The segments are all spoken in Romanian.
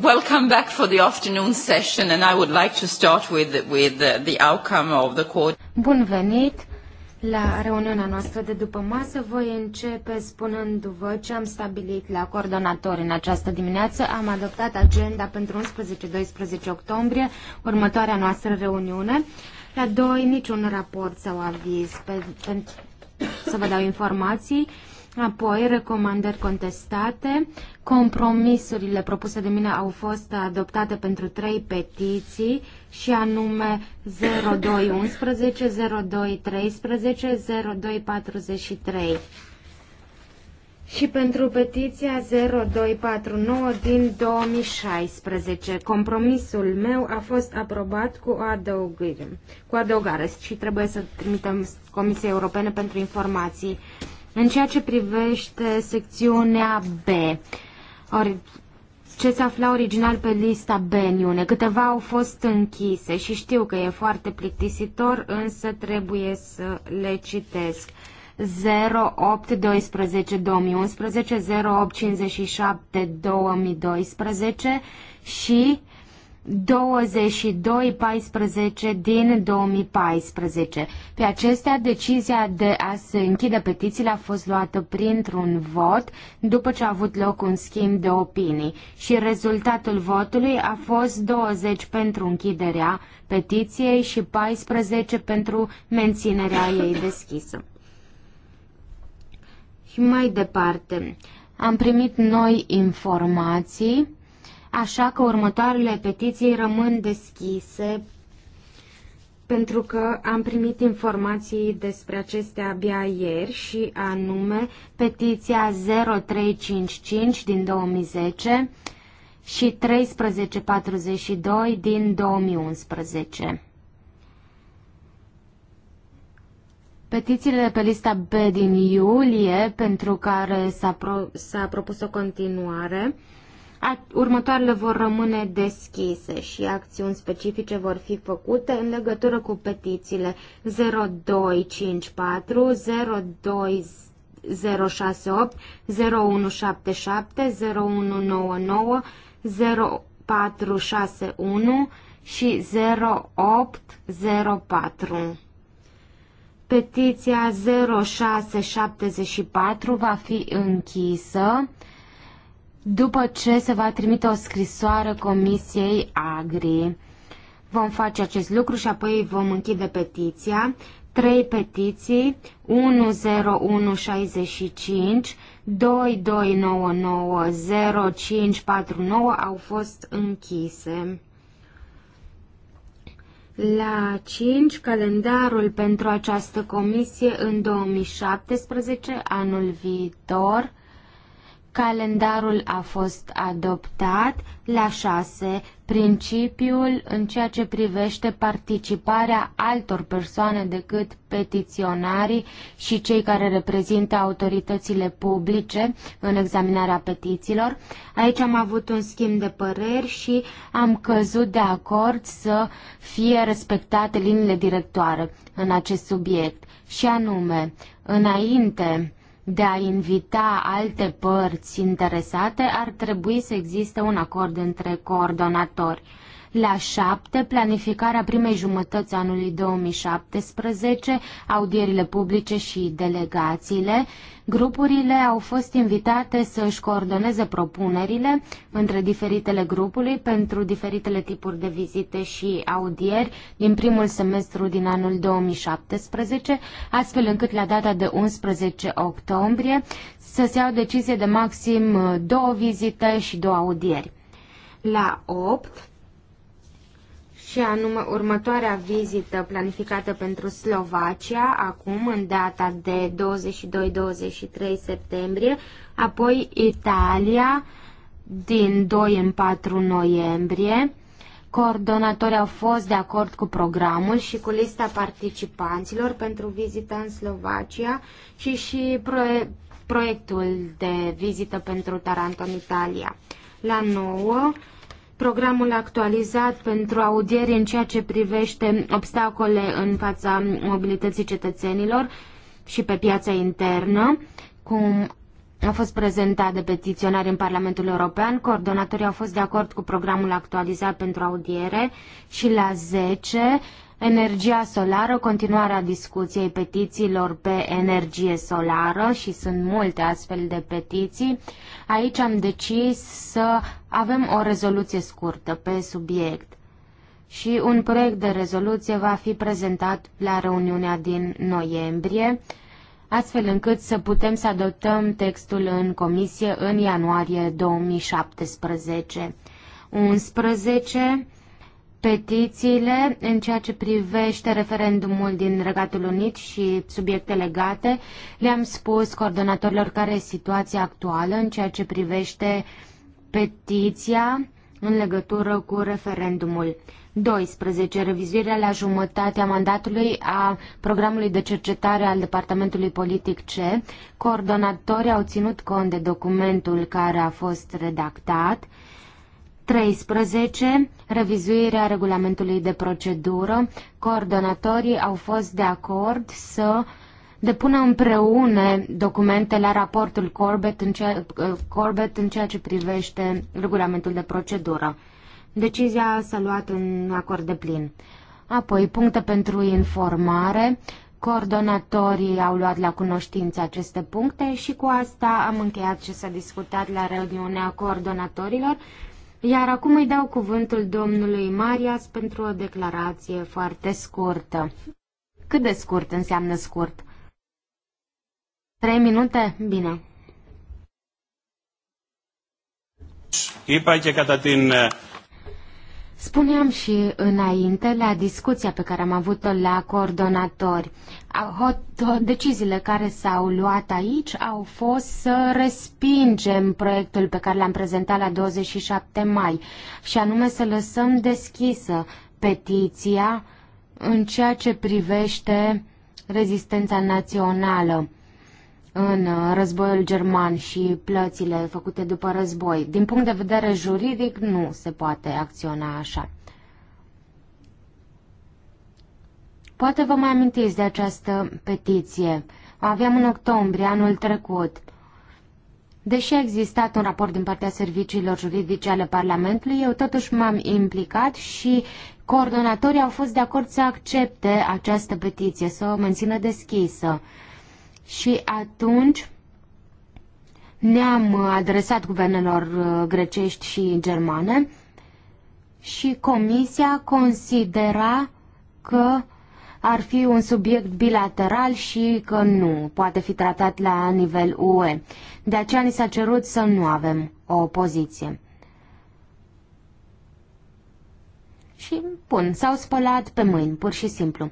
Welcome back for the afternoon session and I would like to start with, with the, the outcome of the court. Bun venit la reuniunea noastră de după masă. Voi începe spunându-vă ce am stabilit la coordonator în această dimineață. Am adoptat agenda pentru 11-12 octombrie, următoarea noastră reuniune. La doi niciun raport sau aviz pe, pe, să vă dau informații. Apoi, recomandări contestate. Compromisurile propuse de mine au fost adoptate pentru trei petiții și anume 0211, 0213, 0243. Și pentru petiția 0249 din 2016, compromisul meu a fost aprobat cu adăugire, cu adăugare și trebuie să trimitem Comisiei Europene pentru informații. În ceea ce privește secțiunea B, ori, ce se afla original pe lista B în iune, câteva au fost închise și știu că e foarte plictisitor, însă trebuie să le citesc. 0812 2011, 0857 2012 și 2214 din 2014. Pe acestea, decizia de a se închide petițiile a fost luată printr-un vot după ce a avut loc un schimb de opinii și rezultatul votului a fost 20 pentru închiderea petiției și 14 pentru menținerea ei deschisă. Și mai departe, am primit noi informații așa că următoarele petiții rămân deschise pentru că am primit informații despre acestea abia ieri și anume petiția 0355 din 2010 și 1342 din 2011. Petițiile de pe lista B din iulie, pentru care s-a, pro- propus o continuare, următoarele vor rămâne deschise și acțiuni specifice vor fi făcute în legătură cu petițiile 0254, 02068, 0177, 0199, 0461 și 0804. Petiția 0674 va fi închisă după ce se va trimite o scrisoare Comisiei Agri, vom face acest lucru și apoi vom închide petiția. Trei petiții, 10165, 2299, 0549 au fost închise. La 5, calendarul pentru această comisie în 2017, anul viitor, Calendarul a fost adoptat la 6. Principiul în ceea ce privește participarea altor persoane decât petiționarii și cei care reprezintă autoritățile publice în examinarea petițiilor. Aici am avut un schimb de păreri și am căzut de acord să fie respectate liniile directoare în acest subiect. Și anume, înainte de a invita alte părți interesate, ar trebui să existe un acord între coordonatori. La 7, planificarea primei jumătăți anului 2017, audierile publice și delegațiile. Grupurile au fost invitate să își coordoneze propunerile între diferitele grupuri pentru diferitele tipuri de vizite și audieri din primul semestru din anul 2017, astfel încât la data de 11 octombrie să se iau decizie de maxim două vizite și două audieri. La 8, și anume următoarea vizită planificată pentru Slovacia, acum în data de 22-23 septembrie, apoi Italia din 2 în 4 noiembrie. Coordonatorii au fost de acord cu programul și cu lista participanților pentru vizita în Slovacia și și proiectul de vizită pentru Taranto în Italia. La 9 programul actualizat pentru audieri în ceea ce privește obstacole în fața mobilității cetățenilor și pe piața internă, cum a fost prezentat de petiționari în Parlamentul European, coordonatorii au fost de acord cu programul actualizat pentru audiere și la 10 energia solară, continuarea discuției petițiilor pe energie solară și sunt multe astfel de petiții. Aici am decis să avem o rezoluție scurtă pe subiect și un proiect de rezoluție va fi prezentat la reuniunea din noiembrie, astfel încât să putem să adoptăm textul în comisie în ianuarie 2017. 11 petițiile în ceea ce privește referendumul din Regatul Unit și subiecte legate. Le-am spus coordonatorilor care e situația actuală în ceea ce privește petiția în legătură cu referendumul. 12. Revizuirea la jumătatea mandatului a programului de cercetare al Departamentului Politic C. Coordonatorii au ținut cont de documentul care a fost redactat. 13. Revizuirea regulamentului de procedură. Coordonatorii au fost de acord să depună împreună documente la raportul Corbett în ceea, Corbett în ceea ce privește regulamentul de procedură. Decizia s-a luat în acord de plin. Apoi, puncte pentru informare. Coordonatorii au luat la cunoștință aceste puncte și cu asta am încheiat ce s-a discutat la reuniunea coordonatorilor iar acum îi dau cuvântul domnului Marias pentru o declarație foarte scurtă. Cât de scurt înseamnă scurt? Trei minute? Bine. Είπα και κατά την Spuneam și înainte, la discuția pe care am avut-o la coordonatori, deciziile care s-au luat aici au fost să respingem proiectul pe care l-am prezentat la 27 mai și anume să lăsăm deschisă petiția în ceea ce privește rezistența națională în uh, războiul german și plățile făcute după război. Din punct de vedere juridic, nu se poate acționa așa. Poate vă mai amintiți de această petiție. O Aveam în octombrie anul trecut. Deși a existat un raport din partea serviciilor juridice ale Parlamentului, eu totuși m-am implicat și coordonatorii au fost de acord să accepte această petiție, să o mențină deschisă și atunci ne-am adresat guvernelor uh, grecești și germane și Comisia considera că ar fi un subiect bilateral și că nu poate fi tratat la nivel UE. De aceea ni s-a cerut să nu avem o poziție. Și, bun, s-au spălat pe mâini, pur și simplu.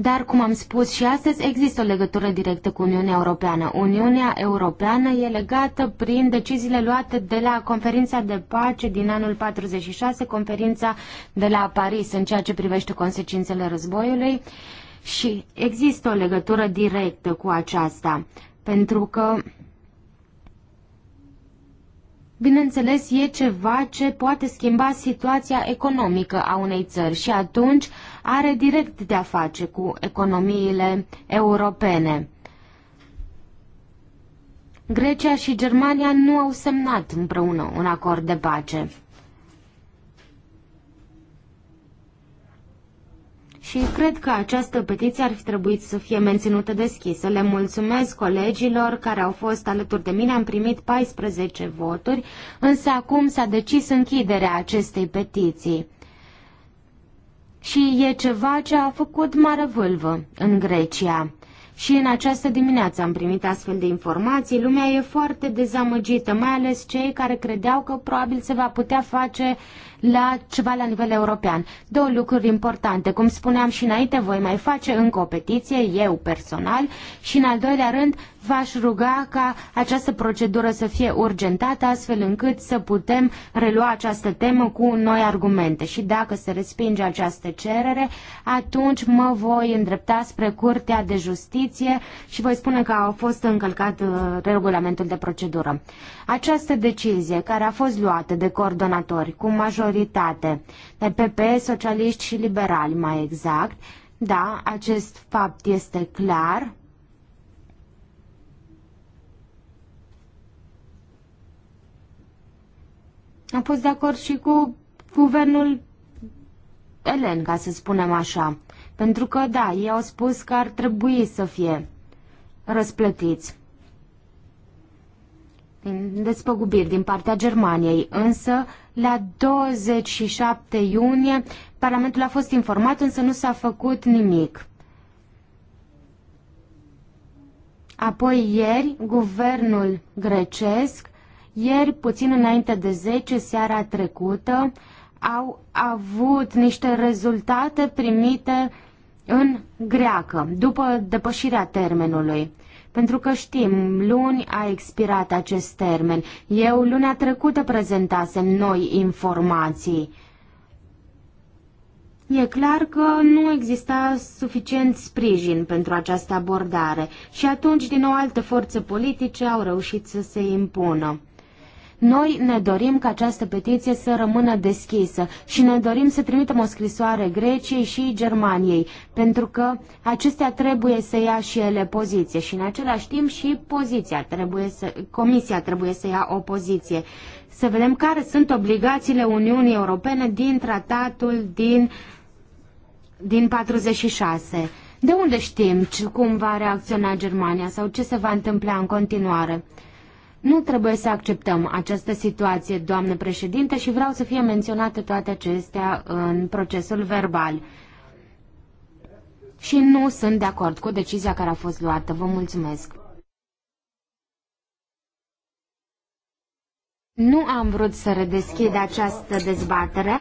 Dar, cum am spus și astăzi, există o legătură directă cu Uniunea Europeană. Uniunea Europeană e legată prin deciziile luate de la conferința de pace din anul 46, conferința de la Paris în ceea ce privește consecințele războiului și există o legătură directă cu aceasta, pentru că bineînțeles, e ceva ce poate schimba situația economică a unei țări și atunci are direct de-a face cu economiile europene. Grecia și Germania nu au semnat împreună un acord de pace. și cred că această petiție ar fi trebuit să fie menținută deschisă. Le mulțumesc colegilor care au fost alături de mine, am primit 14 voturi, însă acum s-a decis închiderea acestei petiții. Și e ceva ce a făcut mare vâlvă în Grecia. Și în această dimineață am primit astfel de informații. Lumea e foarte dezamăgită, mai ales cei care credeau că probabil se va putea face la ceva la nivel european. Două lucruri importante. Cum spuneam și înainte, voi mai face încă o petiție, eu personal, și în al doilea rând v-aș ruga ca această procedură să fie urgentată, astfel încât să putem relua această temă cu noi argumente. Și dacă se respinge această cerere, atunci mă voi îndrepta spre Curtea de Justiție și voi spune că a fost încălcat uh, regulamentul de procedură. Această decizie, care a fost luată de coordonatori cu majoritate, de PP, socialiști și liberali mai exact, da, acest fapt este clar, Am fost de acord și cu guvernul elen, ca să spunem așa. Pentru că, da, ei au spus că ar trebui să fie răsplătiți despăgubiri din partea Germaniei, însă la 27 iunie Parlamentul a fost informat, însă nu s-a făcut nimic. Apoi ieri, guvernul grecesc ieri, puțin înainte de 10, seara trecută, au avut niște rezultate primite în greacă, după depășirea termenului. Pentru că știm, luni a expirat acest termen. Eu lunea trecută prezentasem noi informații. E clar că nu exista suficient sprijin pentru această abordare și atunci din nou alte forțe politice au reușit să se impună. Noi ne dorim ca această petiție să rămână deschisă și ne dorim să trimitem o scrisoare Greciei și Germaniei, pentru că acestea trebuie să ia și ele poziție și în același timp și poziția trebuie să, Comisia trebuie să ia o poziție. Să vedem care sunt obligațiile Uniunii Europene din tratatul din, din 46. De unde știm cum va reacționa Germania sau ce se va întâmpla în continuare? Nu trebuie să acceptăm această situație, doamnă președinte, și vreau să fie menționate toate acestea în procesul verbal. Și nu sunt de acord cu decizia care a fost luată. Vă mulțumesc. Nu am vrut să redeschid această dezbatere.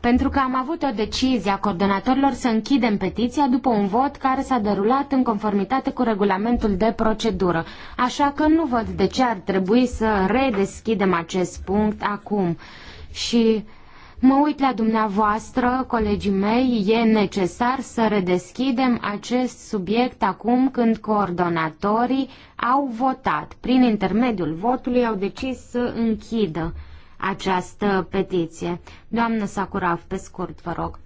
pentru că am avut o decizie a coordonatorilor să închidem petiția după un vot care s-a derulat în conformitate cu regulamentul de procedură. Așa că nu văd de ce ar trebui să redeschidem acest punct acum. Și mă uit la dumneavoastră, colegii mei, e necesar să redeschidem acest subiect acum când coordonatorii au votat. Prin intermediul votului au decis să închidă această petiție. Doamnă Sakuraf, pe scurt, vă rog.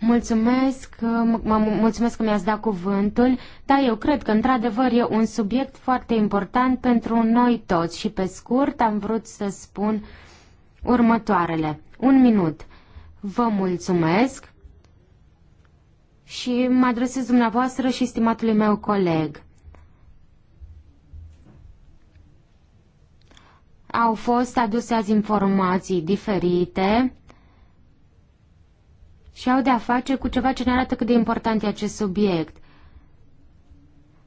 Mulțumesc, mă, mulțumesc că mi-ați dat cuvântul, dar eu cred că într-adevăr e un subiect foarte important pentru noi toți și pe scurt am vrut să spun următoarele. Un minut. Vă mulțumesc și mă adresez dumneavoastră și stimatului meu coleg. Au fost aduse azi informații diferite și au de-a face cu ceva ce ne arată cât de important e acest subiect.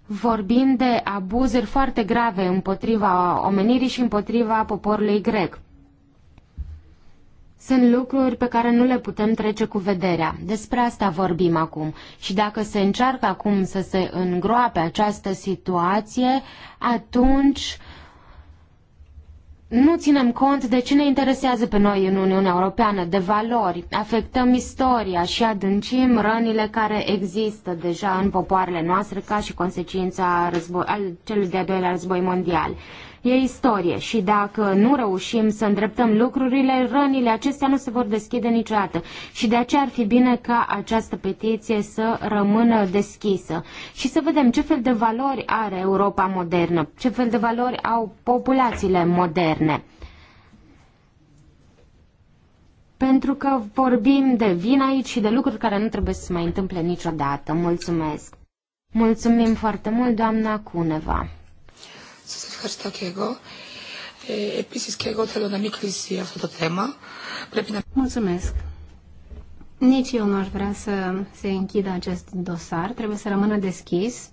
Vorbim de abuzuri foarte grave împotriva omenirii și împotriva poporului grec. Sunt lucruri pe care nu le putem trece cu vederea. Despre asta vorbim acum. Și dacă se încearcă acum să se îngroape această situație, atunci uh, nu ținem cont de ce ne interesează pe noi în Uniunea Europeană, de valori, afectăm istoria și adâncim rănile care există deja în popoarele noastre ca și consecința al celui de-al doilea război mondial. E istorie și dacă nu reușim să îndreptăm lucrurile, rănile acestea nu se vor deschide niciodată. Și de aceea ar fi bine ca această petiție să rămână deschisă și să vedem ce fel de valori are Europa modernă, ce fel de valori au populațiile moderne pentru că vorbim de vin aici și de lucruri care nu trebuie să se mai întâmple niciodată. Mulțumesc! Mulțumim foarte mult, doamna Cuneva! ευχαριστώ και εγώ. Ε, επίσης και εγώ θέλω να μην κλείσει αυτό το θέμα. Πρέπει να... Mulțumesc. Nici eu nu aș vrea să se închidă acest dosar, trebuie să rămână deschis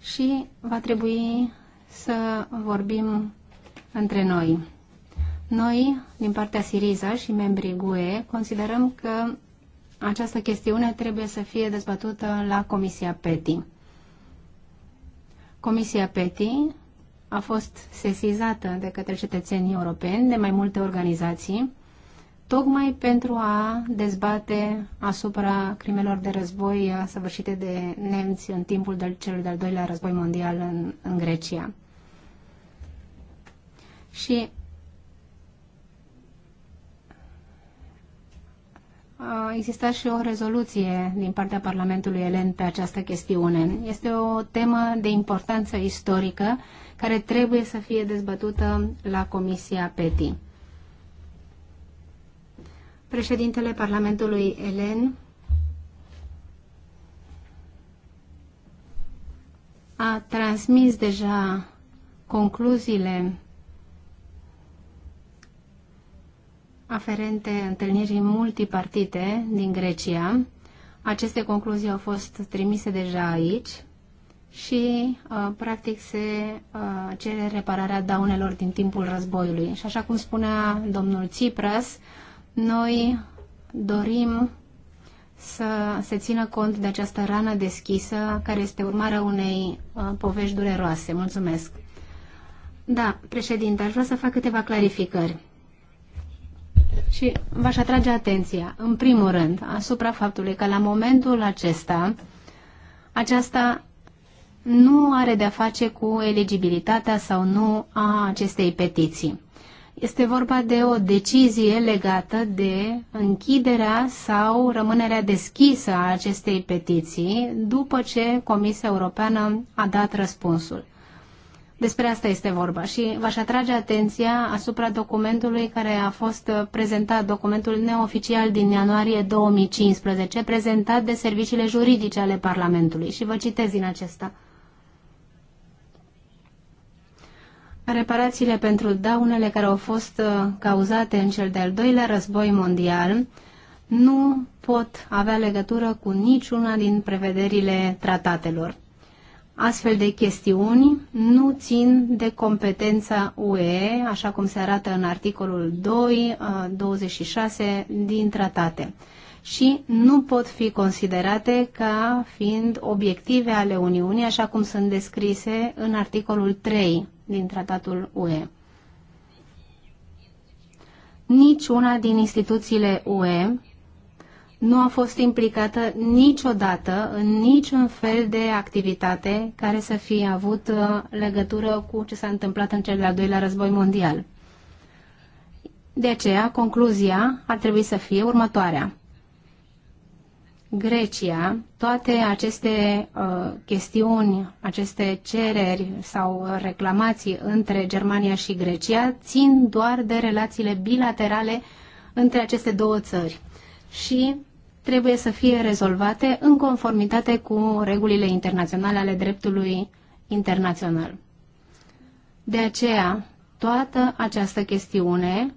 și va trebui să vorbim între noi. Noi, din partea Siriza și membrii GUE, considerăm că această chestiune trebuie să fie dezbătută la Comisia PETI. Comisia PETI a fost sesizată de către cetățenii europeni de mai multe organizații, tocmai pentru a dezbate asupra crimelor de război săvârșite de nemți în timpul de celui de-al doilea război mondial în, în Grecia. Și a existat și o rezoluție din partea Parlamentului Elen pe această chestiune. Este o temă de importanță istorică care trebuie să fie dezbătută la Comisia PETI. Președintele Parlamentului Elen a transmis deja concluziile aferente întâlnirii multipartite din Grecia. Aceste concluzii au fost trimise deja aici și, uh, practic, se uh, cere repararea daunelor din timpul războiului. Și așa cum spunea domnul Tsipras, noi dorim să se țină cont de această rană deschisă care este urmarea unei uh, povești dureroase. Mulțumesc! Da, președinte, aș vrea să fac câteva clarificări. Și v-aș atrage atenția, în primul rând, asupra faptului că la momentul acesta, aceasta nu are de-a face cu eligibilitatea sau nu a acestei petiții. Este vorba de o decizie legată de închiderea sau rămânerea deschisă a acestei petiții după ce Comisia Europeană a dat răspunsul. Despre asta este vorba și v-aș atrage atenția asupra documentului care a fost prezentat, documentul neoficial din ianuarie 2015, prezentat de serviciile juridice ale Parlamentului și vă citez din acesta. Reparațiile pentru daunele care au fost uh, cauzate în cel de-al doilea război mondial nu pot avea legătură cu niciuna din prevederile tratatelor. Astfel de chestiuni nu țin de competența UE, așa cum se arată în articolul 2, 26 uh, din tratate și nu pot fi considerate ca fiind obiective ale Uniunii, așa cum sunt descrise în articolul 3 din tratatul UE. Nici una din instituțiile UE nu a fost implicată niciodată în niciun fel de activitate care să fie avut uh, legătură cu ce s-a întâmplat în cel de-al doilea război mondial. De aceea, concluzia ar trebui să fie următoarea. Grecia, toate aceste uh, chestiuni, aceste cereri sau reclamații între Germania și Grecia țin doar de relațiile bilaterale între aceste două țări. Și trebuie să fie rezolvate în conformitate cu regulile internaționale ale dreptului internațional. De aceea, toată această chestiune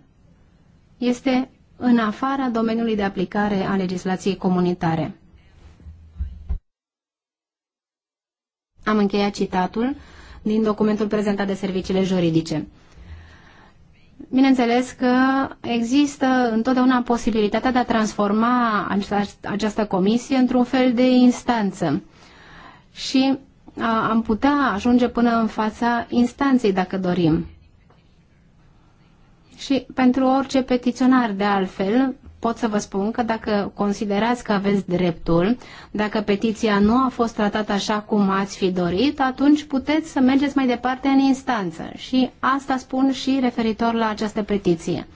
este în afara domeniului de aplicare a legislației comunitare. Am încheiat citatul din documentul prezentat de serviciile juridice. Bineînțeles că există întotdeauna posibilitatea de a transforma această comisie într-un fel de instanță. Și am putea ajunge până în fața instanței dacă dorim. Și pentru orice petiționar de altfel, pot să vă spun că dacă considerați că aveți dreptul, dacă petiția nu a fost tratată așa cum ați fi dorit, atunci puteți să mergeți mai departe în instanță. Și asta spun și referitor la această petiție.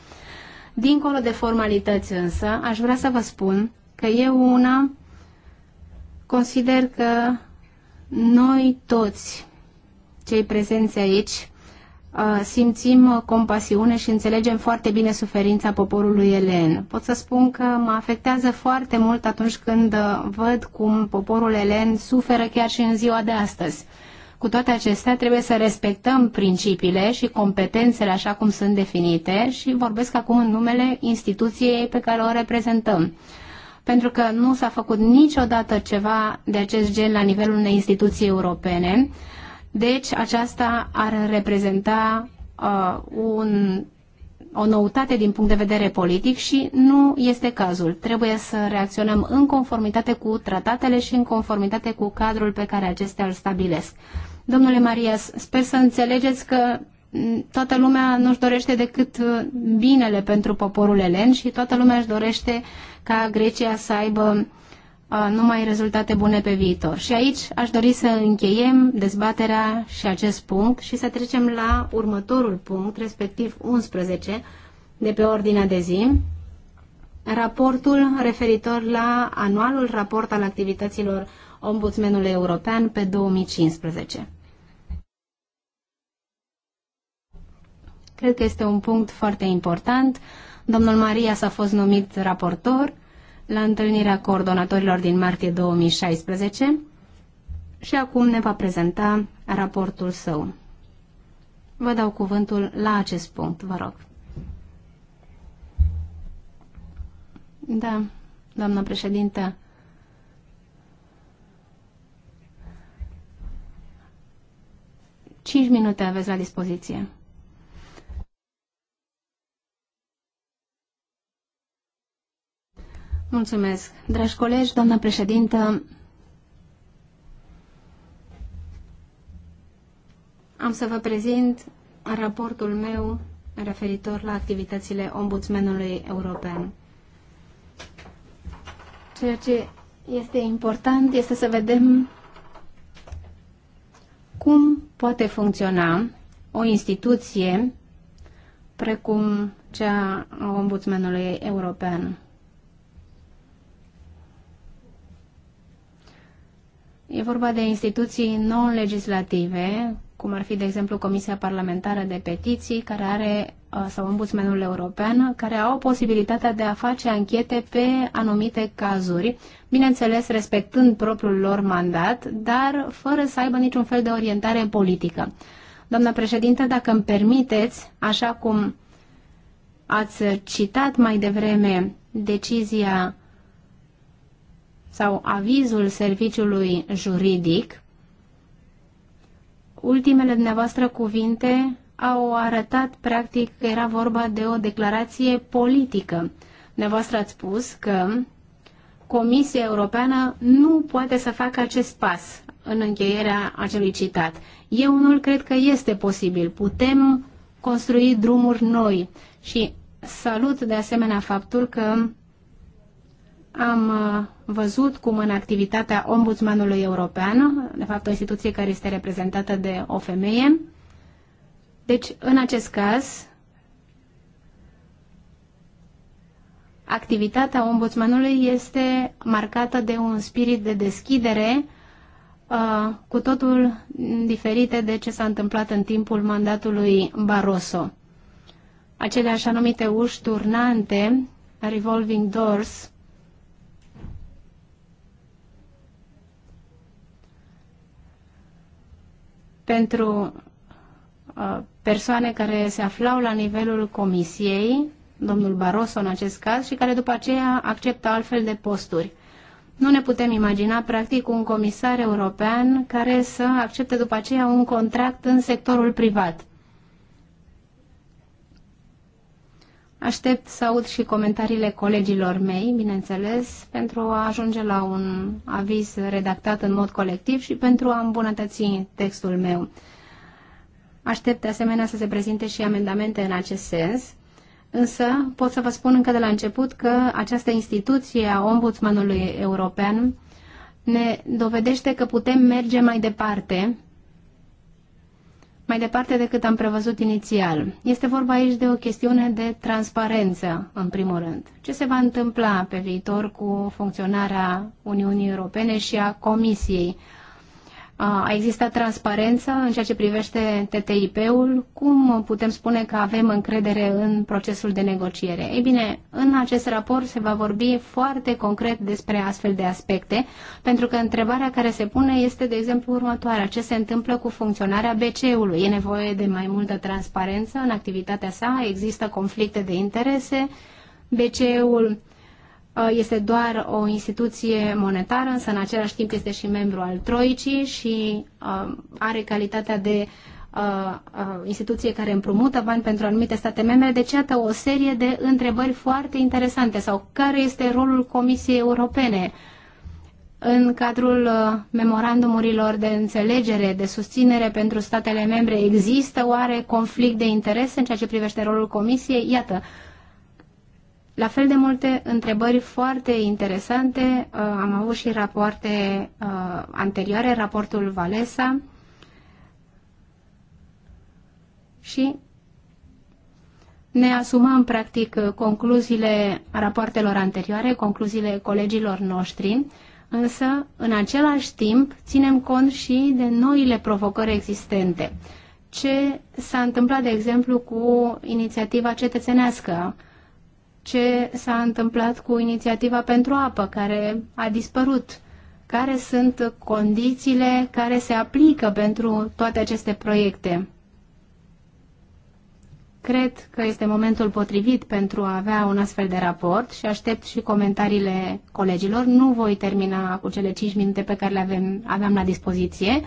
Dincolo de formalități însă, aș vrea să vă spun că eu una consider că noi toți cei prezenți aici simțim compasiune și înțelegem foarte bine suferința poporului elen. Pot să spun că mă afectează foarte mult atunci când uh, văd cum poporul elen suferă chiar și în ziua de astăzi. Cu toate acestea, trebuie să respectăm principiile și competențele așa cum sunt definite și vorbesc acum în numele instituției pe care o reprezentăm. Pentru că nu s-a făcut niciodată ceva de acest gen la nivelul unei instituții europene, deci aceasta ar reprezenta uh, un, o noutate din punct de vedere politic și nu este cazul. Trebuie să reacționăm în conformitate cu tratatele și în conformitate cu cadrul pe care acestea îl stabilesc. Domnule Marias, sper să înțelegeți că toată lumea nu-și dorește decât uh, binele pentru poporul elen și toată lumea își dorește ca Grecia să aibă numai rezultate bune pe viitor. Și aici aș dori să încheiem dezbaterea și acest punct și să trecem la următorul punct, respectiv 11, de pe ordinea de zi, raportul referitor la anualul raport al activităților Ombudsmenului European pe 2015. Cred că este un punct foarte important. Domnul Maria s-a fost numit raportor la întâlnirea coordonatorilor din martie 2016 și acum ne va prezenta raportul său. Vă dau cuvântul la acest punct, vă rog. Da, doamnă președintă. Cinci minute aveți la dispoziție. Mulțumesc. Dragi colegi, doamna președintă, am să vă prezint raportul meu referitor la activitățile Ombudsmanului European. Ceea ce este important este să vedem cum poate funcționa o instituție precum cea a Ombudsmanului European. E vorba de instituții non-legislative, cum ar fi, de exemplu, Comisia Parlamentară de Petiții, care are, uh, sau Ombudsmanul European, care au posibilitatea de a face anchete pe anumite cazuri, bineînțeles respectând propriul lor mandat, dar fără să aibă niciun fel de orientare politică. Doamna președintă, dacă îmi permiteți, așa cum ați citat mai devreme decizia sau avizul serviciului juridic, ultimele dumneavoastră cuvinte au arătat practic că era vorba de o declarație politică. Dumneavoastră ați spus că Comisia Europeană nu poate să facă acest pas în încheierea acelui citat. Eu nu cred că este posibil. Putem construi drumuri noi și salut de asemenea faptul că am uh, văzut cum în activitatea Ombudsmanului European, de fapt o instituție care este reprezentată de o femeie, deci în acest caz, activitatea ombudsmanului este marcată de un spirit de deschidere uh, cu totul diferite de ce s-a întâmplat în timpul mandatului Barroso. Acele așa numite uși turnante, revolving doors, pentru uh, persoane care se aflau la nivelul comisiei, domnul Barroso în acest caz, și care după aceea acceptă altfel de posturi. Nu ne putem imagina, practic, un comisar european care să accepte după aceea un contract în sectorul privat. Aștept să aud și comentariile colegilor mei, bineînțeles, pentru a ajunge la un aviz redactat în mod colectiv și pentru a îmbunătăți textul meu. Aștept de asemenea să se prezinte și amendamente în acest sens, însă pot să vă spun încă de la început că această instituție a Ombudsmanului European ne dovedește că putem merge mai departe mai departe decât am prevăzut inițial. Este vorba aici de o chestiune de transparență, în primul rând. Ce se va întâmpla pe viitor cu funcționarea Uniunii Europene și a Comisiei? A existat transparență în ceea ce privește TTIP-ul? Cum putem spune că avem încredere în procesul de negociere? Ei bine, în acest raport se va vorbi foarte concret despre astfel de aspecte, pentru că întrebarea care se pune este, de exemplu, următoarea. Ce se întâmplă cu funcționarea BCE-ului? E nevoie de mai multă transparență în activitatea sa? Există conflicte de interese? BCE-ul Uh, este doar o instituție monetară, însă în același timp este și membru al Troicii și uh, are calitatea de uh, instituție care împrumută bani pentru anumite state membre. Deci, iată o serie de întrebări foarte interesante. Sau care este rolul Comisiei Europene în cadrul memorandumurilor de înțelegere, de susținere pentru statele membre? Există oare conflict de interese în ceea ce privește rolul Comisiei? Iată, uh, la fel de multe întrebări foarte interesante. Uh, am avut și rapoarte uh, anterioare, raportul Valesa și ne asumăm practic concluziile rapoartelor anterioare, concluziile colegilor noștri, însă în același timp ținem cont și de noile provocări existente. Ce s-a întâmplat, de exemplu, cu inițiativa cetățenească ce s-a întâmplat cu inițiativa pentru apă, care a dispărut, care sunt condițiile care se aplică pentru toate aceste proiecte. Cred că este momentul potrivit pentru a avea un astfel de raport și aștept și comentariile colegilor. Nu voi termina cu cele 5 minute pe care le avem, aveam la dispoziție.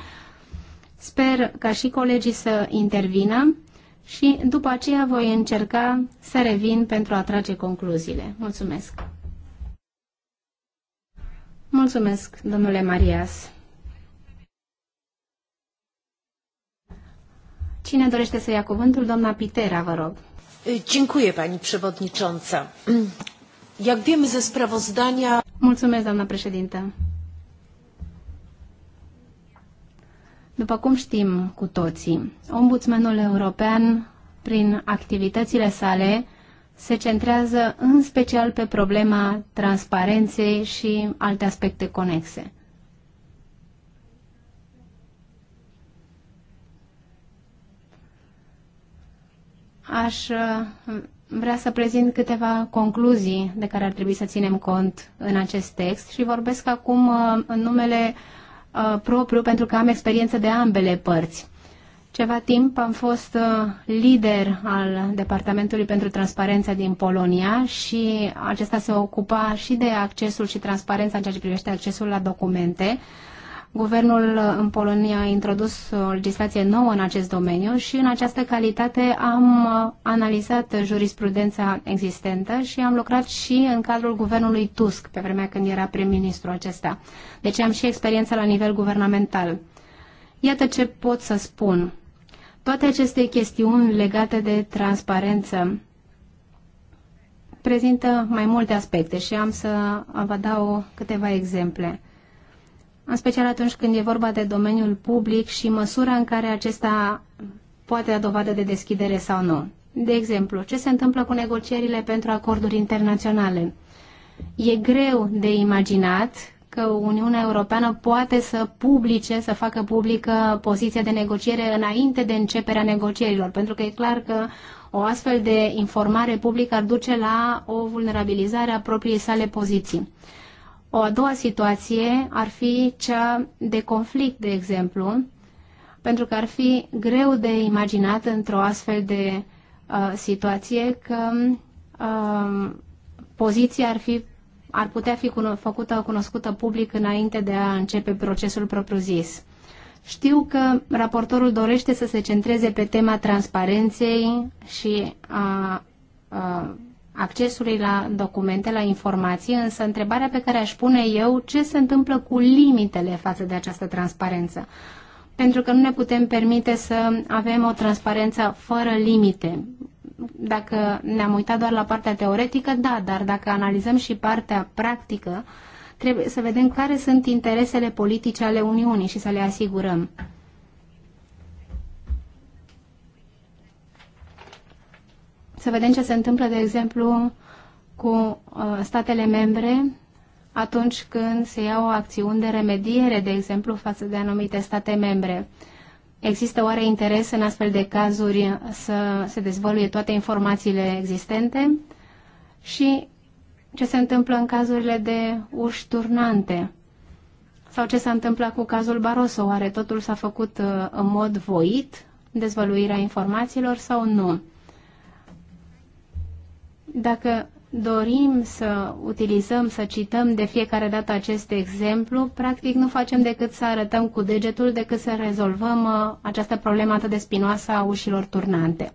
Sper ca și colegii să intervină și după aceea voi încerca să revin pentru a trage concluziile. Mulțumesc! Mulțumesc, domnule Marias! Cine dorește să ia cuvântul? Doamna Pitera, vă rog. Dziękuję, pani przewodnicząca. Jak wiemy ze sprawozdania... Mulțumesc, doamna președintă. După cum știm cu toții, Ombudsmanul European, prin activitățile sale, se centrează în special pe problema transparenței și alte aspecte conexe. Aș uh, vrea să prezint câteva concluzii de care ar trebui să ținem cont în acest text și vorbesc acum uh, în numele uh, Uh, propriu pentru că am experiență de ambele părți. Ceva timp am fost uh, lider al Departamentului pentru Transparență din Polonia și acesta se ocupa și de accesul și transparența în ceea ce privește accesul la documente, Guvernul în Polonia a introdus o legislație nouă în acest domeniu și în această calitate am analizat jurisprudența existentă și am lucrat și în cadrul guvernului Tusk, pe vremea când era prim-ministru acesta. Deci am și experiența la nivel guvernamental. Iată ce pot să spun. Toate aceste chestiuni legate de transparență prezintă mai multe aspecte și am să vă dau câteva exemple în special atunci când e vorba de domeniul public și măsura în care acesta poate da dovadă de deschidere sau nu. De exemplu, ce se întâmplă cu negocierile pentru acorduri internaționale? E greu de imaginat că Uniunea Europeană poate să publice, să facă publică poziția de negociere înainte de începerea negocierilor, pentru că e clar că o astfel de informare publică ar duce la o vulnerabilizare a propriei sale poziții. O a doua situație ar fi cea de conflict, de exemplu, pentru că ar fi greu de imaginat într-o astfel de uh, situație că uh, poziția ar, fi, ar putea fi cuno- făcută cunoscută public înainte de a începe procesul propriu-zis. Știu că raportorul dorește să se centreze pe tema transparenței și a, a accesului la documente, la informații, însă întrebarea pe care aș pune eu, ce se întâmplă cu limitele față de această transparență? Pentru că nu ne putem permite să avem o transparență fără limite. Dacă ne-am uitat doar la partea teoretică, da, dar dacă analizăm și partea practică, trebuie să vedem care sunt interesele politice ale Uniunii și să le asigurăm. să vedem ce se întâmplă, de exemplu, cu uh, statele membre atunci când se iau acțiuni de remediere, de exemplu, față de anumite state membre. Există oare interes în astfel de cazuri să se dezvăluie toate informațiile existente? Și ce se întâmplă în cazurile de uși turnante? Sau ce s-a întâmplat cu cazul Barroso? Oare totul s-a făcut uh, în mod voit, dezvăluirea informațiilor sau nu? Dacă dorim să utilizăm, să cităm de fiecare dată acest exemplu, practic nu facem decât să arătăm cu degetul, decât să rezolvăm uh, această problemă atât de spinoasă a ușilor turnante.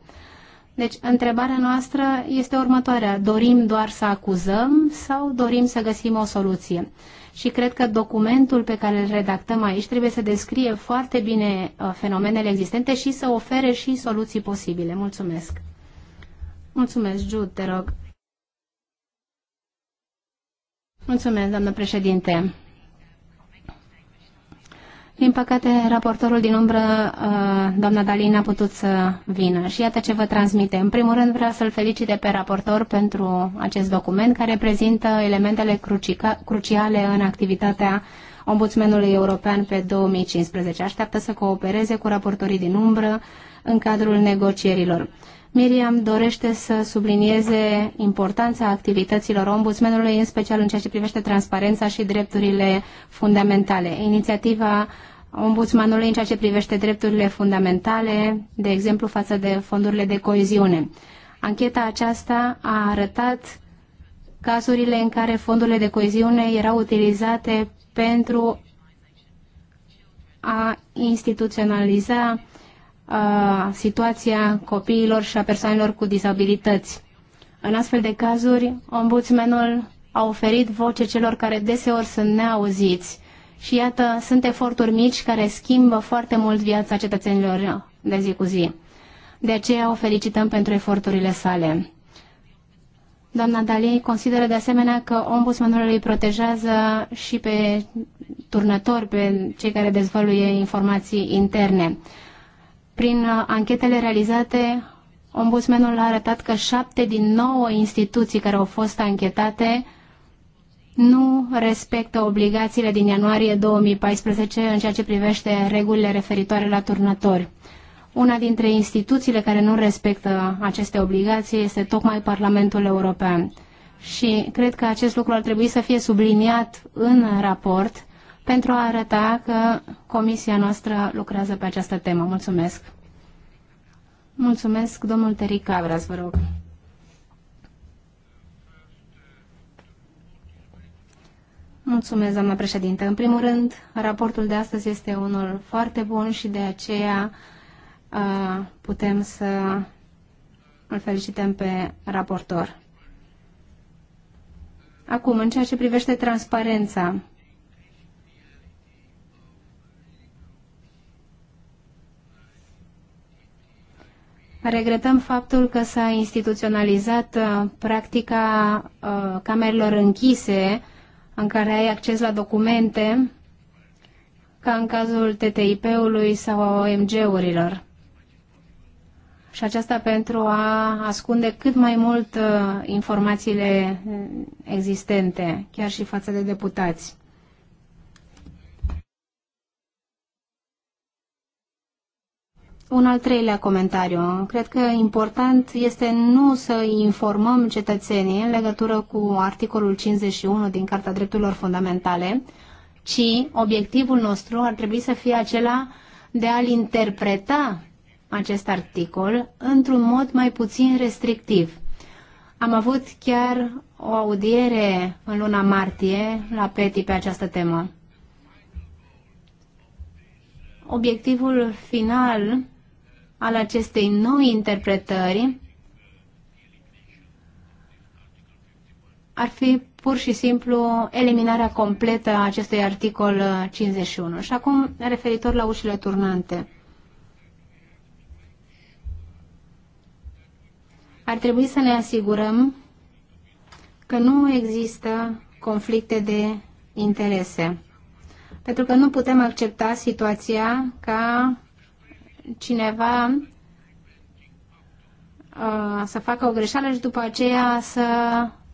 Deci, întrebarea noastră este următoarea. Dorim doar să acuzăm sau dorim să găsim o soluție? Și cred că documentul pe care îl redactăm aici trebuie să descrie foarte bine uh, fenomenele existente și să ofere și soluții posibile. Mulțumesc! Mulțumesc, Jude, te rog. Mulțumesc, doamnă președinte. Din păcate, raportorul din umbră, uh, doamna Dalin, a putut să vină și iată ce vă transmite. În primul rând vreau să-l felicite pe raportor pentru acest document care prezintă elementele cruciale în activitatea Ombudsmanului European pe 2015. Așteaptă să coopereze cu raportorii din umbră în cadrul negocierilor. Miriam dorește să sublinieze importanța activităților ombudsmenului, în special în ceea ce privește transparența și drepturile fundamentale. Inițiativa ombudsmanului în ceea ce privește drepturile fundamentale, de exemplu față de fondurile de coeziune. Ancheta aceasta a arătat cazurile în care fondurile de coeziune erau utilizate pentru a instituționaliza uh, situația copiilor și a persoanelor cu dizabilități. În astfel de cazuri, ombudsmanul a oferit voce celor care deseori sunt neauziți. Și iată, sunt eforturi mici care schimbă foarte mult viața cetățenilor de zi cu zi. De aceea o felicităm pentru eforturile sale. Doamna Dali consideră de asemenea că ombudsmanul îi protejează și pe turnători, pe cei care dezvăluie informații interne. Prin uh, anchetele realizate, ombudsmenul a arătat că șapte din nouă instituții care au fost anchetate nu respectă obligațiile din ianuarie 2014 în ceea ce privește regulile referitoare la turnători. Una dintre instituțiile care nu respectă aceste obligații este tocmai Parlamentul European. Și cred că acest lucru ar trebui să fie subliniat în raport, pentru a arăta că comisia noastră lucrează pe această temă. Mulțumesc! Mulțumesc, domnul Teric Abras, vă rog. Mulțumesc, doamna președintă. În primul rând, raportul de astăzi este unul foarte bun și de aceea putem să îl felicităm pe raportor. Acum, în ceea ce privește transparența, Regretăm faptul că s-a instituționalizat uh, practica uh, camerelor închise în care ai acces la documente, ca în cazul TTIP-ului sau OMG-urilor. Și aceasta pentru a ascunde cât mai mult uh, informațiile existente, chiar și față de deputați. Un al treilea comentariu. Cred că important este nu să informăm cetățenii în legătură cu articolul 51 din Carta Drepturilor Fundamentale, ci obiectivul nostru ar trebui să fie acela de a-l interpreta acest articol într-un mod mai puțin restrictiv. Am avut chiar o audiere în luna martie la PETI pe această temă. Obiectivul final al acestei noi interpretări ar fi pur și simplu eliminarea completă a acestui articol 51. Și acum, referitor la ușile turnante. Ar trebui să ne asigurăm că nu există conflicte de interese. Pentru că nu putem accepta situația ca cineva uh, să facă o greșeală și după aceea să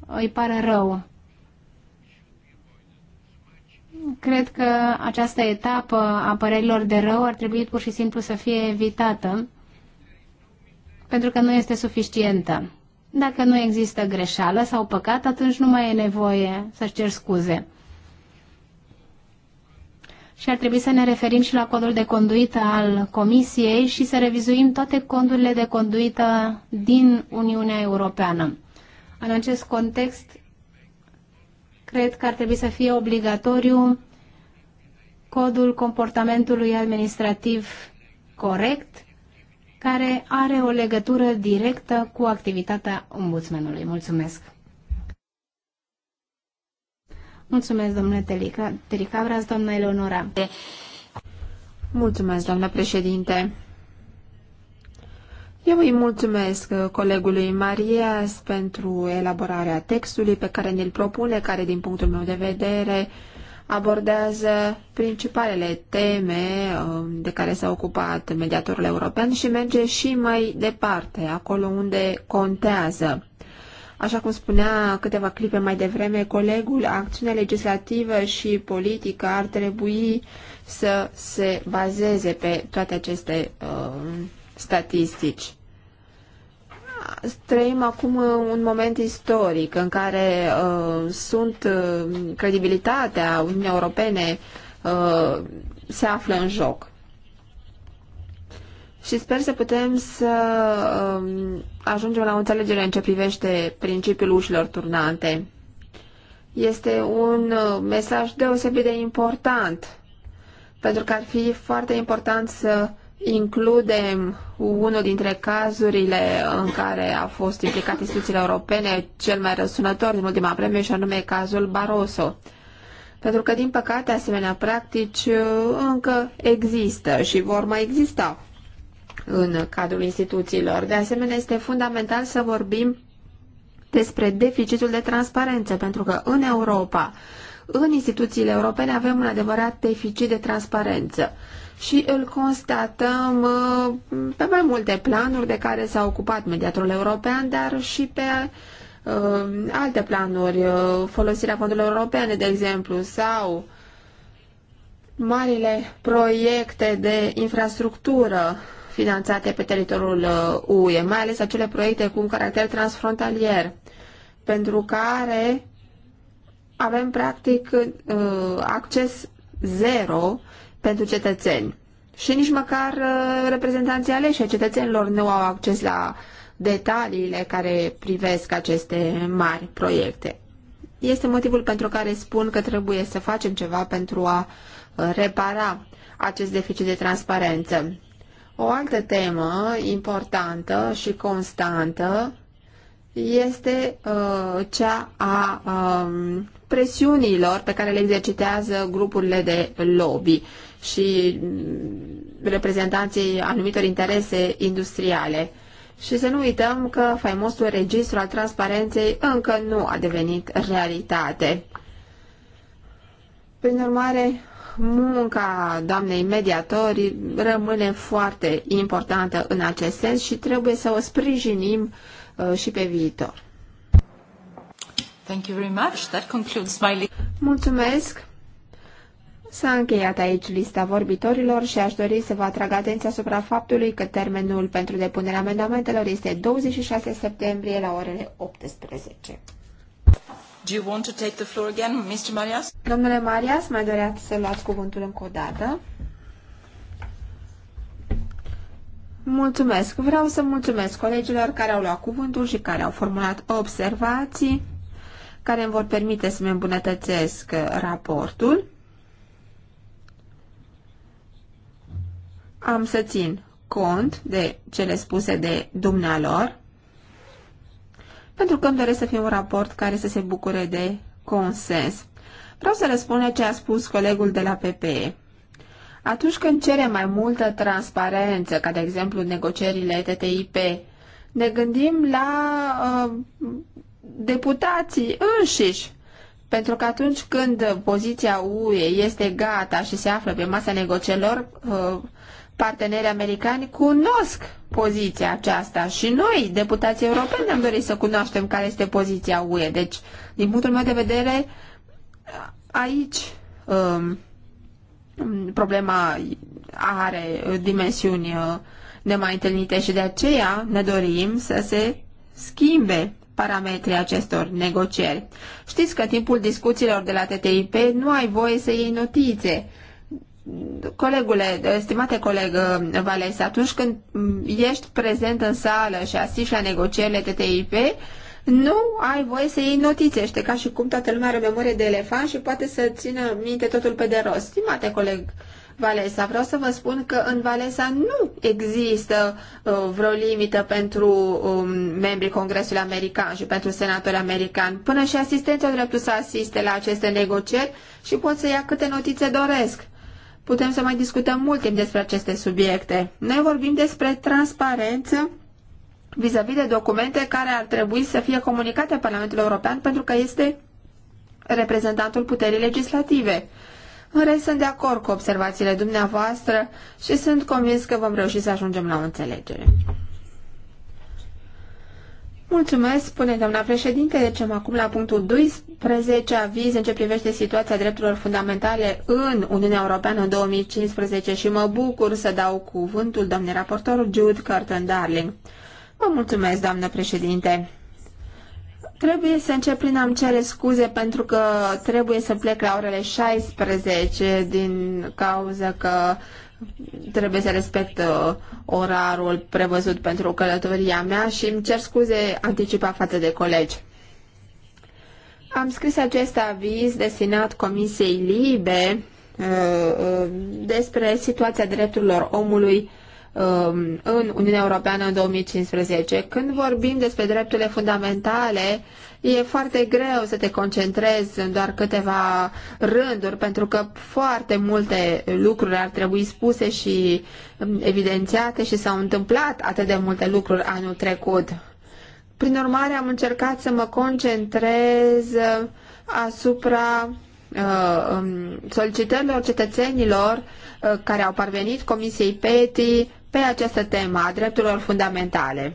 îi pară rău. Cred că această etapă a părerilor de rău ar trebui pur și simplu să fie evitată, pentru că nu este suficientă. Dacă nu există greșeală sau păcat, atunci nu mai e nevoie să-și cer scuze și ar trebui să ne referim și la codul de conduită al Comisiei și să revizuim toate condurile de conduită din Uniunea Europeană. În acest context, cred că ar trebui să fie obligatoriu codul comportamentului administrativ corect, care are o legătură directă cu activitatea ombudsmanului. Mulțumesc! Mulțumesc, domnule Telica. Telicabras, doamna Eleonora. Mulțumesc, doamna președinte. Eu îi mulțumesc uh, colegului Marias pentru elaborarea textului pe care ne-l propune, care, din punctul meu de vedere, abordează principalele teme um, de care s-a ocupat mediatorul european și merge și mai departe, acolo unde contează. Așa cum spunea câteva clipe mai devreme colegul, acțiunea legislativă și politică ar trebui să se bazeze pe toate aceste uh, statistici. Trăim acum un moment istoric în care uh, sunt uh, credibilitatea Uniunii Europene uh, se află în joc și sper să putem să um, ajungem la o înțelegere în ce privește principiul ușilor turnante. Este un uh, mesaj deosebit de important, pentru că ar fi foarte important să includem unul dintre cazurile în care au fost implicate instituțiile europene cel mai răsunător din ultima vreme și anume cazul Barroso. Pentru că, din păcate, asemenea practici uh, încă există și vor mai exista în cadrul instituțiilor. De asemenea, este fundamental să vorbim despre deficitul de transparență, pentru că în Europa, în instituțiile europene, avem un adevărat deficit de transparență și îl constatăm uh, pe mai multe planuri de care s-a ocupat mediatorul european, dar și pe uh, alte planuri, uh, folosirea fondurilor europene, de exemplu, sau marile proiecte de infrastructură finanțate pe teritoriul UE, uh, mai ales acele proiecte cu un caracter transfrontalier, pentru care avem practic uh, acces zero pentru cetățeni. Și nici măcar uh, reprezentanții aleși ai cetățenilor nu au acces la detaliile care privesc aceste mari proiecte. Este motivul pentru care spun că trebuie să facem ceva pentru a repara acest deficit de transparență. O altă temă importantă și constantă este uh, cea a uh, presiunilor pe care le exercitează grupurile de lobby și mm, reprezentanții anumitor interese industriale. Și să nu uităm că faimosul registru al transparenței încă nu a devenit realitate. Prin urmare, munca doamnei mediatori rămâne foarte importantă în acest sens și trebuie să o sprijinim uh, și pe viitor. Thank you very much. That concludes my Mulțumesc. S-a încheiat aici lista vorbitorilor și aș dori să vă atrag atenția asupra faptului că termenul pentru depunerea amendamentelor este 26 septembrie la orele 18. Do you want to take the floor again, Mr. Marias? Domnule Marias, mai doreați să luați cuvântul încă o dată? Mulțumesc. Vreau să mulțumesc colegilor care au luat cuvântul și care au formulat observații care îmi vor permite să-mi îmbunătățesc raportul. Am să țin cont de cele spuse de dumnealor pentru că îmi doresc să fie un raport care să se bucure de consens. Vreau să răspund ce a spus colegul de la PPE. Atunci când cere mai multă transparență, ca de exemplu negocierile TTIP, ne gândim la uh, deputații înșiși, pentru că atunci când poziția UE este gata și se află pe masa negocierilor, uh, partenerii americani cunosc poziția aceasta și noi, deputații europeni, ne-am dorit să cunoaștem care este poziția UE. Deci, din punctul meu de vedere, aici um, problema are dimensiuni uh, nemai întâlnite și de aceea ne dorim să se schimbe parametrii acestor negocieri. Știți că în timpul discuțiilor de la TTIP nu ai voie să iei notițe Colegule, stimate coleg uh, Vales, atunci când mm, ești prezent în sală și asisti la negocierile TTIP, nu ai voie să iei notițe. Este ca și cum toată lumea are memorie de elefant și poate să țină minte totul pe de rost. Stimate coleg Valesa, vreau să vă spun că în Valesa nu există uh, vreo limită pentru um, membrii Congresului American și pentru senatori americani. Până și asistenții au dreptul să asiste la aceste negocieri și pot să ia câte notițe doresc. Putem să mai discutăm mult timp despre aceste subiecte. Noi vorbim despre transparență vis-a-vis -vis de documente care ar trebui să fie comunicate Parlamentului European pentru că este reprezentantul puterii legislative. În rest, sunt de acord cu observațiile dumneavoastră și sunt convins că vom reuși să ajungem la o înțelegere. Mulțumesc, spune doamna președinte. Trecem acum la punctul 12, aviz în ce privește situația drepturilor fundamentale în Uniunea Europeană în 2015 și mă bucur să dau cuvântul doamnei raportor Jude Curtin Darling. Vă mulțumesc, doamnă președinte. Trebuie să încep prin a-mi cere scuze pentru că trebuie să plec la orele 16 din cauza că trebuie să respect uh, orarul prevăzut pentru călătoria mea și îmi cer scuze anticipat față de colegi. Am scris acest aviz destinat Comisiei Libe uh, uh, despre situația drepturilor omului um, în Uniunea Europeană în 2015. Când vorbim despre drepturile fundamentale, E foarte greu să te concentrezi în doar câteva rânduri, pentru că foarte multe lucruri ar trebui spuse și mm, evidențiate și s-au întâmplat atât de multe lucruri anul trecut. Prin urmare, am încercat să mă concentrez uh, asupra uh, um, solicitărilor cetățenilor uh, care au parvenit Comisiei PETI pe această temă a drepturilor fundamentale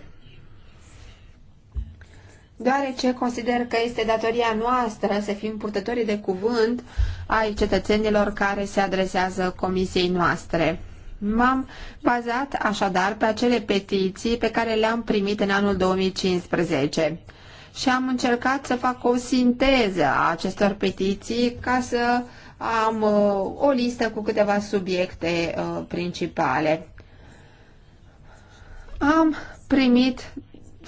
deoarece consider că este datoria noastră să fim purtătorii de cuvânt ai cetățenilor care se adresează comisiei noastre. M-am bazat așadar pe acele petiții pe care le-am primit în anul 2015 și am încercat să fac o sinteză a acestor petiții ca să am uh, o listă cu câteva subiecte uh, principale. Am primit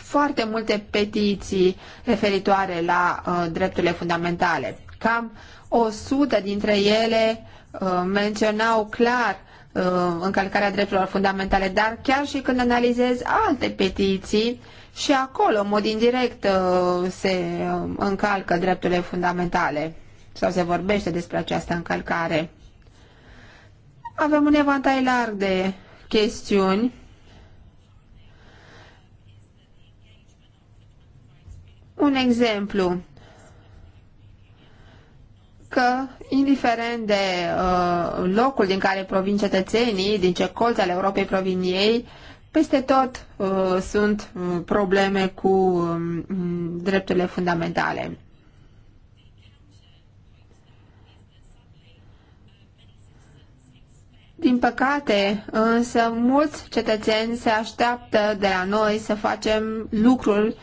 foarte multe petiții referitoare la uh, drepturile fundamentale. Cam 100 dintre ele uh, menționau clar uh, încălcarea drepturilor fundamentale, dar chiar și când analizez alte petiții, și acolo, în mod indirect, uh, se uh, încalcă drepturile fundamentale sau se vorbește despre această încălcare. Avem un evantai larg de chestiuni un exemplu că, indiferent de uh, locul din care provin cetățenii, din ce colț al Europei provin ei, peste tot uh, sunt uh, probleme cu uh, drepturile fundamentale. Din păcate, însă, mulți cetățeni se așteaptă de la noi să facem lucruri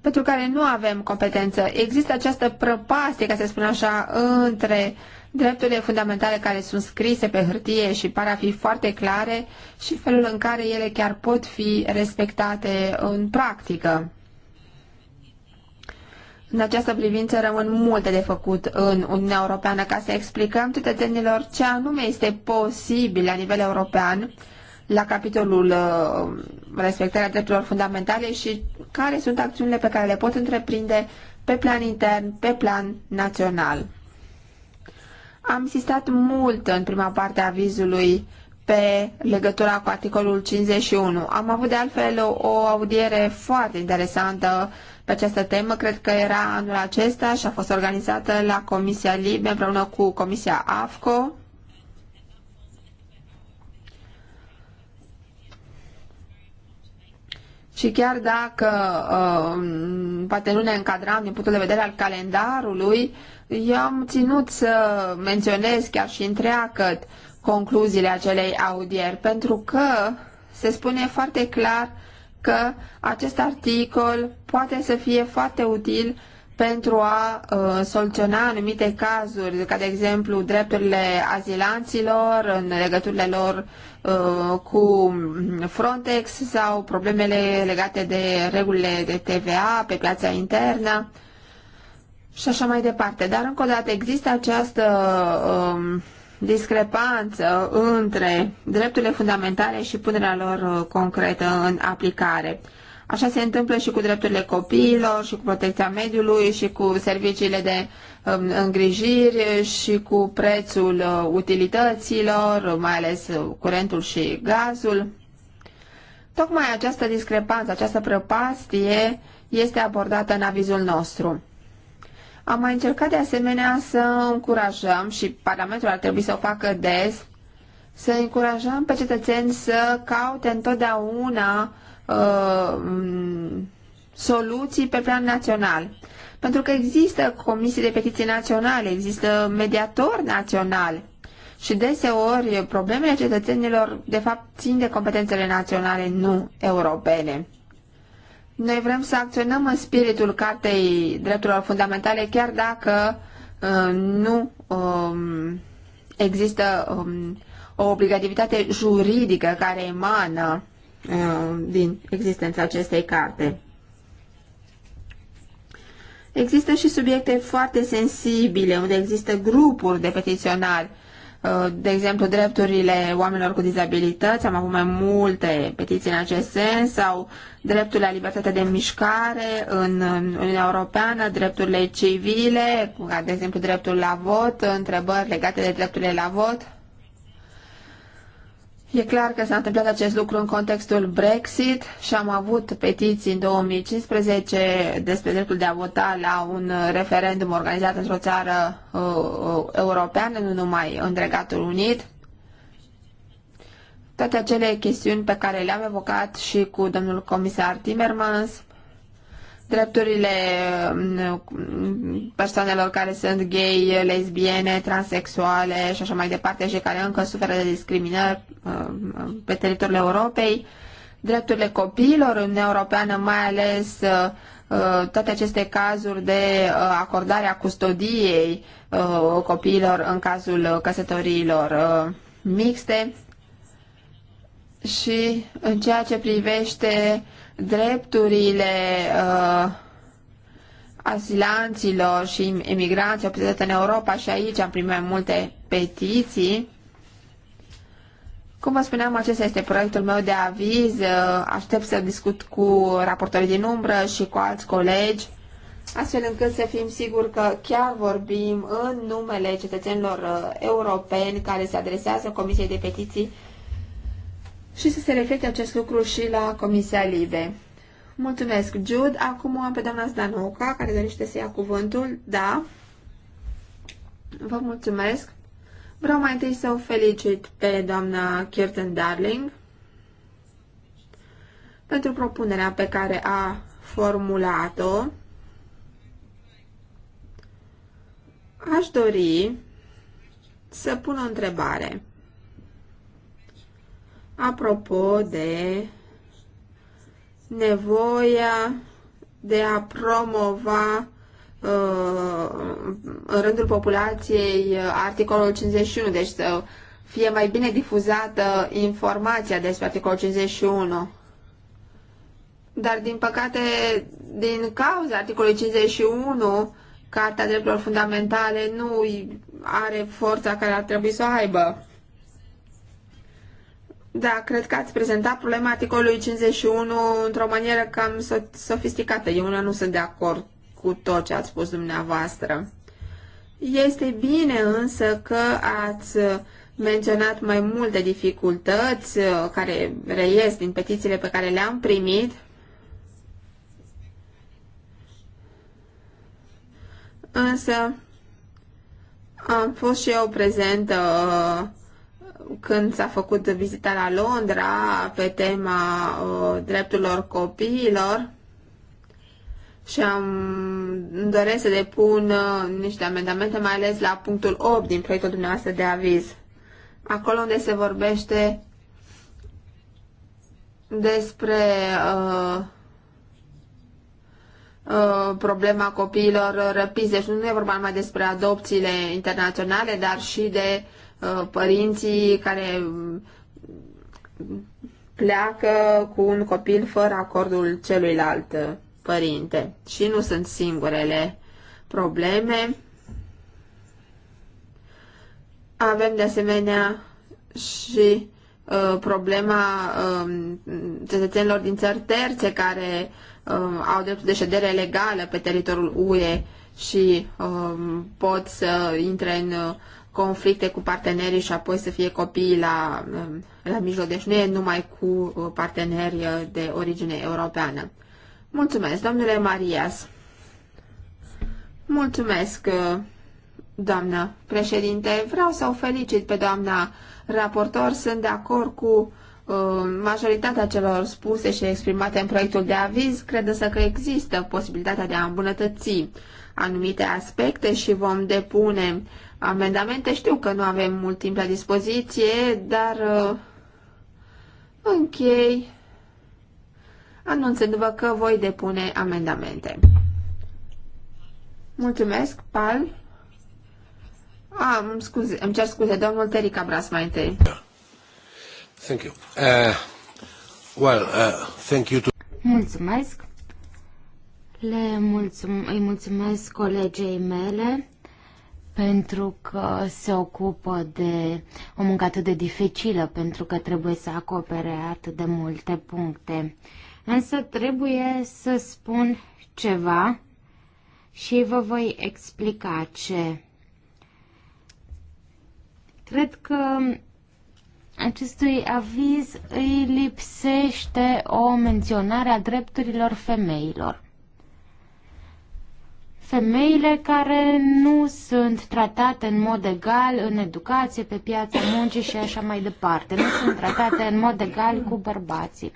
pentru care nu avem competență. Există această prăpastie, ca să spun așa, între drepturile fundamentale care sunt scrise pe hârtie și par a fi foarte clare și felul în care ele chiar pot fi respectate în practică. În această privință rămân multe de făcut în Uniunea Europeană ca să explicăm cetățenilor ce anume este posibil la nivel european la capitolul uh, respectarea drepturilor fundamentale și care sunt acțiunile pe care le pot întreprinde pe plan intern, pe plan național. Am insistat mult în prima parte a vizului pe legătura cu articolul 51. Am avut de altfel o audiere foarte interesantă pe această temă, cred că era anul acesta și a fost organizată la Comisia Libe împreună cu Comisia AFCO Și chiar dacă uh, poate nu ne încadram din punctul de vedere al calendarului, eu am ținut să menționez chiar și întreagăt concluziile acelei audieri, pentru că se spune foarte clar că acest articol poate să fie foarte util pentru a uh, soluționa anumite cazuri, ca de exemplu drepturile azilanților în legăturile lor uh, cu Frontex sau problemele legate de regulile de TVA pe piața internă și așa mai departe. Dar încă o dată există această uh, discrepanță între drepturile fundamentale și punerea lor uh, concretă în aplicare. Așa se întâmplă și cu drepturile copiilor, și cu protecția mediului, și cu serviciile de um, îngrijiri, și cu prețul uh, utilităților, mai ales uh, curentul și gazul. Tocmai această discrepanță, această prăpastie este abordată în avizul nostru. Am mai încercat de asemenea să încurajăm, și Parlamentul ar trebui să o facă des, să încurajăm pe cetățeni să caute întotdeauna Uh, soluții pe plan național. Pentru că există comisii de petiții naționale, există mediatori național și deseori problemele cetățenilor de fapt țin de competențele naționale, nu europene. Noi vrem să acționăm în spiritul Cartei Drepturilor Fundamentale, chiar dacă uh, nu um, există um, o obligativitate juridică care emană Uh, din existența acestei carte. Există și subiecte foarte sensibile, unde există grupuri de petiționari, uh, de exemplu, drepturile oamenilor cu dizabilități, am avut mai multe petiții în acest sens, sau dreptul la libertate de mișcare în Uniunea Europeană, drepturile civile, de exemplu, dreptul la vot, întrebări legate de drepturile la vot. E clar că s-a întâmplat acest lucru în contextul Brexit și am avut petiții în 2015 despre dreptul de a vota la un referendum organizat într-o țară uh, uh, europeană, nu numai în Regatul Unit. Toate acele chestiuni pe care le-am evocat și cu domnul comisar Timmermans drepturile um, persoanelor care sunt gay, lesbiene, transexuale și așa mai departe și care încă suferă de discriminări um, um, pe teritoriul Europei, drepturile copiilor în Europeană, mai ales uh, uh, toate aceste cazuri de uh, acordare a custodiei copiilor în cazul căsătoriilor mixte și în ceea ce privește drepturile uh, asilanților și emigranților prezentă în Europa și aici am primit mai multe petiții. Cum vă spuneam, acesta este proiectul meu de aviz. Uh, aștept să discut cu raportorii din umbră și cu alți colegi, astfel încât să fim siguri că chiar vorbim în numele cetățenilor uh, europeni care se adresează Comisiei de Petiții și să se reflecte acest lucru și la Comisia Libe. Mulțumesc, Jude. Acum am pe doamna Zdanoca, care dorește să ia cuvântul. Da. Vă mulțumesc. Vreau mai întâi să o felicit pe doamna Kirsten Darling pentru propunerea pe care a formulat-o. Aș dori să pun o întrebare apropo de nevoia de a promova uh, în rândul populației uh, articolul 51, deci să fie mai bine difuzată informația despre articolul 51. Dar, din păcate, din cauza articolului 51, Carta Drepturilor Fundamentale nu are forța care ar trebui să o aibă. Da, cred că ați prezentat problema articolului 51 într-o manieră cam sofisticată. Eu nu sunt de acord cu tot ce ați spus dumneavoastră. Este bine însă că ați menționat mai multe dificultăți uh, care reies din petițiile pe care le-am primit. Însă am fost și eu prezentă uh, când s-a făcut vizita la Londra pe tema uh, drepturilor copiilor și am, îmi doresc să depun uh, niște amendamente, mai ales la punctul 8 din proiectul dumneavoastră de aviz. Acolo unde se vorbește despre uh, uh, problema copiilor răpiți. Deci nu e vorba numai despre adopțiile internaționale, dar și de uh, Uh, părinții care pleacă cu un copil fără acordul celuilalt părinte. Și nu sunt singurele probleme. Avem de asemenea și uh, problema uh, cetățenilor din țări terțe care uh, au dreptul de ședere legală pe teritoriul UE și um, pot să intre în uh, conflicte cu partenerii și apoi să fie copiii la, um, la mijloc, deci nu e numai cu uh, parteneri uh, de origine europeană. Mulțumesc, domnule Marias. Mulțumesc, uh, doamnă președinte. Vreau să o felicit pe doamna raportor. Sunt de acord cu majoritatea celor spuse și exprimate în proiectul de aviz, cred însă că există posibilitatea de a îmbunătăți anumite aspecte și vom depune amendamente. Știu că nu avem mult timp la dispoziție, dar uh, închei anunțându-vă că voi depune amendamente. Mulțumesc, Pal. Ah, scuze, îmi cer scuze, domnul Terica Bras mai întâi. Da. Thank you. Uh, well, uh, thank you to... Mulțumesc. Le mulțum îi mulțumesc colegei mele pentru că se ocupă de o muncă atât de dificilă, pentru că trebuie să acopere atât de multe puncte. Însă trebuie să spun ceva și vă voi explica ce. Cred că acestui aviz îi lipsește o menționare a drepturilor femeilor femeile care nu sunt tratate în mod egal în educație, pe piața muncii și așa mai departe. Nu sunt tratate în mod egal cu bărbații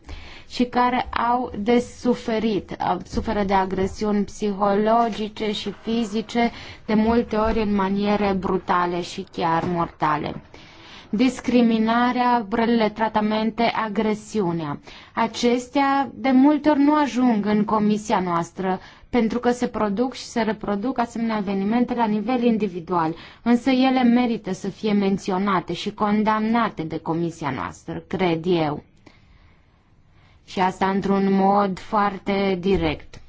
și care au de suferit, suferă de agresiuni psihologice și fizice, de multe ori în maniere brutale și chiar mortale discriminarea, brălele, tratamente, agresiunea. Acestea de multe ori nu ajung în comisia noastră, pentru că se produc și se reproduc asemenea evenimente la nivel individual, însă ele merită să fie menționate și condamnate de comisia noastră, cred eu. Și asta într-un mod foarte direct.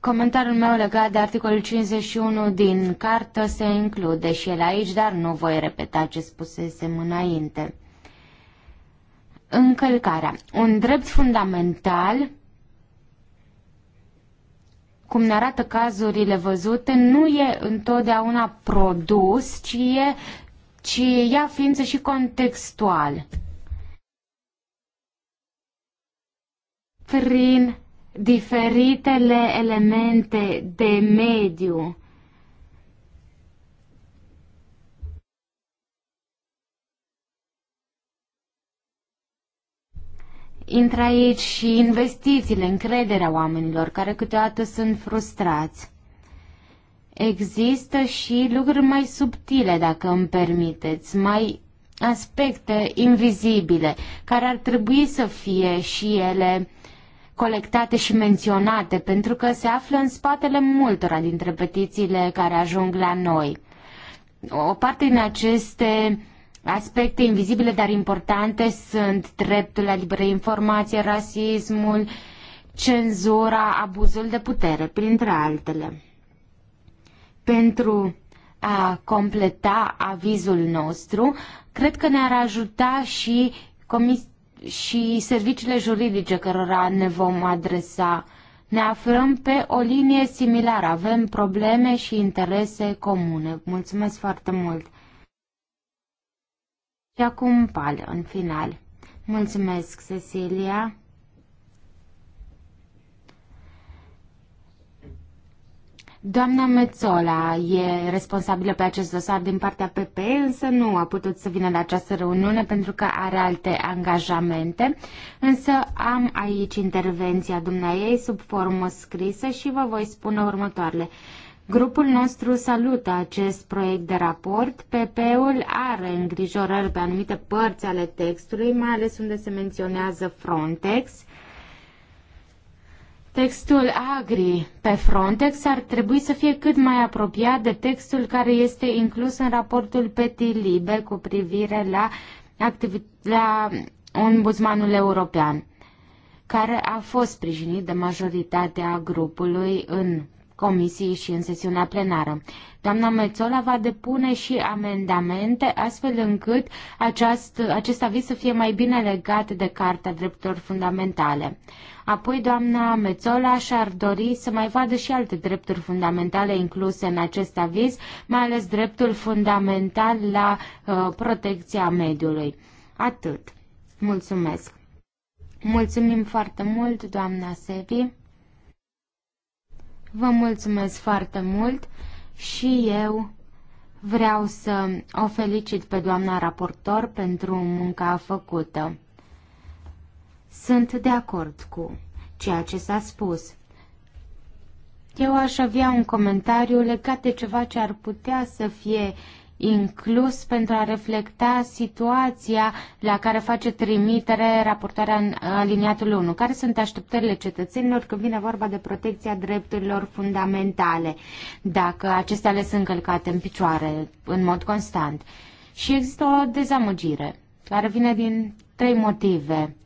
Comentariul meu legat de articolul 51 din cartă se include și el aici, dar nu voi repeta ce spusesem înainte. Încălcarea. Un drept fundamental cum ne arată cazurile văzute, nu e întotdeauna produs, ci, e, ci ia ființă și contextual. Prin diferitele elemente de mediu intră aici și investițiile, încrederea oamenilor, care câteodată sunt frustrați. Există și lucruri mai subtile, dacă îmi permiteți, mai aspecte invizibile, care ar trebui să fie și ele colectate și menționate, pentru că se află în spatele multora dintre petițiile care ajung la noi. O parte din aceste Aspecte invizibile, dar importante, sunt dreptul la liberă informație, rasismul, cenzura, abuzul de putere, printre altele. Pentru a completa avizul nostru, cred că ne-ar ajuta și, comis- și serviciile juridice cărora ne vom adresa. Ne aflăm pe o linie similară, avem probleme și interese comune. Mulțumesc foarte mult! Și acum pal în final. Mulțumesc, Cecilia. Doamna Mețola e responsabilă pe acest dosar din partea PP, însă nu a putut să vină la această reuniune pentru că are alte angajamente. Însă am aici intervenția ei sub formă scrisă și vă voi spune următoarele. Grupul nostru salută acest proiect de raport. PP-ul are îngrijorări pe anumite părți ale textului, mai ales unde se menționează Frontex. Textul agri pe Frontex ar trebui să fie cât mai apropiat de textul care este inclus în raportul Peti Libe cu privire la, la ombudsmanul european, care a fost sprijinit de majoritatea grupului în comisii și în sesiunea plenară. Doamna Mețola va depune și amendamente astfel încât aceast, acest aviz să fie mai bine legat de Carta Drepturilor Fundamentale. Apoi, doamna Mețola și-ar dori să mai vadă și alte drepturi fundamentale incluse în acest aviz, mai ales dreptul fundamental la uh, protecția mediului. Atât. Mulțumesc. Mulțumim foarte mult, doamna Sevi. Vă mulțumesc foarte mult și eu vreau să o felicit pe doamna raportor pentru munca făcută. Sunt de acord cu ceea ce s-a spus. Eu aș avea un comentariu legat de ceva ce ar putea să fie inclus pentru a reflecta situația la care face trimitere raportarea în aliniatul 1. Care sunt așteptările cetățenilor când vine vorba de protecția drepturilor fundamentale, dacă acestea le sunt încălcate în picioare în mod constant? Și există o dezamăgire care vine din trei motive.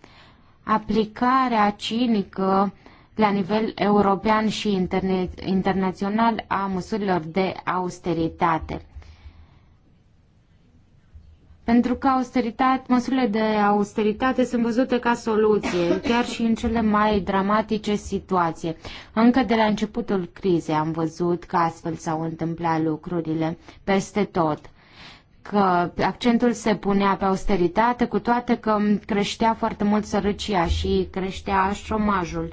Aplicarea cinică la nivel european și internațional a măsurilor de austeritate pentru că austeritate, măsurile de austeritate sunt văzute ca soluție, chiar și în cele mai dramatice situații. Încă de la începutul crizei am văzut că astfel s-au întâmplat lucrurile peste tot că accentul se punea pe austeritate, cu toate că creștea foarte mult sărăcia și creștea șomajul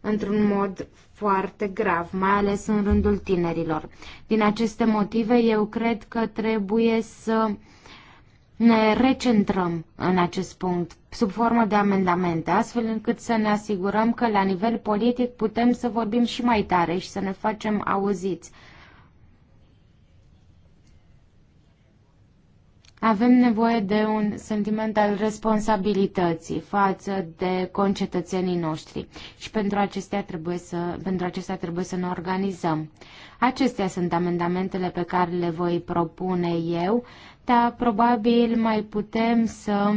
într-un mod foarte grav, mai ales în rândul tinerilor. Din aceste motive, eu cred că trebuie să ne recentrăm în acest punct sub formă de amendamente, astfel încât să ne asigurăm că la nivel politic putem să vorbim și mai tare și să ne facem auziți. Avem nevoie de un sentiment al responsabilității față de concetățenii noștri și pentru acestea trebuie să, pentru acestea trebuie să ne organizăm. Acestea sunt amendamentele pe care le voi propune eu asta probabil mai putem să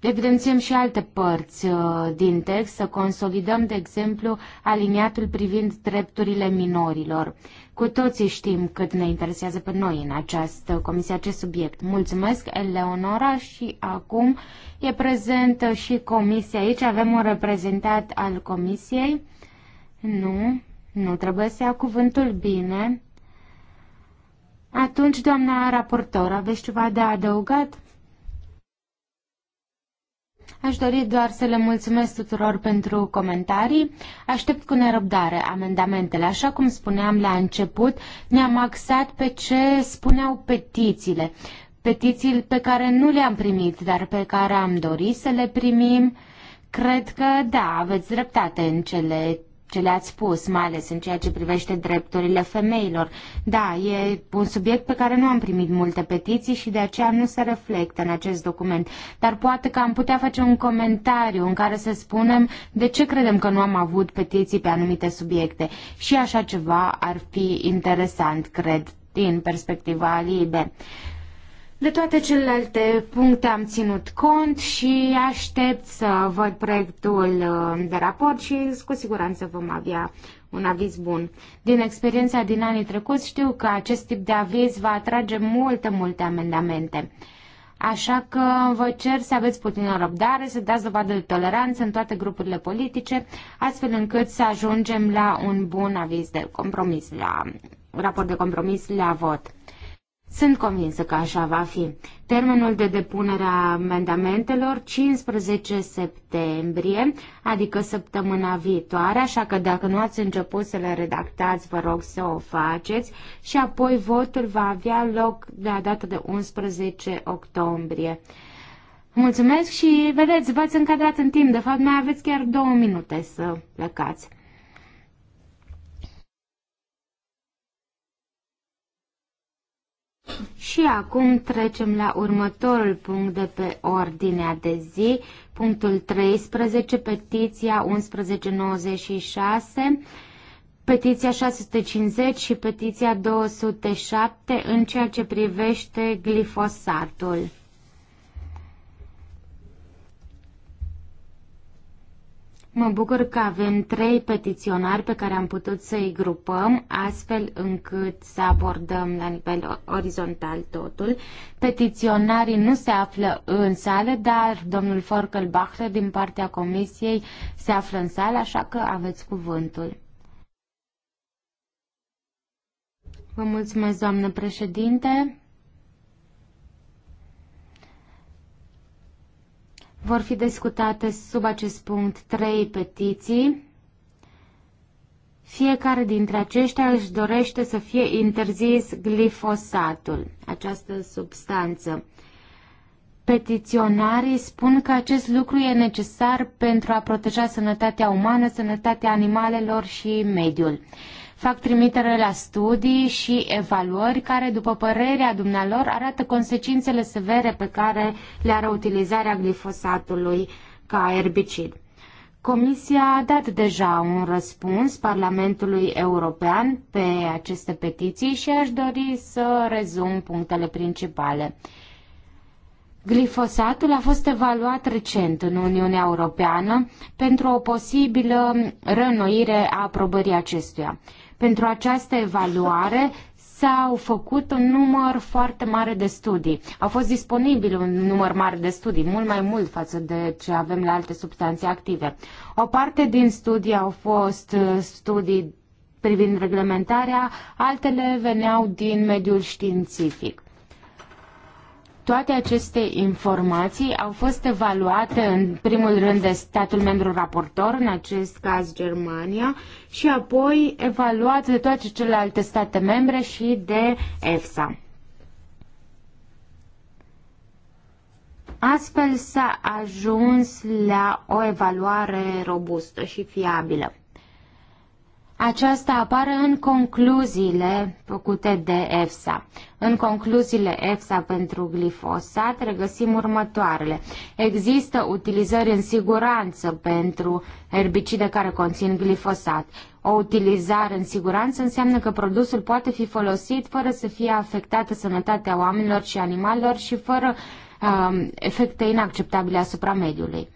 evidențiem și alte părți uh, din text, să consolidăm, de exemplu, aliniatul privind drepturile minorilor. Cu toții știm cât ne interesează pe noi în această comisie acest subiect. Mulțumesc, Eleonora, și acum e prezentă și comisia aici. Avem un reprezentat al comisiei. Nu, nu trebuie să ia cuvântul bine. Atunci, doamna raportor, aveți ceva de adăugat? Aș dori doar să le mulțumesc tuturor pentru comentarii. Aștept cu nerăbdare amendamentele. Așa cum spuneam la început, ne-am axat pe ce spuneau petițiile. Petiții pe care nu le-am primit, dar pe care am dorit să le primim. Cred că, da, aveți dreptate în cele ce le-ați spus, mai ales în ceea ce privește drepturile femeilor. Da, e un subiect pe care nu am primit multe petiții și de aceea nu se reflectă în acest document. Dar poate că am putea face un comentariu în care să spunem de ce credem că nu am avut petiții pe anumite subiecte. Și așa ceva ar fi interesant, cred, din perspectiva libe. De toate celelalte puncte am ținut cont și aștept să văd proiectul uh, de raport și cu siguranță vom avea un aviz bun. Din experiența din anii trecuți știu că acest tip de aviz va atrage multe, multe amendamente. Așa că vă cer să aveți puțină răbdare, să dați dovadă de toleranță în toate grupurile politice, astfel încât să ajungem la un bun aviz de compromis, la raport de compromis la vot. Sunt convinsă că așa va fi. Termenul de depunere a amendamentelor 15 septembrie, adică săptămâna viitoare, așa că dacă nu ați început să le redactați, vă rog să o faceți și apoi votul va avea loc la data de 11 octombrie. Mulțumesc și vedeți, v-ați încadrat în timp, de fapt mai aveți chiar două minute să plecați. Și acum trecem la următorul punct de pe ordinea de zi, punctul 13, petiția 1196, petiția 650 și petiția 207 în ceea ce privește glifosatul. Mă bucur că avem trei petiționari pe care am putut să-i grupăm, astfel încât să abordăm la nivel orizontal totul. Petiționarii nu se află în sală, dar domnul Forkelbacher din partea comisiei se află în sală, așa că aveți cuvântul. Vă mulțumesc, doamnă președinte. Vor fi discutate sub acest punct trei petiții. Fiecare dintre aceștia își dorește să fie interzis glifosatul, această substanță. Petiționarii spun că acest lucru e necesar pentru a proteja sănătatea umană, sănătatea animalelor și mediul fac trimitere la studii și evaluări care, după părerea dumnealor, arată consecințele severe pe care le are utilizarea glifosatului ca erbicid. Comisia a dat deja un răspuns Parlamentului European pe aceste petiții și aș dori să rezum punctele principale. Glifosatul a fost evaluat recent în Uniunea Europeană pentru o posibilă rănoire a aprobării acestuia. Pentru această evaluare s-au făcut un număr foarte mare de studii. Au fost disponibil un număr mare de studii, mult mai mult față de ce avem la alte substanțe active. O parte din studii au fost uh, studii privind reglementarea, altele veneau din mediul științific. Toate aceste informații au fost evaluate în primul rând de statul membru raportor, în acest caz Germania, și apoi evaluate de toate celelalte state membre și de EFSA. Astfel s-a ajuns la o evaluare robustă și fiabilă. Aceasta apare în concluziile făcute de EFSA. În concluziile EFSA pentru glifosat regăsim următoarele. Există utilizări în siguranță pentru herbicide care conțin glifosat. O utilizare în siguranță înseamnă că produsul poate fi folosit fără să fie afectată sănătatea oamenilor și animalelor și fără um, efecte inacceptabile asupra mediului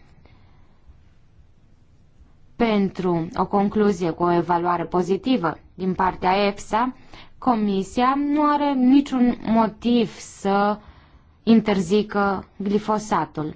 pentru o concluzie cu o evaluare pozitivă din partea EFSA, Comisia nu are niciun motiv să interzică glifosatul.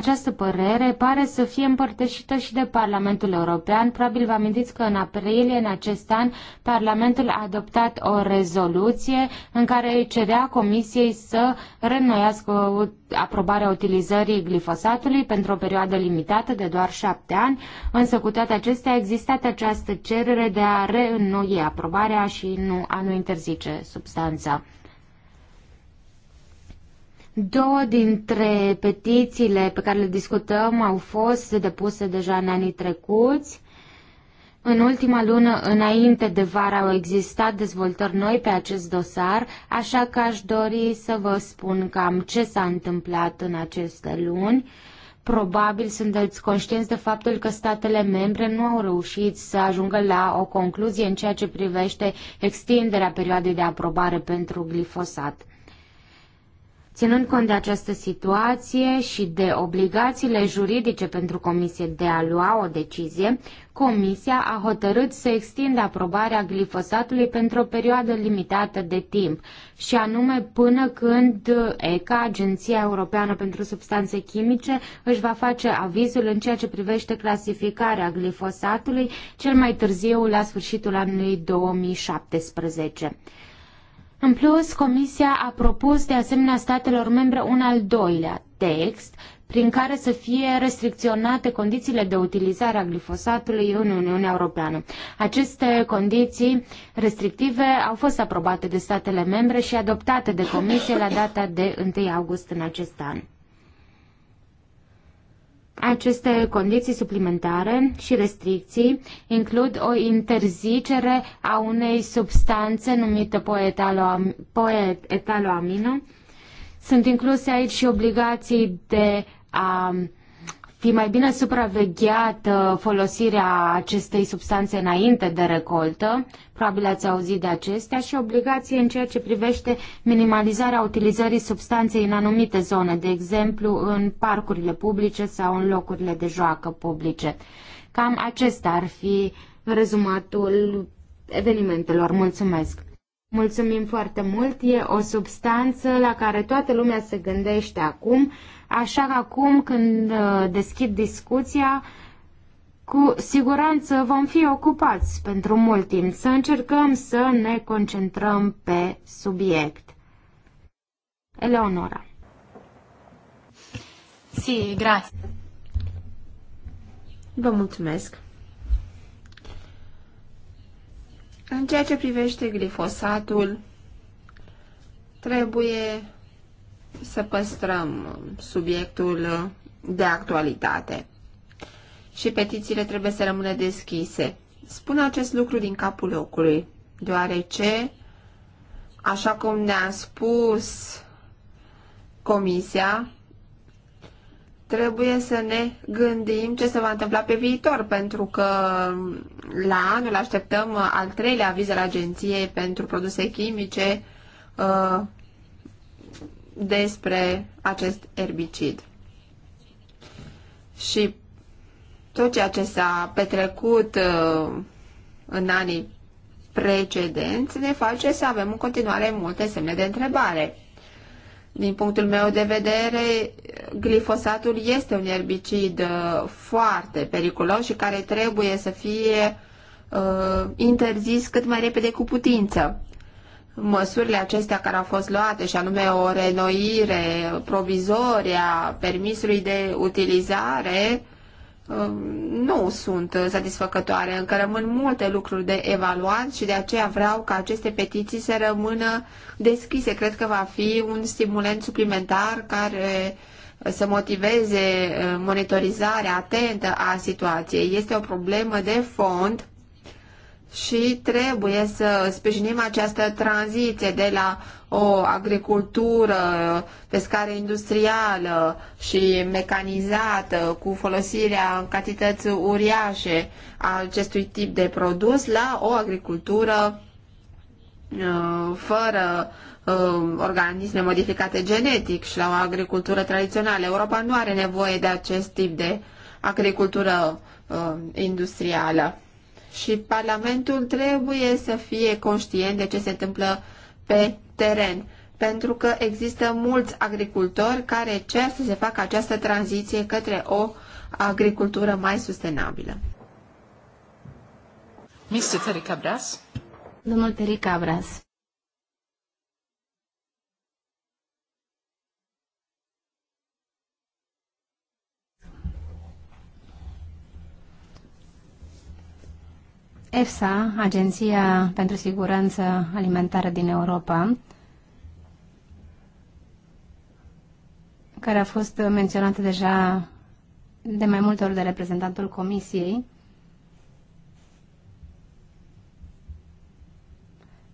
Această părere pare să fie împărtășită și de Parlamentul European. Probabil vă amintiți că în aprilie în acest an Parlamentul a adoptat o rezoluție în care cerea Comisiei să reînnoiască aprobarea utilizării glifosatului pentru o perioadă limitată de doar șapte ani, însă cu toate acestea a existat această cerere de a reînnoi aprobarea și nu a nu interzice substanța. Două dintre petițiile pe care le discutăm au fost depuse deja în anii trecuți. În ultima lună, înainte de vară, au existat dezvoltări noi pe acest dosar, așa că aș dori să vă spun cam ce s-a întâmplat în aceste luni. Probabil sunteți conștienți de faptul că statele membre nu au reușit să ajungă la o concluzie în ceea ce privește extinderea perioadei de aprobare pentru glifosat. Ținând cont de această situație și de obligațiile juridice pentru Comisie de a lua o decizie, Comisia a hotărât să extindă aprobarea glifosatului pentru o perioadă limitată de timp, și anume până când ECA, Agenția Europeană pentru Substanțe Chimice, își va face avizul în ceea ce privește clasificarea glifosatului, cel mai târziu la sfârșitul anului 2017. În plus, Comisia a propus de asemenea statelor membre un al doilea text prin care să fie restricționate condițiile de utilizare a glifosatului în Uniunea Europeană. Aceste condiții restrictive au fost aprobate de statele membre și adoptate de Comisie la data de 1 august în acest an. Aceste condiții suplimentare și restricții includ o interzicere a unei substanțe numită poetaloamină. Sunt incluse aici și obligații de a fi mai bine supravegheată folosirea acestei substanțe înainte de recoltă, probabil ați auzit de acestea, și obligație în ceea ce privește minimalizarea utilizării substanței în anumite zone, de exemplu în parcurile publice sau în locurile de joacă publice. Cam acesta ar fi rezumatul evenimentelor. Mulțumesc! Mulțumim foarte mult! E o substanță la care toată lumea se gândește acum, Așa că acum când uh, deschid discuția, cu siguranță vom fi ocupați pentru mult timp să încercăm să ne concentrăm pe subiect. Eleonora. Si, grazie. Vă mulțumesc. În ceea ce privește glifosatul, trebuie să păstrăm subiectul de actualitate. Și petițiile trebuie să rămână deschise. Spun acest lucru din capul locului, deoarece, așa cum ne-a spus Comisia, trebuie să ne gândim ce se va întâmpla pe viitor, pentru că la anul așteptăm al treilea aviz al Agenției pentru Produse Chimice uh, despre acest erbicid. Și tot ceea ce s-a petrecut uh, în anii precedenți ne face să avem în continuare multe semne de întrebare. Din punctul meu de vedere, glifosatul este un erbicid uh, foarte periculos și care trebuie să fie uh, interzis cât mai repede cu putință măsurile acestea care au fost luate, și anume o renoire provizorie a permisului de utilizare, um, nu sunt satisfăcătoare, încă rămân multe lucruri de evaluat și de aceea vreau ca aceste petiții să rămână deschise. Cred că va fi un stimulent suplimentar care să motiveze uh, monitorizarea atentă a situației. Este o problemă de fond și trebuie să sprijinim această tranziție de la o agricultură, pescare industrială și mecanizată cu folosirea în cantități uriașe a acestui tip de produs la o agricultură uh, fără uh, organisme modificate genetic și la o agricultură tradițională. Europa nu are nevoie de acest tip de agricultură uh, industrială și Parlamentul trebuie să fie conștient de ce se întâmplă pe teren, pentru că există mulți agricultori care cer să se facă această tranziție către o agricultură mai sustenabilă. Mr. Terica Bras. Domnul Terica Bras. EFSA, Agenția pentru Siguranță Alimentară din Europa, care a fost menționată deja de mai multe ori de reprezentantul Comisiei,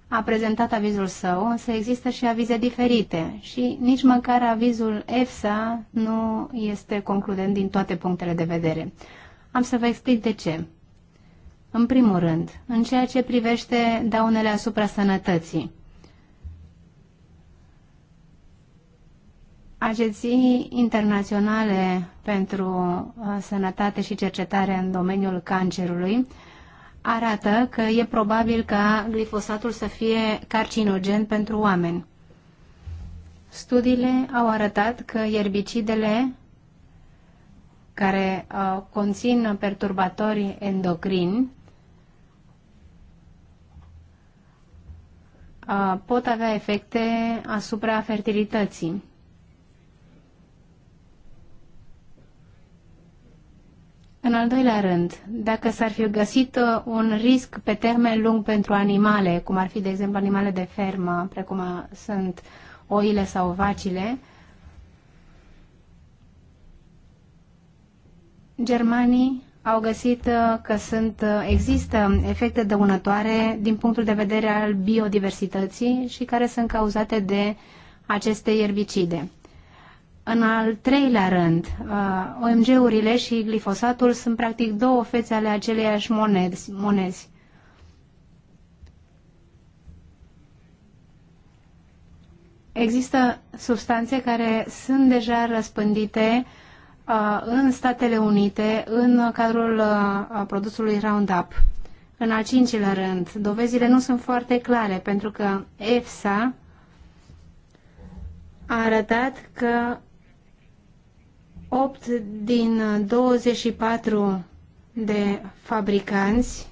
a prezentat avizul său, însă există și avize diferite și nici măcar avizul EFSA nu este concludent din toate punctele de vedere. Am să vă explic de ce. În primul rând, în ceea ce privește daunele asupra sănătății. Agenții internaționale pentru uh, sănătate și cercetare în domeniul cancerului arată că e probabil ca glifosatul să fie carcinogen pentru oameni. Studiile au arătat că erbicidele care uh, conțin perturbatori endocrini pot avea efecte asupra fertilității. În al doilea rând, dacă s-ar fi găsit uh, un risc pe termen lung pentru animale, cum ar fi, de exemplu, animale de fermă, precum uh, sunt oile sau vacile, germanii au găsit uh, că sunt, uh, există efecte dăunătoare din punctul de vedere al biodiversității și care sunt cauzate de aceste erbicide. În al treilea rând, uh, OMG-urile și glifosatul sunt practic două fețe ale aceleiași monezi. monezi. Există substanțe care sunt deja răspândite uh, în Statele Unite în cadrul produsului Roundup. În al cincilea rând, dovezile nu sunt foarte clare pentru că EFSA a arătat că 8 din 24 de fabricanți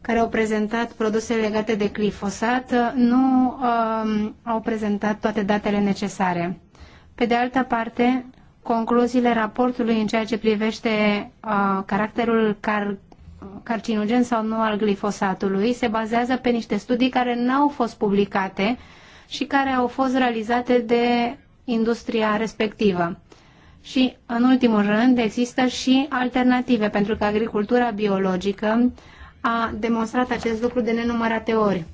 care au prezentat produse legate de glifosat nu um, au prezentat toate datele necesare. Pe de altă parte, concluziile raportului în ceea ce privește uh, caracterul car carcinogen sau nu al glifosatului se bazează pe niște studii care nu au fost publicate și care au fost realizate de industria respectivă. Și, în ultimul rând, există și alternative, pentru că agricultura biologică a demonstrat acest lucru de nenumărate ori.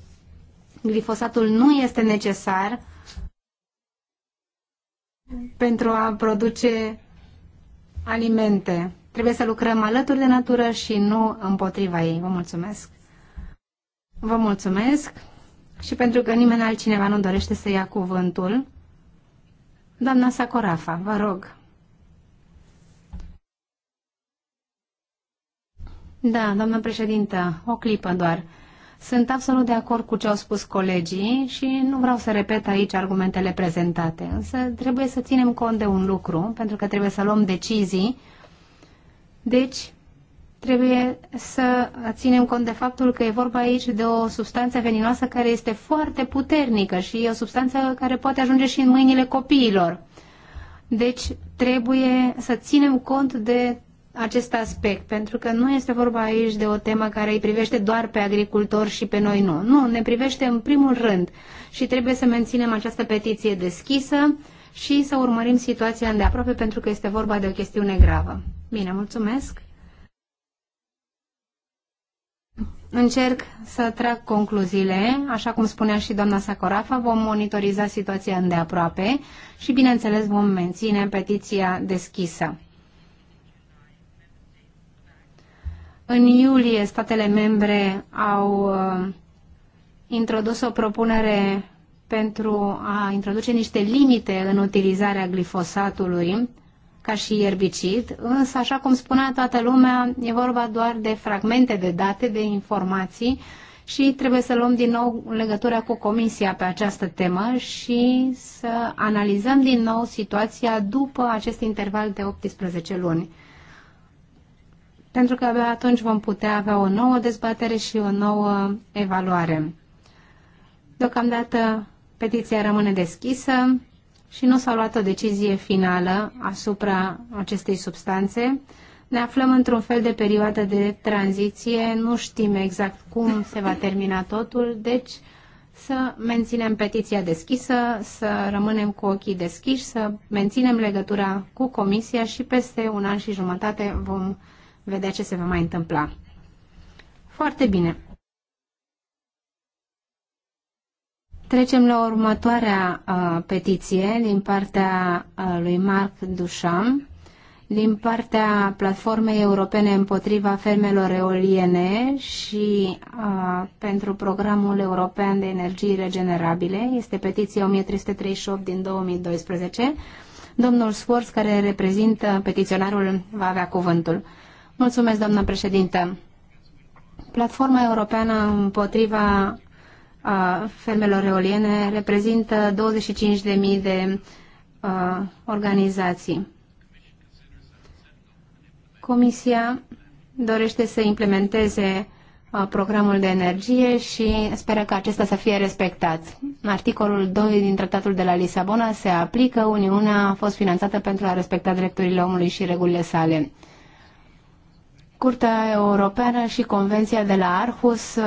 Glifosatul nu este necesar pentru a produce alimente. Trebuie să lucrăm alături de natură și nu împotriva ei. Vă mulțumesc! Vă mulțumesc și pentru că nimeni altcineva nu dorește să ia cuvântul, doamna Sacorafa, vă rog. Da, doamnă președintă, o clipă doar. Sunt absolut de acord cu ce au spus colegii și nu vreau să repet aici argumentele prezentate, însă trebuie să ținem cont de un lucru, pentru că trebuie să luăm decizii. Deci, trebuie să ținem cont de faptul că e vorba aici de o substanță veninoasă care este foarte puternică și e o substanță care poate ajunge și în mâinile copiilor. Deci trebuie să ținem cont de acest aspect, pentru că nu este vorba aici de o temă care îi privește doar pe agricultori și pe noi nu. Nu, ne privește în primul rând și trebuie să menținem această petiție deschisă și să urmărim situația îndeaproape pentru că este vorba de o chestiune gravă. Bine, mulțumesc! Încerc să trag concluziile, așa cum spunea și doamna Sacorafa, vom monitoriza situația îndeaproape și, bineînțeles, vom menține petiția deschisă. În iulie, statele membre au uh, introdus o propunere pentru a introduce niște limite în utilizarea glifosatului ca și ierbicid, însă, așa cum spunea toată lumea, e vorba doar de fragmente de date, de informații și trebuie să luăm din nou legătura cu Comisia pe această temă și să analizăm din nou situația după acest interval de 18 luni pentru că abia atunci vom putea avea o nouă dezbatere și o nouă evaluare. Deocamdată petiția rămâne deschisă și nu s-a luat o decizie finală asupra acestei substanțe. Ne aflăm într-un fel de perioadă de tranziție, nu știm exact cum se va termina totul, deci să menținem petiția deschisă, să rămânem cu ochii deschiși, să menținem legătura cu Comisia și peste un an și jumătate vom vedea ce se va mai întâmpla. Foarte bine. Trecem la următoarea uh, petiție din partea uh, lui Marc Dușam, din partea Platformei Europene împotriva fermelor eoliene și uh, pentru Programul European de Energii Regenerabile. Este petiția 1338 din 2012. Domnul Swords, care reprezintă petiționarul, va avea cuvântul. Mulțumesc, doamna președinte. Platforma Europeană împotriva a fermelor eoliene reprezintă 25.000 de uh, organizații. Comisia dorește să implementeze uh, programul de energie și speră că acesta să fie respectat. Articolul 2 din Tratatul de la Lisabona se aplică, Uniunea a fost finanțată pentru a respecta drepturile omului și regulile sale. Curtea Europeană și Convenția de la Arhus uh,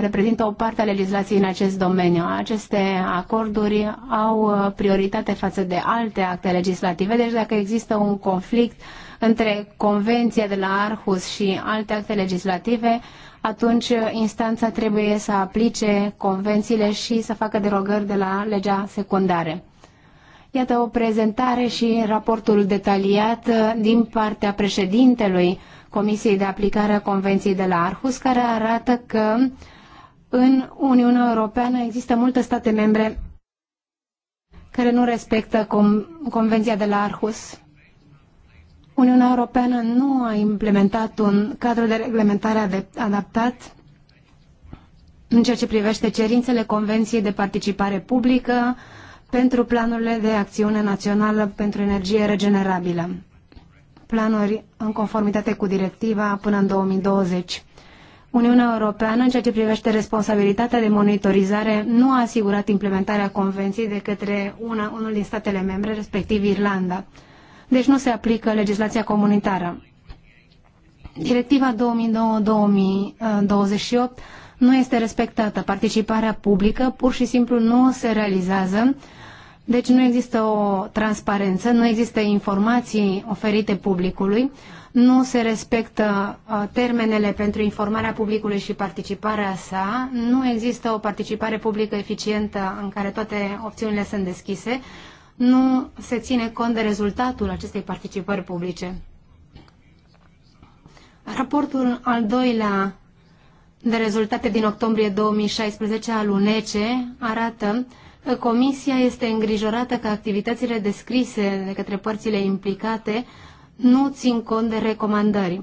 reprezintă o parte a legislației în acest domeniu. Aceste acorduri au uh, prioritate față de alte acte legislative, deci dacă există un conflict între Convenția de la Arhus și alte acte legislative, atunci uh, instanța trebuie să aplice convențiile și să facă derogări de la legea secundară. Iată o prezentare și raportul detaliat uh, din partea președintelui Comisiei de Aplicare a Convenției de la Arhus, care arată că în Uniunea Europeană există multe state membre care nu respectă Convenția de la Arhus. Uniunea Europeană nu a implementat un cadru de reglementare adaptat în ceea ce privește cerințele Convenției de participare publică, pentru planurile de acțiune națională pentru energie regenerabilă. Planuri în conformitate cu directiva până în 2020. Uniunea Europeană, în ceea ce privește responsabilitatea de monitorizare, nu a asigurat implementarea convenției de către una, unul din statele membre, respectiv Irlanda. Deci nu se aplică legislația comunitară. Directiva 2009-2028 nu este respectată. Participarea publică pur și simplu nu se realizează, deci nu există o transparență, nu există informații oferite publicului, nu se respectă uh, termenele pentru informarea publicului și participarea sa, nu există o participare publică eficientă în care toate opțiunile sunt deschise, nu se ține cont de rezultatul acestei participări publice. Raportul al doilea de rezultate din octombrie 2016 al UNECE arată că Comisia este îngrijorată că activitățile descrise de către părțile implicate nu țin cont de recomandări.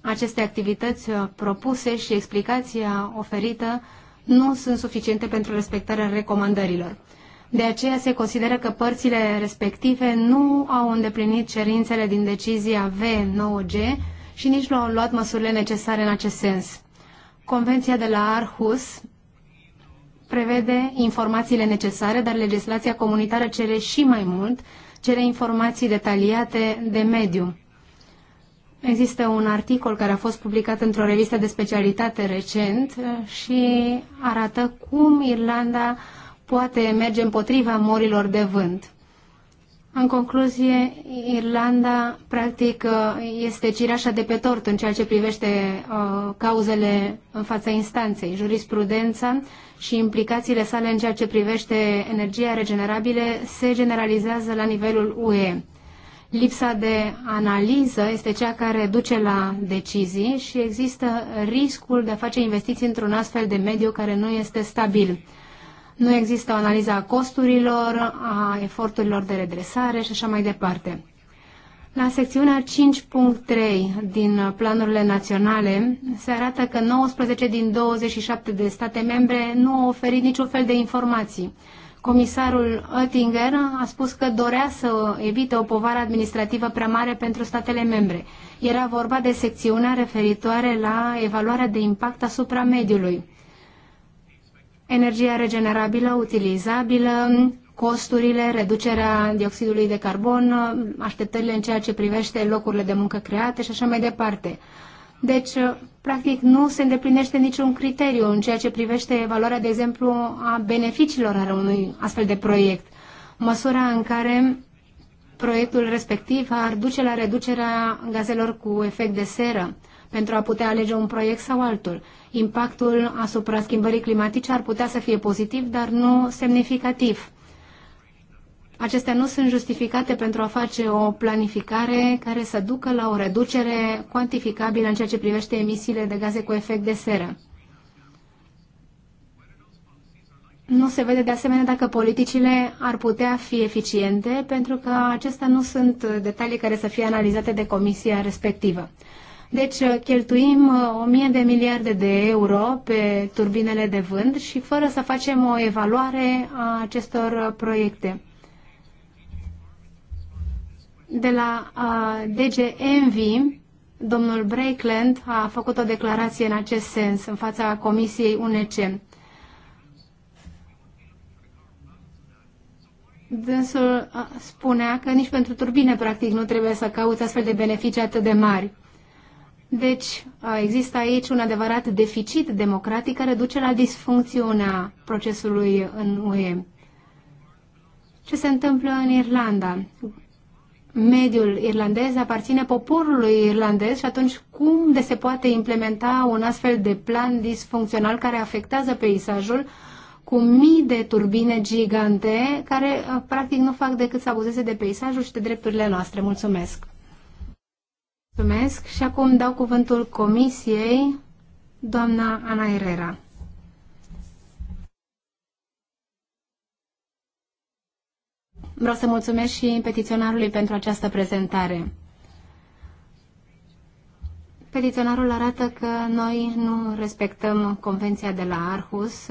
Aceste activități propuse și explicația oferită nu sunt suficiente pentru respectarea recomandărilor. De aceea se consideră că părțile respective nu au îndeplinit cerințele din decizia V9G și nici nu au luat măsurile necesare în acest sens. Convenția de la Arhus prevede informațiile necesare, dar legislația comunitară cere și mai mult, cere informații detaliate de mediu. Există un articol care a fost publicat într-o revistă de specialitate recent uh, și arată cum Irlanda poate merge împotriva morilor de vânt. În concluzie, Irlanda, practic, este cireașa de pe tort în ceea ce privește uh, cauzele în fața instanței, jurisprudența și implicațiile sale în ceea ce privește energia regenerabile se generalizează la nivelul UE. Lipsa de analiză este cea care duce la decizii și există riscul de a face investiții într-un astfel de mediu care nu este stabil nu există o analiză a costurilor, a eforturilor de redresare și așa mai departe. La secțiunea 5.3 din planurile naționale se arată că 19 din 27 de state membre nu au oferit niciun fel de informații. Comisarul Oettinger a spus că dorea să evite o povară administrativă prea mare pentru statele membre. Era vorba de secțiunea referitoare la evaluarea de impact asupra mediului energia regenerabilă utilizabilă, costurile, reducerea dioxidului de carbon, așteptările în ceea ce privește locurile de muncă create și așa mai departe. Deci, practic, nu se îndeplinește niciun criteriu în ceea ce privește valoarea de exemplu, a beneficiilor ale unui astfel de proiect. Măsura în care proiectul respectiv ar duce la reducerea gazelor cu efect de seră pentru a putea alege un proiect sau altul. Impactul asupra schimbării climatice ar putea să fie pozitiv, dar nu semnificativ. Acestea nu sunt justificate pentru a face o planificare care să ducă la o reducere cuantificabilă în ceea ce privește emisiile de gaze cu efect de seră. Nu se vede de asemenea dacă politicile ar putea fi eficiente, pentru că acestea nu sunt detalii care să fie analizate de comisia respectivă. Deci uh, cheltuim 1000 uh, de miliarde de euro pe turbinele de vânt și fără să facem o evaluare a acestor uh, proiecte. De la DG Envy, domnul Breakland a făcut o declarație în acest sens în fața Comisiei UNEC. Dânsul spunea că nici pentru turbine, practic, nu trebuie să cauți astfel de beneficii atât de mari. Deci există aici un adevărat deficit democratic care duce la disfuncțiunea procesului în UE. Ce se întâmplă în Irlanda? Mediul irlandez aparține poporului irlandez și atunci cum de se poate implementa un astfel de plan disfuncțional care afectează peisajul cu mii de turbine gigante care practic nu fac decât să abuzeze de peisajul și de drepturile noastre. Mulțumesc! Mulțumesc și acum dau cuvântul Comisiei, doamna Ana Herrera. Vreau să mulțumesc și petiționarului pentru această prezentare. Petiționarul arată că noi nu respectăm Convenția de la Arhus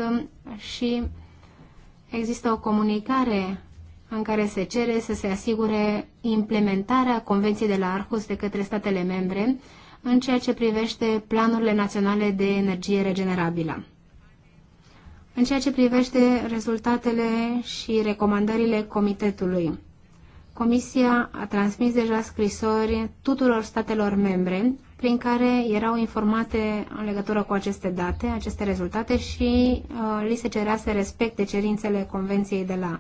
și există o comunicare în care se cere să se asigure implementarea Convenției de la Arhus de către statele membre în ceea ce privește planurile naționale de energie regenerabilă. În ceea ce privește rezultatele și recomandările comitetului, Comisia a transmis deja scrisori tuturor statelor membre prin care erau informate în legătură cu aceste date, aceste rezultate și uh, li se cerea să respecte cerințele Convenției de la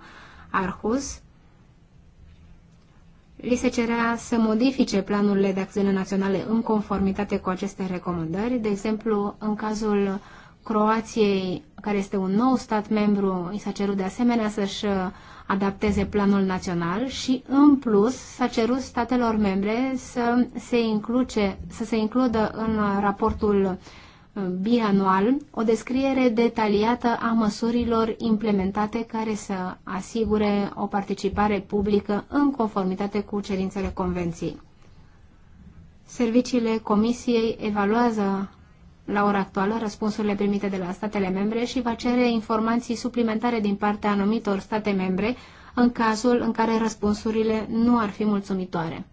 Arhus, li se cerea să modifice planurile de acțiune naționale în conformitate cu aceste recomandări. De exemplu, în cazul Croației, care este un nou stat membru, i s-a cerut de asemenea să-și adapteze planul național și, în plus, s-a cerut statelor membre să se, incluce, să se includă în raportul bianual o descriere detaliată a măsurilor implementate care să asigure o participare publică în conformitate cu cerințele convenției. Serviciile Comisiei evaluează la ora actuală răspunsurile primite de la statele membre și va cere informații suplimentare din partea anumitor state membre în cazul în care răspunsurile nu ar fi mulțumitoare.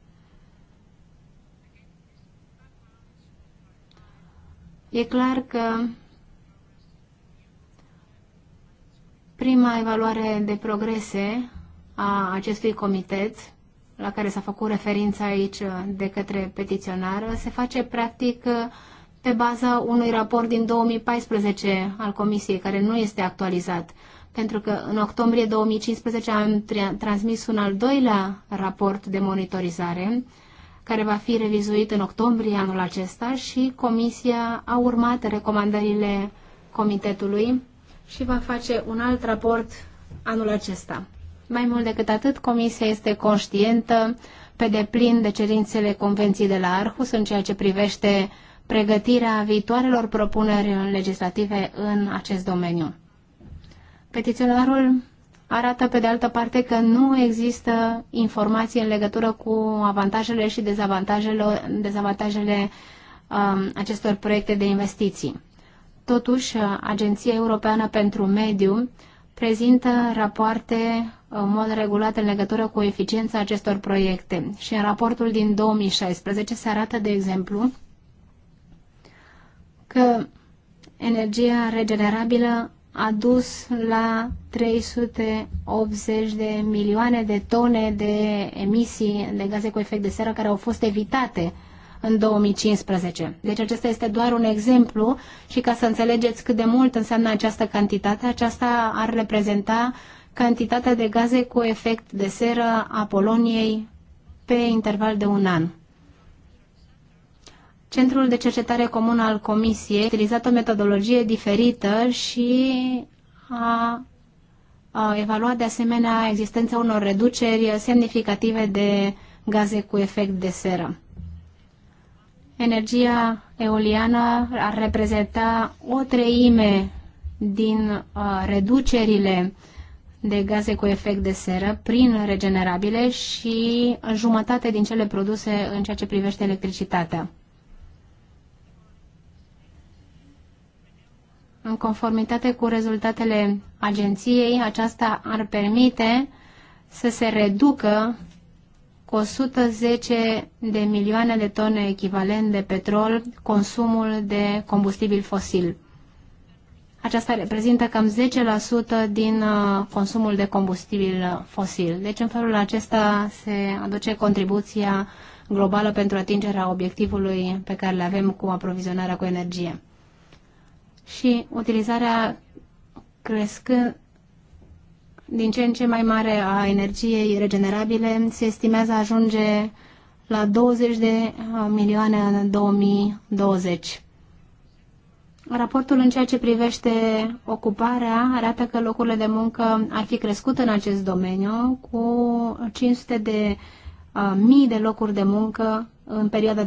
E clar că prima evaluare de progrese a acestui comitet, la care s-a făcut referința aici de către petiționară, se face practic pe baza unui raport din 2014 al Comisiei, care nu este actualizat. Pentru că în octombrie 2015 am transmis un al doilea raport de monitorizare, care va fi revizuit în octombrie anul acesta și Comisia a urmat recomandările Comitetului și va face un alt raport anul acesta. Mai mult decât atât, Comisia este conștientă pe deplin de cerințele Convenției de la Arhus în ceea ce privește pregătirea viitoarelor propuneri legislative în acest domeniu. Petiționarul arată pe de altă parte că nu există informații în legătură cu avantajele și dezavantajele, dezavantajele um, acestor proiecte de investiții. Totuși, Agenția Europeană pentru Mediu prezintă rapoarte în mod regulat în legătură cu eficiența acestor proiecte și în raportul din 2016 se arată, de exemplu, că energia regenerabilă a dus la 380 de milioane de tone de emisii de gaze cu efect de seră care au fost evitate în 2015. Deci acesta este doar un exemplu și ca să înțelegeți cât de mult înseamnă această cantitate, aceasta ar reprezenta cantitatea de gaze cu efect de seră a Poloniei pe interval de un an. Centrul de Cercetare Comun al Comisiei a utilizat o metodologie diferită și a, a evaluat de asemenea existența unor reduceri semnificative de gaze cu efect de seră. Energia eoliană ar reprezenta o treime din a, reducerile de gaze cu efect de seră prin regenerabile și jumătate din cele produse în ceea ce privește electricitatea. În conformitate cu rezultatele agenției, aceasta ar permite să se reducă cu 110 de milioane de tone echivalent de petrol consumul de combustibil fosil. Aceasta reprezintă cam 10% din uh, consumul de combustibil fosil. Deci în felul acesta se aduce contribuția globală pentru atingerea obiectivului pe care le avem cu aprovizionarea cu energie și utilizarea crescând din ce în ce mai mare a energiei regenerabile se estimează ajunge la 20 de uh, milioane în 2020. Raportul în ceea ce privește ocuparea arată că locurile de muncă ar fi crescut în acest domeniu cu 500 de uh, mii de locuri de muncă în perioada 2008-2014,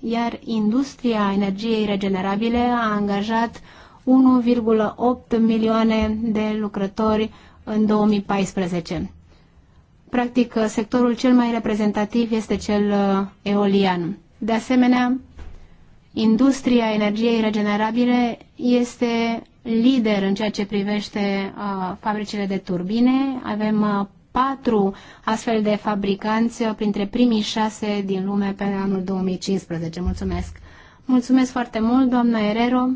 iar industria energiei regenerabile a angajat 1,8 milioane de lucrători în 2014. Practic, sectorul cel mai reprezentativ este cel uh, eolian. De asemenea, industria energiei regenerabile este lider în ceea ce privește uh, fabricile de turbine. Avem uh, patru astfel de fabricanți printre primii șase din lume pe anul 2015. Mulțumesc! Mulțumesc foarte mult, doamna Erero!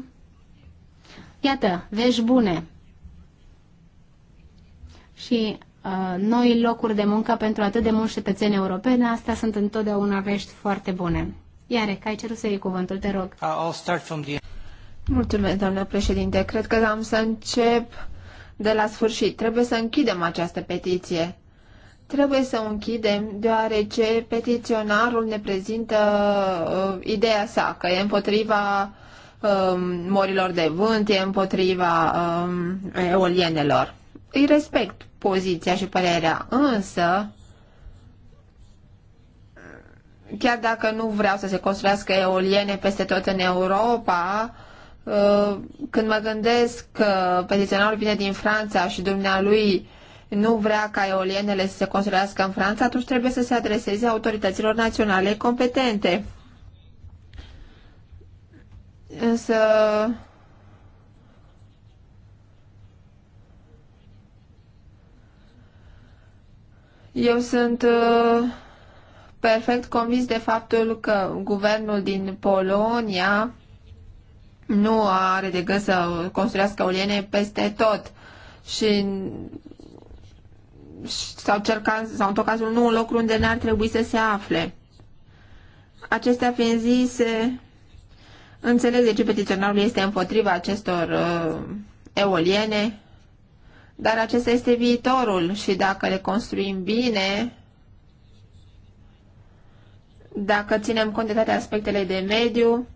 Iată, vești bune! Și uh, noi locuri de muncă pentru atât de mulți cetățeni europeni, astea sunt întotdeauna vești foarte bune. Iare, că ai cerut să iei cuvântul, te rog. Uh, Mulțumesc, doamnă președinte. Cred că am să încep de la sfârșit. Trebuie să închidem această petiție. Trebuie să o închidem deoarece petiționarul ne prezintă uh, ideea sa că e împotriva uh, morilor de vânt, e împotriva uh, eolienelor. Îi respect poziția și părerea, însă chiar dacă nu vreau să se construiască eoliene peste tot în Europa, Uh, când mă gândesc că petiționarul vine din Franța și dumnealui nu vrea ca eolienele să se construiască în Franța, atunci trebuie să se adreseze autorităților naționale competente. Însă... Eu sunt uh, perfect convins de faptul că guvernul din Polonia nu are de gând să construiască uliene peste tot și sau, caz, sau în tot cazul nu un loc unde n-ar trebui să se afle. Acestea fiind zise, înțeleg de ce petiționarul este împotriva acestor uh, eoliene, dar acesta este viitorul și dacă le construim bine, dacă ținem cont de toate aspectele de mediu,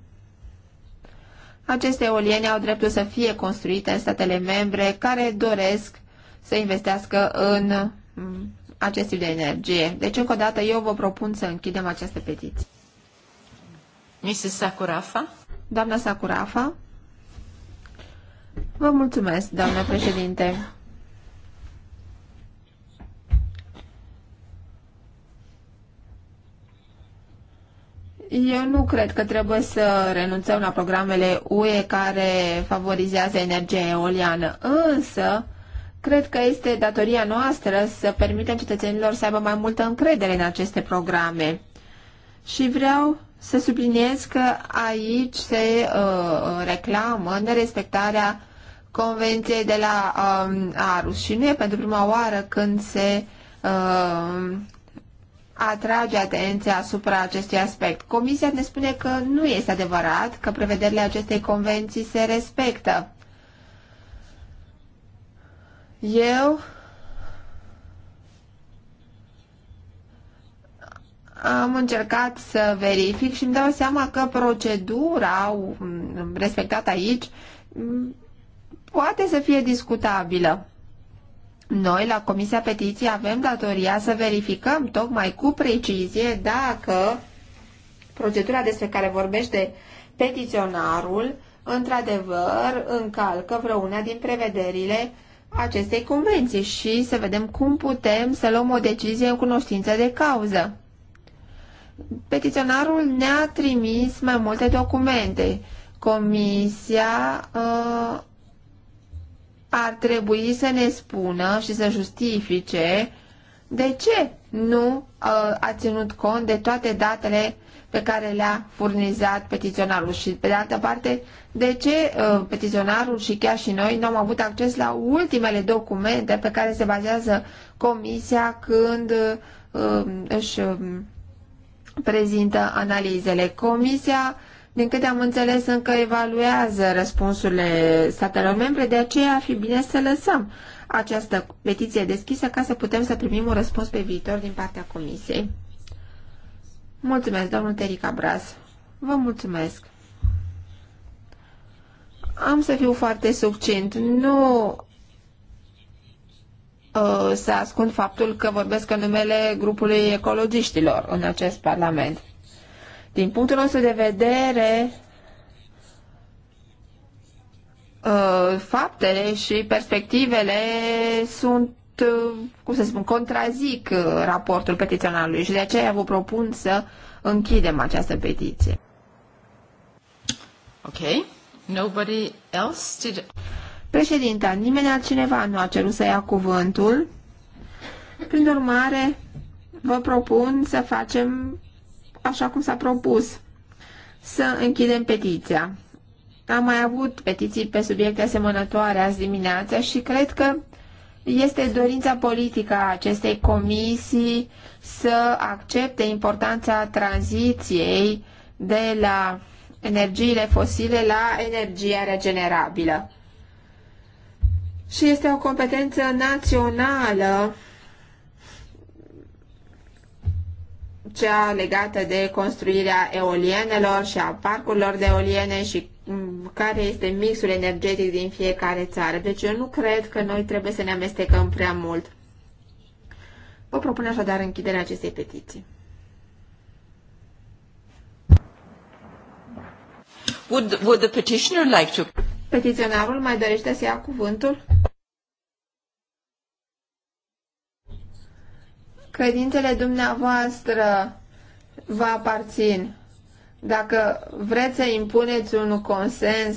aceste eoliene au dreptul să fie construite în statele membre care doresc să investească în mm, acest tip de energie. Deci, încă o dată, eu vă propun să închidem această petiție. Mrs. Sakurafa? Doamna Sakurafa? Vă mulțumesc, doamna președinte. Eu nu cred că trebuie să renunțăm la programele UE care favorizează energia eoliană, însă cred că este datoria noastră să permitem cetățenilor să aibă mai multă încredere în aceste programe. Și vreau să subliniez că aici se uh, reclamă nerespectarea Convenției de la uh, um, Arus și nu e pentru prima oară când se uh, atrage atenția asupra acestui aspect. Comisia ne spune că nu este adevărat că prevederile acestei convenții se respectă. Eu am încercat să verific și îmi dau seama că procedura mm, respectată aici mm, poate să fie discutabilă. Noi, la Comisia Petiției, avem datoria să verificăm tocmai cu precizie dacă procedura despre care vorbește petiționarul într-adevăr încalcă vreuna din prevederile acestei convenții și să vedem cum putem să luăm o decizie în cunoștință de cauză. Petiționarul ne-a trimis mai multe documente. Comisia uh, ar trebui să ne spună și să justifice de ce nu uh, a ținut cont de toate datele pe care le-a furnizat petiționarul și, pe de altă parte, de ce uh, petiționarul și chiar și noi nu am avut acces la ultimele documente pe care se bazează comisia când uh, își um, prezintă analizele. Comisia din câte am înțeles, încă evaluează răspunsurile statelor membre, de aceea ar fi bine să lăsăm această petiție deschisă ca să putem să primim un răspuns pe viitor din partea Comisiei. Mulțumesc, domnul Terica Braz. Vă mulțumesc. Am să fiu foarte succint. Nu uh, să ascund faptul că vorbesc în numele grupului ecologiștilor în acest parlament. Din punctul nostru de vedere, uh, faptele și perspectivele sunt, uh, cum să spun, contrazic uh, raportul petiționarului și de aceea vă propun să închidem această petiție. Ok. Nobody else did... Președinta, nimeni altcineva nu a cerut să ia cuvântul. Prin urmare, vă propun să facem așa cum s-a propus, să închidem petiția. Am mai avut petiții pe subiecte asemănătoare azi dimineața și cred că este dorința politică a acestei comisii să accepte importanța tranziției de la energiile fosile la energia regenerabilă. Și este o competență națională cea legată de construirea eolienelor și a parcurilor de eoliene și mm, care este mixul energetic din fiecare țară. Deci eu nu cred că noi trebuie să ne amestecăm prea mult. Vă propun așadar închiderea acestei petiții. Would, would the petitioner like to... Petiționarul mai dorește să ia cuvântul? Credințele dumneavoastră vă aparțin. Dacă vreți să impuneți un consens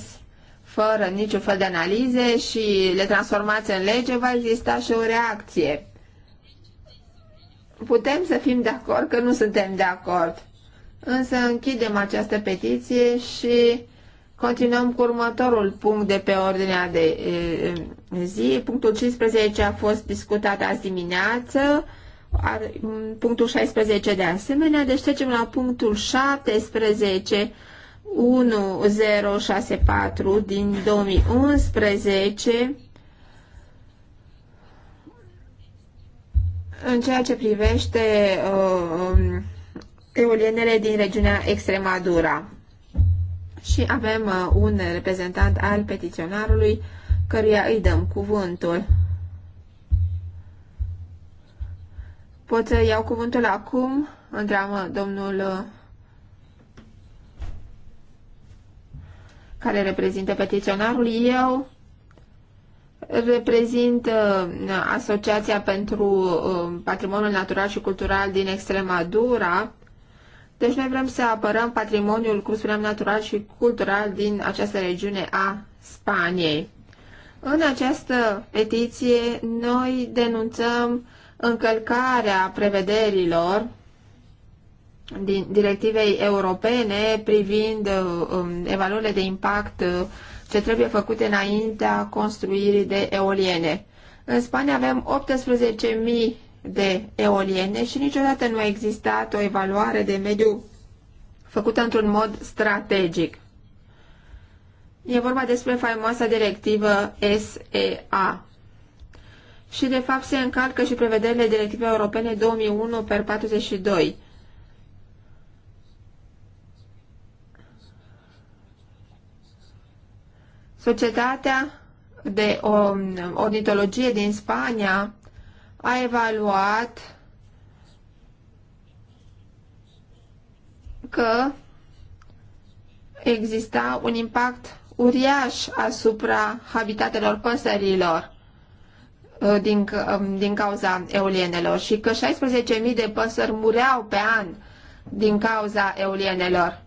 fără niciun fel de analize și le transformați în lege, va exista și o reacție. Putem să fim de acord că nu suntem de acord. Însă închidem această petiție și continuăm cu următorul punct de pe ordinea de zi. Punctul 15 a fost discutat azi dimineață punctul 16 de asemenea, deci trecem la punctul 17 1064 din 2011 în ceea ce privește uh, um, eolienele din regiunea Extremadura. Și avem uh, un reprezentant al petiționarului căruia îi dăm cuvântul. Pot să iau cuvântul acum? Întreabă domnul care reprezintă petiționarul. Eu reprezint uh, Asociația pentru uh, Patrimoniul Natural și Cultural din Extremadura. Deci noi vrem să apărăm patrimoniul, cum spuneam, natural și cultural din această regiune a Spaniei. În această petiție noi denunțăm încălcarea prevederilor din directivei europene privind um, evaluările de impact uh, ce trebuie făcute înaintea construirii de eoliene. În Spania avem 18.000 de eoliene și niciodată nu a existat o evaluare de mediu făcută într-un mod strategic. E vorba despre faimoasa directivă SEA și de fapt se încalcă și prevederile Directivei Europene 2001 per 42. Societatea de ornitologie din Spania a evaluat că exista un impact uriaș asupra habitatelor păsărilor. Uh, din, um, din cauza eulienelor și că 16.000 de păsări mureau pe an din cauza eulienelor.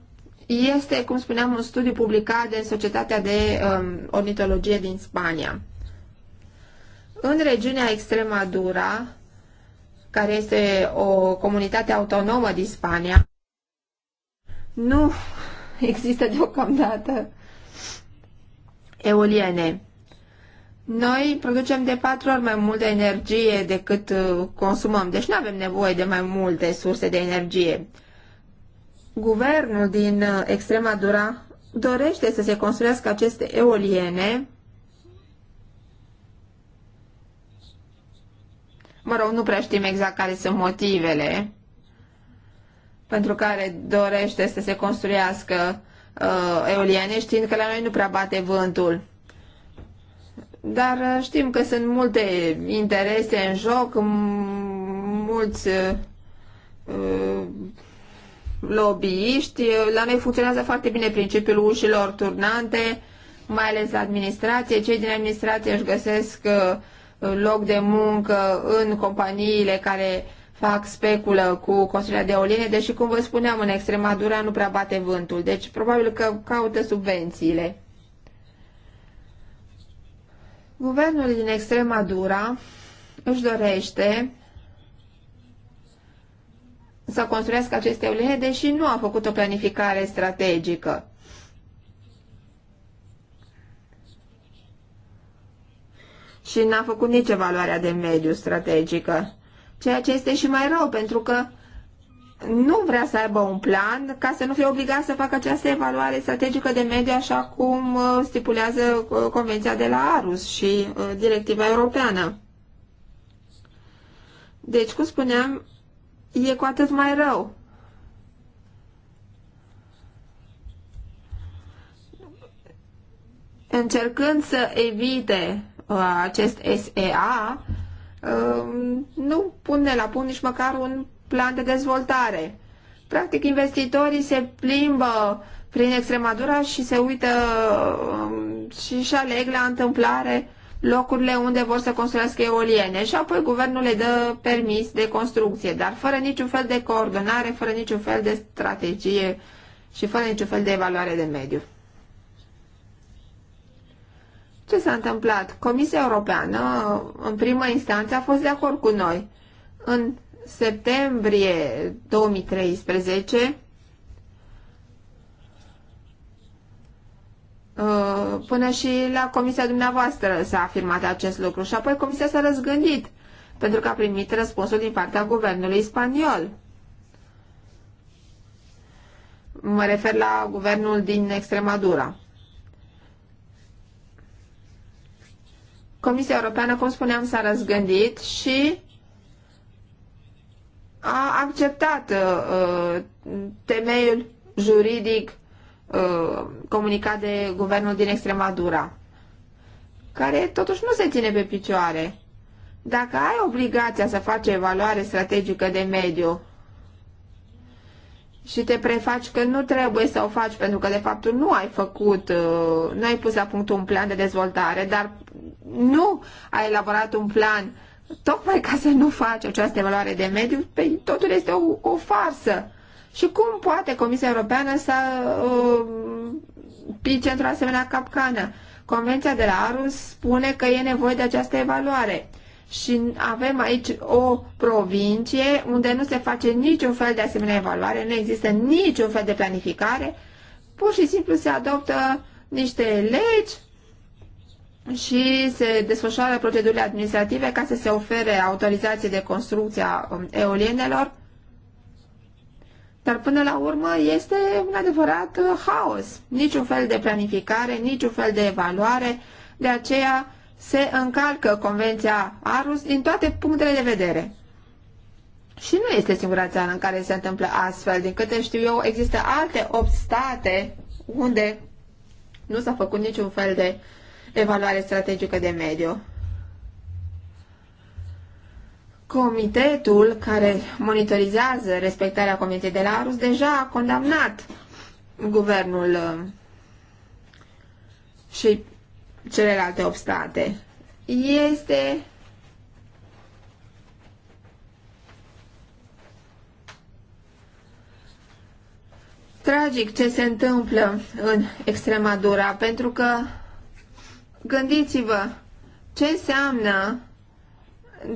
Este, cum spuneam, un studiu publicat de Societatea de um, Ornitologie din Spania. În regiunea Extremadura, care este o comunitate autonomă din Spania, nu există deocamdată eoliene. Noi producem de patru ori mai multă energie decât uh, consumăm, deci nu avem nevoie de mai multe surse de energie. Guvernul din uh, Extremadura dorește să se construiască aceste eoliene. Mă rog, nu prea știm exact care sunt motivele pentru care dorește să se construiască uh, eoliene, știind că la noi nu prea bate vântul. Dar uh, știm că sunt multe interese în joc, mulți uh, uh, lobbyiști. La noi funcționează foarte bine principiul ușilor turnante, mai ales la administrație. Cei din administrație își găsesc uh, loc de muncă în companiile care fac speculă cu construirea de oline, deși, cum vă spuneam, în Extremadura nu prea bate vântul. Deci, probabil că caută subvențiile. Guvernul din Extremadura își dorește să construiască aceste ulehe, deși nu a făcut o planificare strategică. Și n-a făcut nici evaluarea de mediu strategică, ceea ce este și mai rău, pentru că nu vrea să aibă un plan ca să nu fie obligat să facă această evaluare strategică de mediu așa cum uh, stipulează uh, Convenția de la Arus și uh, Directiva Europeană. Deci, cum spuneam, e cu atât mai rău. Încercând să evite acest SEA, nu pune la punct nici măcar un plan de dezvoltare. Practic, investitorii se plimbă prin Extremadura și se uită um, și își aleg la întâmplare locurile unde vor să construiască eoliene și apoi guvernul le dă permis de construcție, dar fără niciun fel de coordonare, fără niciun fel de strategie și fără niciun fel de evaluare de mediu. Ce s-a întâmplat? Comisia Europeană, în primă instanță, a fost de acord cu noi. În septembrie 2013 uh, până și la comisia dumneavoastră s-a afirmat acest lucru și apoi comisia s-a răzgândit pentru că a primit răspunsul din partea guvernului spaniol. Mă refer la guvernul din Extremadura. Comisia Europeană, cum spuneam, s-a răzgândit și a acceptat uh, uh, temeiul juridic uh, comunicat de guvernul din Extremadura, care totuși nu se ține pe picioare. Dacă ai obligația să faci evaluare strategică de mediu și te prefaci că nu trebuie să o faci pentru că de fapt tu nu ai făcut, uh, nu ai pus la punct un plan de dezvoltare, dar nu ai elaborat un plan tocmai ca să nu faci această evaluare de mediu, pe, păi totul este o, o farsă. Și cum poate Comisia Europeană să uh, pice într-o asemenea capcană? Convenția de la Arus spune că e nevoie de această evaluare. Și avem aici o provincie unde nu se face niciun fel de asemenea evaluare, nu există niciun fel de planificare, pur și simplu se adoptă niște legi și se desfășoară procedurile administrative ca să se ofere autorizații de construcție a um, eolienelor. Dar până la urmă este un adevărat uh, haos. Niciun fel de planificare, niciun fel de evaluare. De aceea se încalcă Convenția Arus din toate punctele de vedere. Și nu este singura țară în care se întâmplă astfel. Din câte știu eu, există alte 8 state unde nu s-a făcut niciun fel de uh, evaluare strategică de mediu. Comitetul care monitorizează respectarea Comitetului de la Arus deja a condamnat guvernul uh, și celelalte obstate. Este tragic ce se întâmplă în Extremadura, pentru că Gândiți-vă ce înseamnă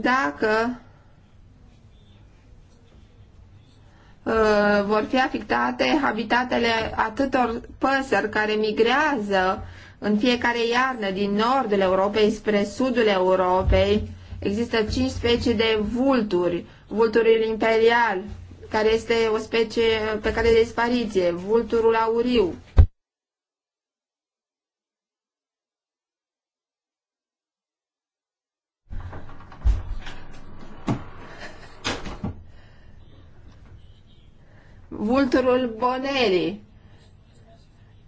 dacă uh, vor fi afectate habitatele atâtor păsări care migrează în fiecare iarnă din nordul Europei spre sudul Europei. Există cinci specii de vulturi, vulturul imperial, care este o specie pe care de dispariție, vulturul auriu, vulturul Bonelli.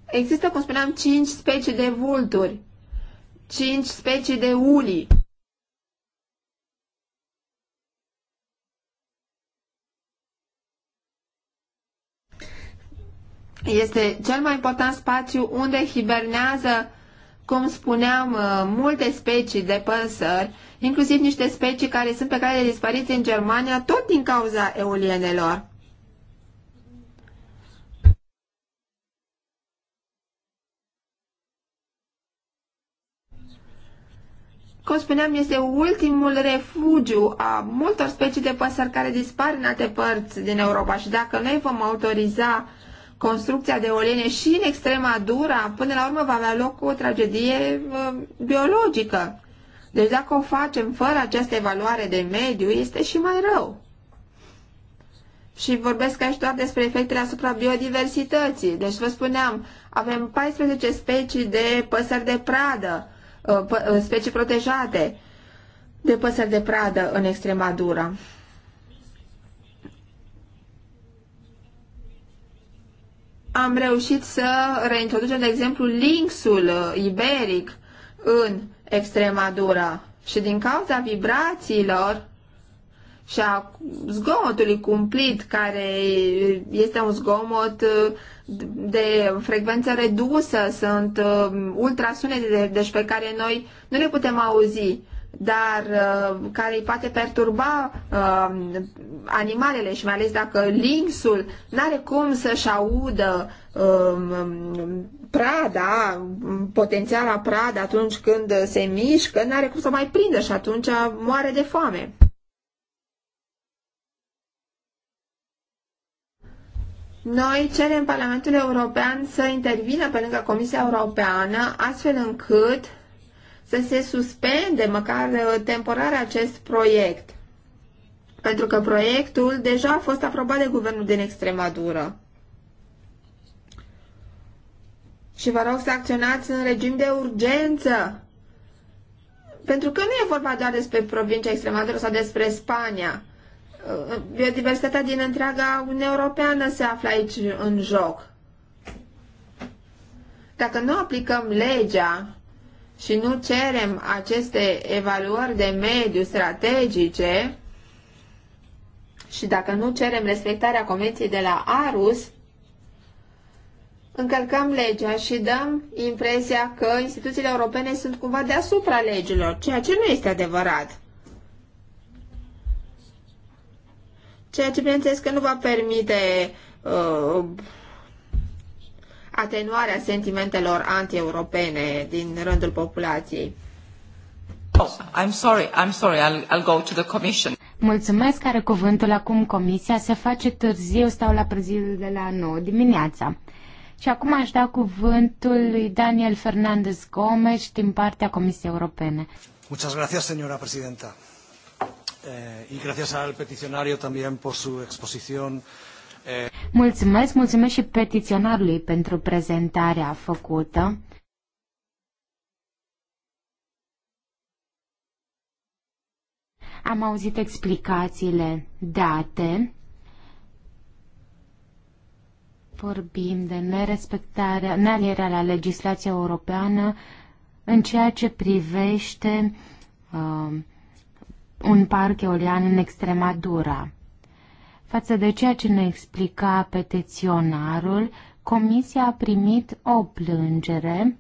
Există, cum spuneam, cinci specii de vulturi, cinci specii de uli. Este cel mai important spațiu unde hibernează, cum spuneam, uh, multe specii de păsări, inclusiv niște specii care sunt pe care de dispariție în Germania, tot din cauza eulienelor. cum spuneam, este ultimul refugiu a multor specii de păsări care dispar în alte părți din Europa și dacă noi vom autoriza construcția de olene și în extrema dura, până la urmă va avea loc o tragedie uh, biologică. Deci dacă o facem fără această evaluare de mediu, este și mai rău. Și vorbesc aici doar despre efectele asupra biodiversității. Deci vă spuneam, avem 14 specii de păsări de pradă, Uh, uh, specii protejate de păsări de pradă în Extremadura. Am reușit să reintroducem, de exemplu, linksul uh, iberic în Extremadura și din cauza vibrațiilor și a zgomotului cumplit, care este un zgomot uh, de frecvență redusă, sunt uh, ultrasunete, deci pe care noi nu le putem auzi, dar uh, care îi poate perturba animalele și mai ales dacă linksul nu are cum să-și audă um, prada, potențiala prada atunci când se mișcă, nu are cum să mai prindă și atunci moare de foame. Noi cerem Parlamentul European să intervină pe lângă Comisia Europeană astfel încât să se suspende măcar uh, temporar acest proiect, pentru că proiectul deja a fost aprobat de guvernul din Extremadură. Și vă rog să acționați în regim de urgență, pentru că nu e vorba doar despre provincia Extremadură sau despre Spania. Uh, biodiversitatea din întreaga Uniune Europeană se află aici în joc. Dacă nu aplicăm legea și nu cerem aceste evaluări de mediu strategice și dacă nu cerem respectarea Convenției de la Arus, încălcăm legea și dăm impresia că instituțiile europene sunt cumva deasupra legilor, ceea ce nu este adevărat. ceea ce bineînțeles că nu va permite uh, atenuarea sentimentelor anti-europene din rândul populației. Oh, I'm sorry, I'm sorry, I'll, I'll go to the commission. Mulțumesc, are cuvântul acum comisia, se face târziu, stau la prăzil de la 9 dimineața. Și acum aș da cuvântul lui Daniel Fernandez Gomes din partea Comisiei Europene. Muchas gracias, señora presidenta eh, y gracias al peticionario también por su exposición. Eh... Mulțumesc, mulțumesc și petiționarului pentru prezentarea făcută. Am auzit explicațiile date vorbim de nerespectarea, nealierea la legislația europeană în ceea ce privește uh, un parc eolian în Extremadura. Față de ceea ce ne explica petiționarul, comisia a primit o plângere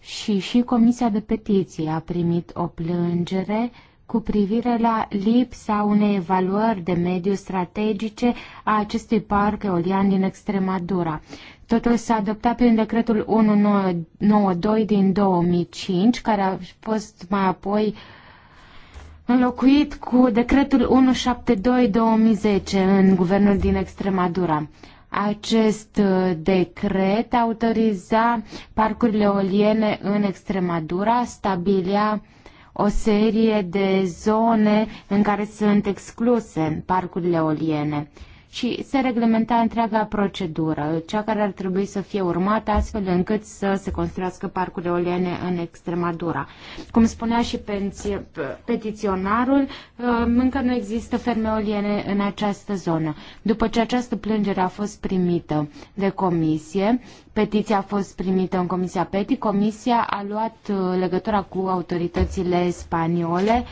și și Comisia de petiție a primit o plângere cu privire la lipsa unei evaluări de mediu strategice a acestui parc eolian din Extremadura. Totul s-a adoptat prin decretul 192 din 2005, care a fost mai apoi uh, înlocuit cu decretul 172-2010 în guvernul din Extremadura. Acest uh, decret autoriza parcurile oliene în Extremadura, stabilea o serie de zone în care sunt excluse parcurile oliene și se reglementa întreaga procedură, cea care ar trebui să fie urmată astfel încât să se construiască parcuri eoliene în Extremadura. Cum spunea și petiționarul, uh, încă nu există ferme eoliene în această zonă. După ce această plângere a fost primită de comisie, petiția a fost primită în Comisia PETI, comisia a luat uh, legătura cu autoritățile spaniole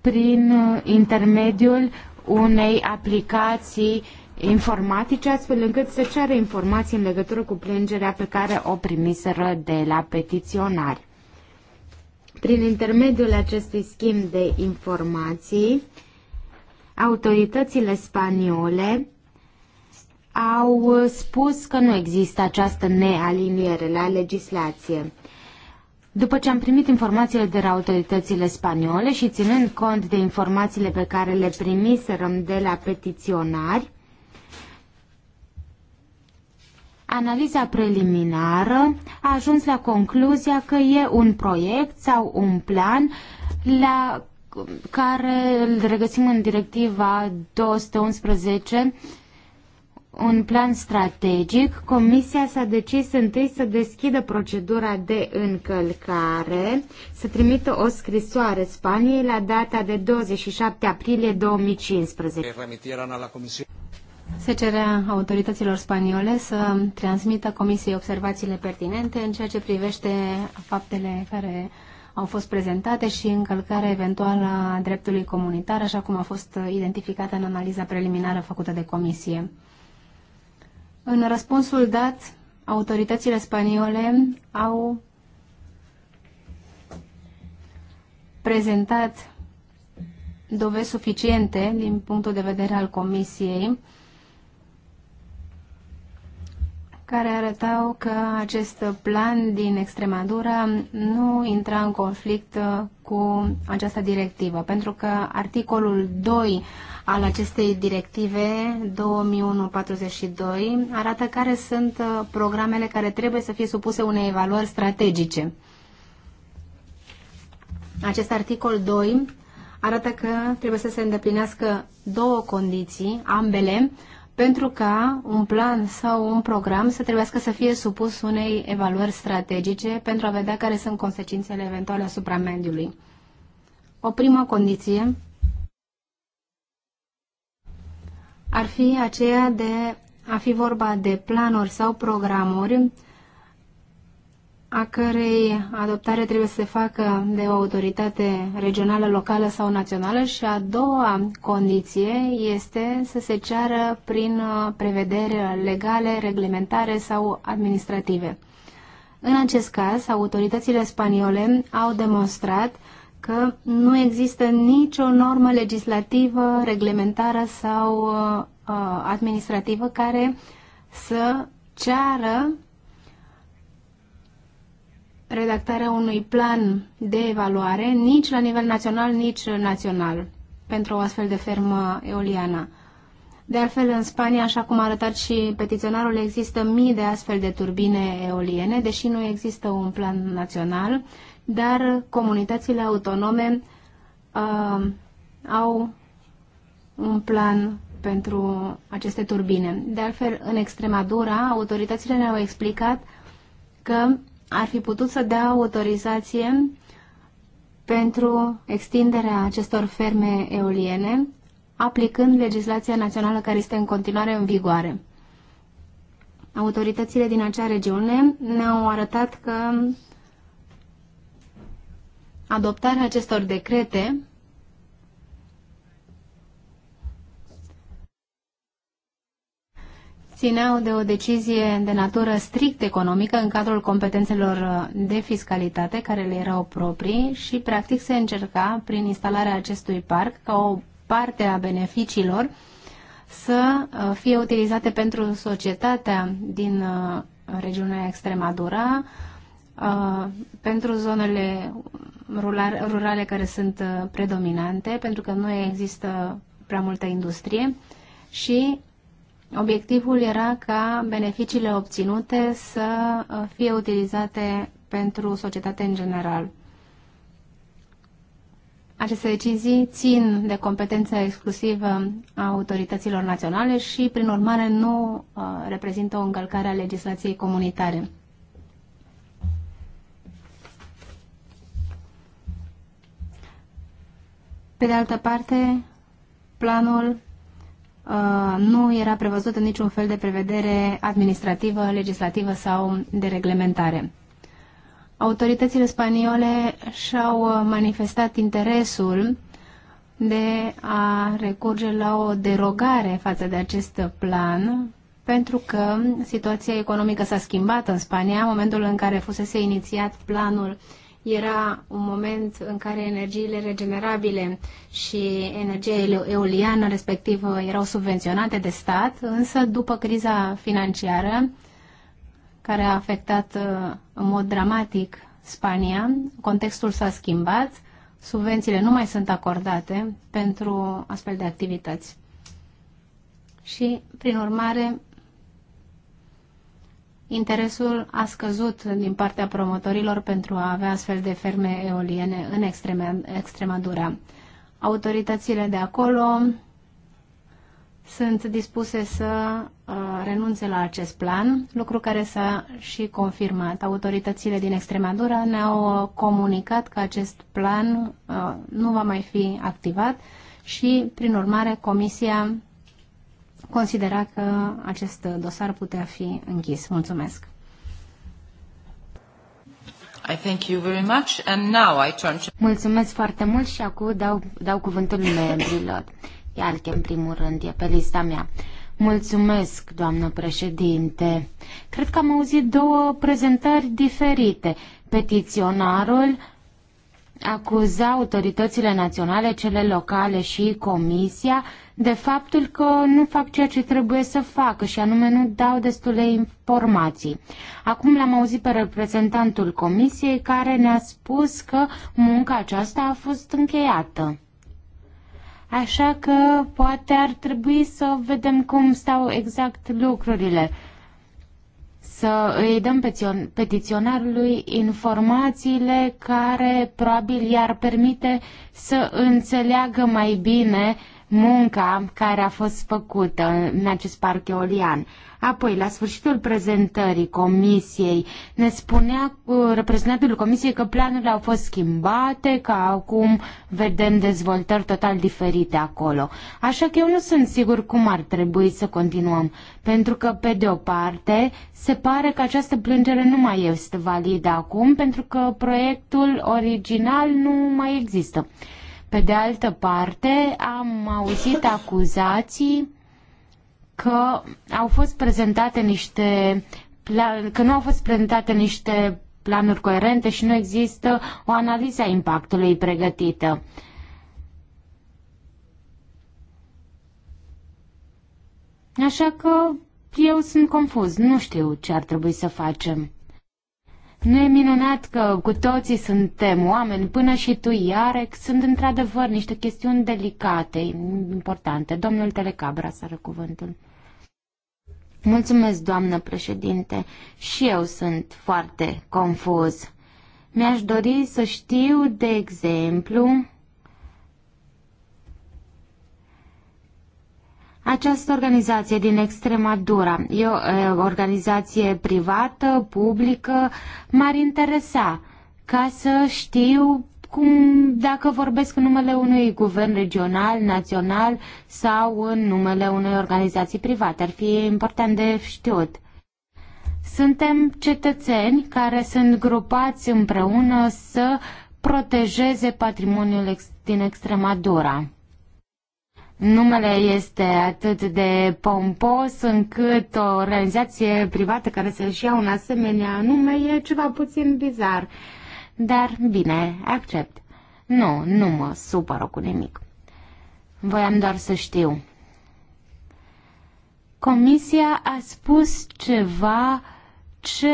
prin uh, intermediul unei aplicații informatice, astfel încât să ceară informații în legătură cu plângerea pe care o primiseră de la petiționari. Prin intermediul acestui schimb de informații, autoritățile spaniole au spus că nu există această nealiniere la legislație. După ce am primit informațiile de la autoritățile spaniole și ținând cont de informațiile pe care le primiserăm de la petiționari, Analiza preliminară a ajuns la concluzia că e un proiect sau un plan la care îl regăsim în directiva 211 un plan strategic, Comisia s-a decis întâi să deschidă procedura de încălcare, să trimită o scrisoare Spaniei la data de 27 aprilie 2015. Se cerea autorităților spaniole să transmită Comisiei observațiile pertinente în ceea ce privește faptele care au fost prezentate și încălcarea eventuală a dreptului comunitar, așa cum a fost identificată în analiza preliminară făcută de Comisie. În răspunsul dat, autoritățile spaniole au prezentat dovezi suficiente din punctul de vedere al Comisiei care arătau că acest plan din Extremadura nu intra în conflict cu această directivă, pentru că articolul 2 al acestei directive 2001-42 arată care sunt uh, programele care trebuie să fie supuse unei evaluări strategice. Acest articol 2 arată că trebuie să se îndeplinească două condiții, ambele, pentru ca un plan sau un program să trebuiască să fie supus unei evaluări strategice pentru a vedea care sunt consecințele eventuale asupra mediului. O primă condiție ar fi aceea de a fi vorba de planuri sau programuri a cărei adoptare trebuie să se facă de o autoritate regională, locală sau națională și a doua condiție este să se ceară prin uh, prevederi legale, reglementare sau administrative. În acest caz, autoritățile spaniole au demonstrat că nu există nicio normă legislativă, reglementară sau uh, uh, administrativă care să ceară redactarea unui plan de evaluare, nici la nivel național, nici național, pentru o astfel de fermă eoliană. De altfel, în Spania, așa cum a arătat și petiționarul, există mii de astfel de turbine eoliene, deși nu există un plan național dar comunitățile autonome uh, au un plan pentru aceste turbine. De altfel, în Extremadura, autoritățile ne-au explicat că ar fi putut să dea autorizație pentru extinderea acestor ferme eoliene, aplicând legislația națională care este în continuare în vigoare. Autoritățile din acea regiune ne-au arătat că adoptarea acestor decrete țineau de o decizie de natură strict economică în cadrul competențelor de fiscalitate care le erau proprii și practic se încerca prin instalarea acestui parc ca o parte a beneficiilor să uh, fie utilizate pentru societatea din uh, regiunea Extremadura, uh, pentru zonele rurale care sunt uh, predominante, pentru că nu există prea multă industrie și obiectivul era ca beneficiile obținute să uh, fie utilizate pentru societate în general. Aceste decizii țin de competența exclusivă a autorităților naționale și, prin urmare, nu uh, reprezintă o încălcare a legislației comunitare. Pe de altă parte, planul uh, nu era prevăzut în niciun fel de prevedere administrativă, legislativă sau de reglementare. Autoritățile spaniole și-au uh, manifestat interesul de a recurge la o derogare față de acest plan, pentru că situația economică s-a schimbat în Spania, în momentul în care fusese inițiat planul uh, era un moment în care energiile regenerabile și energia eoliană respectiv erau subvenționate de stat, însă după criza financiară care a afectat uh, în mod dramatic Spania, contextul s-a schimbat, subvențiile nu mai sunt acordate pentru astfel de activități. Și, prin urmare, Interesul a scăzut din partea promotorilor pentru a avea astfel de ferme eoliene în Extremadura. Autoritățile de acolo sunt dispuse să uh, renunțe la acest plan, lucru care s-a și confirmat. Autoritățile din Extremadura ne-au uh, comunicat că acest plan uh, nu va mai fi activat și, prin urmare, Comisia considera că acest dosar putea fi închis. Mulțumesc. I thank you very much and now I turn to... Mulțumesc foarte mult și acum dau, dau cuvântul membrilor. Iar că în primul rând e pe lista mea. Mulțumesc, doamnă președinte. Cred că am auzit două prezentări diferite. Petiționarul acuza autoritățile naționale, cele locale și comisia de faptul că nu fac ceea ce trebuie să facă și anume nu dau destule informații. Acum l-am auzit pe reprezentantul comisiei care ne-a spus că munca aceasta a fost încheiată. Așa că poate ar trebui să vedem cum stau exact lucrurile să îi dăm petiționarului informațiile care probabil i-ar permite să înțeleagă mai bine munca care a fost făcută în acest parc eolian. Apoi, la sfârșitul prezentării comisiei, ne spunea uh, reprezentantul comisiei că planurile au fost schimbate, că acum vedem dezvoltări total diferite acolo. Așa că eu nu sunt sigur cum ar trebui să continuăm, pentru că, pe de o parte, se pare că această plângere nu mai este validă acum, pentru că proiectul original nu mai există. Pe de altă parte, am auzit acuzații că au fost prezentate niște că nu au fost prezentate niște planuri coerente și nu există o analiză a impactului pregătită. Așa că eu sunt confuz, nu știu ce ar trebui să facem. Nu e minunat că cu toții suntem oameni, până și tu, Iarec, sunt într-adevăr niște chestiuni delicate, importante. Domnul Telecabra să are cuvântul. Mulțumesc, doamnă președinte. Și eu sunt foarte confuz. Mi-aș dori să știu, de exemplu, Această organizație din Extremadura e o organizație privată, publică, m-ar interesa ca să știu cum dacă vorbesc în numele unui guvern regional, național sau în numele unei organizații private. Ar fi important de știut. Suntem cetățeni care sunt grupați împreună să protejeze patrimoniul din Extremadura. Numele este atât de pompos încât o organizație privată care să-și ia un asemenea nume e ceva puțin bizar. Dar bine, accept. Nu, nu mă supără cu nimic. Voiam doar să știu. Comisia a spus ceva ce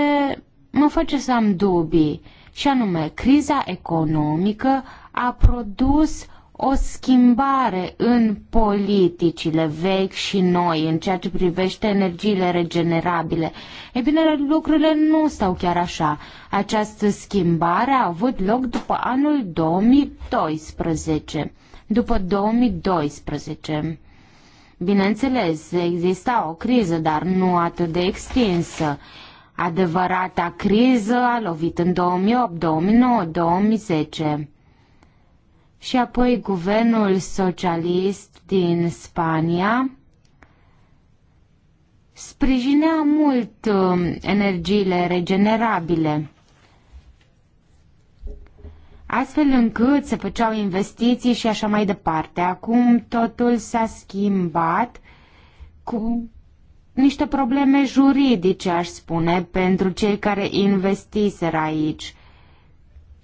mă face să am dubii, și anume, criza economică a produs o schimbare în politicile vechi și noi în ceea ce privește energiile regenerabile. E bine, lucrurile nu stau chiar așa. Această schimbare a avut loc după anul 2012. După 2012. Bineînțeles, exista o criză, dar nu atât de extinsă. Adevărata criză a lovit în 2008, 2009, 2010 și apoi guvernul socialist din Spania sprijinea mult um, energiile regenerabile astfel încât se făceau investiții și așa mai departe. Acum totul s-a schimbat cu niște probleme juridice, aș spune, pentru cei care investiseră aici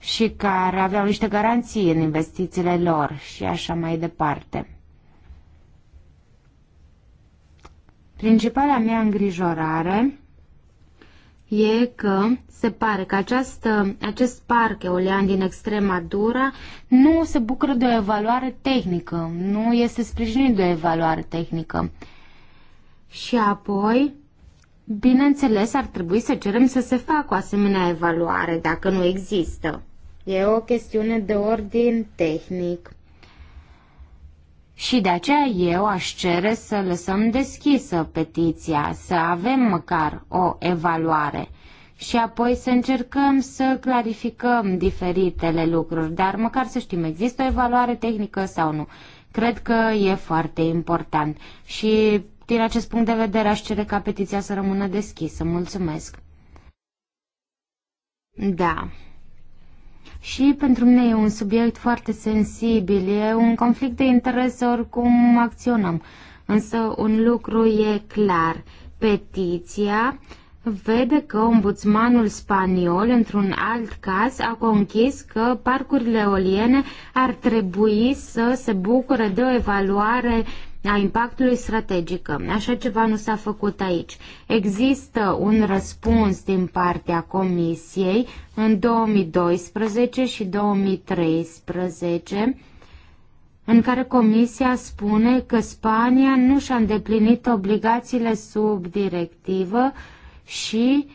și care aveau niște garanții în investițiile lor și așa mai departe. Principala mea îngrijorare e că se pare că această, acest parc eolian din dura nu se bucură de o evaluare tehnică, nu este sprijinit de o evaluare tehnică. Și apoi, bineînțeles, ar trebui să cerem să se facă o asemenea evaluare dacă nu există. E o chestiune de ordin tehnic. Și de aceea eu aș cere să lăsăm deschisă petiția, să avem măcar o evaluare și apoi să încercăm să clarificăm diferitele lucruri, dar măcar să știm, există o evaluare tehnică sau nu. Cred că e foarte important și din acest punct de vedere aș cere ca petiția să rămână deschisă. Mulțumesc! Da, și pentru mine e un subiect foarte sensibil, e un conflict de interes oricum acționăm. Însă un lucru e clar, petiția vede că ombudsmanul spaniol, într-un alt caz, a conchis că parcurile oliene ar trebui să se bucure de o evaluare a impactului strategic. Așa ceva nu s-a făcut aici. Există un răspuns din partea Comisiei în 2012 și 2013 în care Comisia spune că Spania nu și-a îndeplinit obligațiile sub directivă și,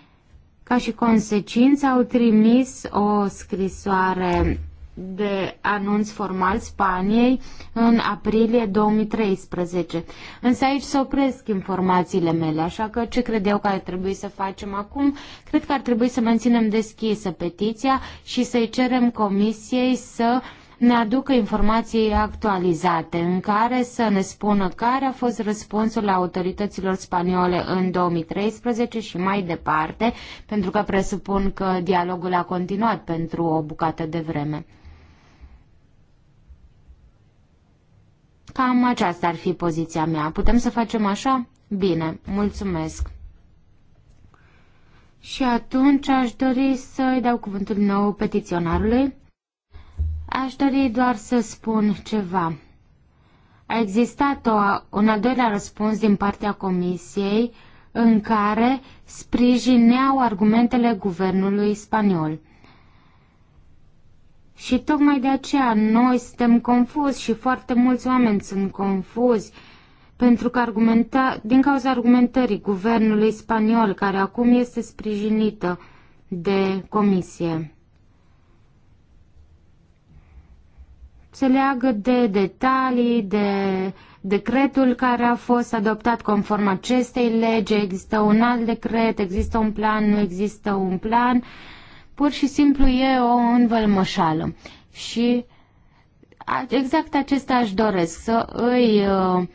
ca și consecință, au trimis o scrisoare de anunț formal Spaniei în aprilie 2013. Însă aici se opresc informațiile mele, așa că ce cred eu că ar trebui să facem acum? Cred că ar trebui să menținem deschisă petiția și să-i cerem comisiei să ne aducă informații actualizate în care să ne spună care a fost răspunsul autorităților spaniole în 2013 și mai departe, pentru că presupun că dialogul a continuat pentru o bucată de vreme. Cam aceasta ar fi poziția mea. Putem să facem așa? Bine, mulțumesc. Și atunci aș dori să-i dau cuvântul nou petiționarului. Aș dori doar să spun ceva. A existat o, un al doilea răspuns din partea Comisiei în care sprijineau argumentele guvernului spaniol. Și tocmai de aceea noi suntem confuzi și foarte mulți oameni sunt confuzi pentru că argumenta, din cauza argumentării guvernului spaniol, care acum este sprijinită de comisie. Se leagă de detalii, de decretul care a fost adoptat conform acestei legi, există un alt decret, există un plan, nu există un plan. Uh, Pur și simplu e o învălmășală. Și exact acesta aș doresc, să îi uh,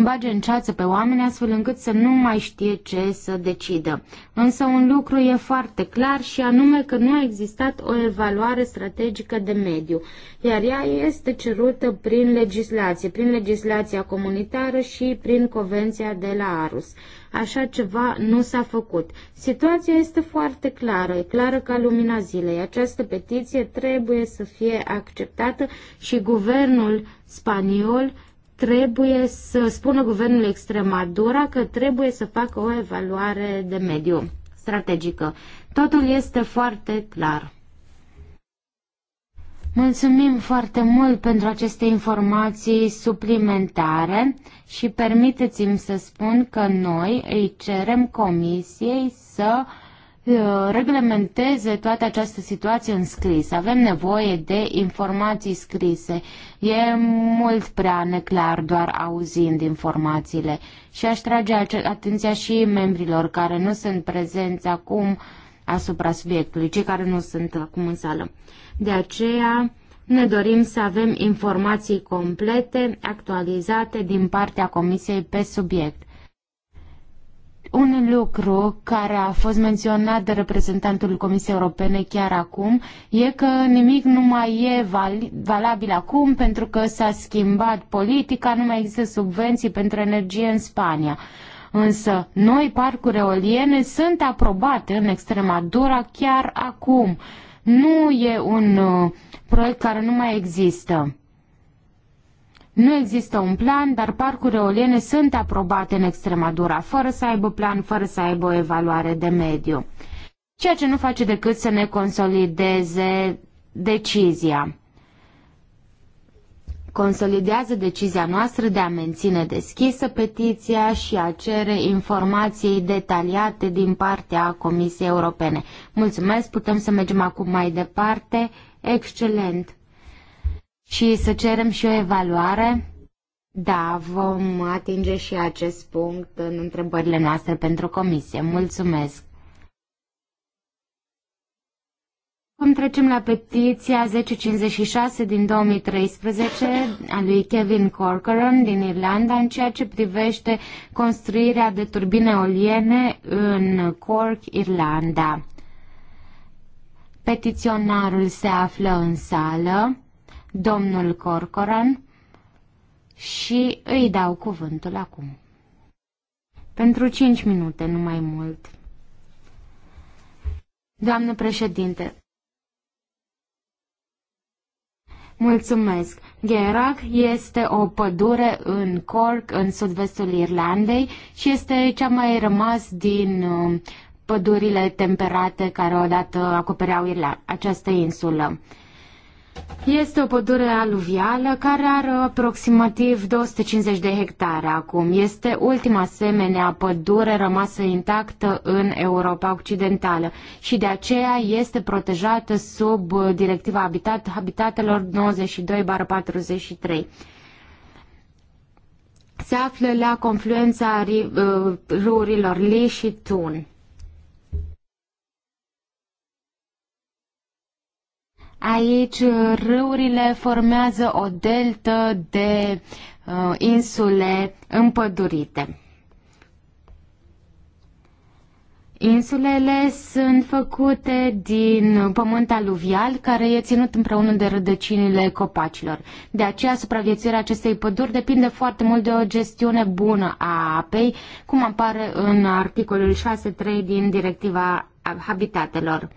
bage în ceață pe oameni astfel încât să nu mai știe ce să decidă. Însă un lucru e foarte clar și anume că nu a existat o evaluare strategică de mediu, iar ea este cerută prin legislație, prin legislația comunitară și prin convenția de la Arus. Așa ceva nu s-a făcut. Situația este foarte clară, e clară ca lumina zilei. Această petiție trebuie să fie acceptată și guvernul spaniol trebuie să spună guvernul Extremadura că trebuie să facă o evaluare de mediu strategică. Totul este foarte clar. Mulțumim foarte mult pentru aceste informații suplimentare și permiteți-mi să spun că noi îi cerem comisiei să Uh, reglementeze toată această situație în scris. Avem nevoie de informații scrise. E mult prea neclar doar auzind informațiile. Și aș trage atenția și membrilor care nu sunt prezenți acum asupra subiectului, cei care nu sunt acum în sală. De aceea ne dorim să avem informații complete, actualizate din partea Comisiei pe subiect un lucru care a fost menționat de reprezentantul Comisiei Europene chiar acum e că nimic nu mai e val- valabil acum pentru că s-a schimbat politica, nu mai există subvenții pentru energie în Spania. Însă, noi parcuri eoliene sunt aprobate în Extremadura chiar acum. Nu e un uh, proiect care nu mai există. Nu există un plan, dar parcuri eoliene sunt aprobate în Extremadura, fără să aibă plan, fără să aibă o evaluare de mediu. Ceea ce nu face decât să ne consolideze decizia. Consolidează decizia noastră de a menține deschisă petiția și a cere informații detaliate din partea Comisiei Europene. Mulțumesc, putem să mergem acum mai departe. Excelent! și să cerem și o evaluare? Da, vom atinge și acest punct în întrebările noastre pentru comisie. Mulțumesc! Cum trecem la petiția 1056 din 2013 a lui Kevin Corcoran din Irlanda în ceea ce privește construirea de turbine oliene în Cork, Irlanda. Petiționarul se află în sală domnul Corcoran și îi dau cuvântul acum. Pentru cinci minute, nu mai mult. Doamnă președinte, Mulțumesc. Gerac este o pădure în Cork, în sud-vestul Irlandei și este cea mai rămas din uh, pădurile temperate care odată acopereau această insulă. Este o pădure aluvială care are aproximativ 250 de hectare acum. Este ultima asemenea pădure rămasă intactă în Europa Occidentală și de aceea este protejată sub Directiva Habitat, Habitatelor 92-43 se află la confluența râurilor uh, Li și Tun. Aici uh, râurile formează o deltă de uh, insule împădurite. Insulele sunt făcute din pământ aluvial care e ținut împreună de rădăcinile copacilor. De aceea, supraviețuirea acestei păduri depinde foarte mult de o gestiune bună a apei, cum apare în articolul 6.3 din Directiva Habitatelor.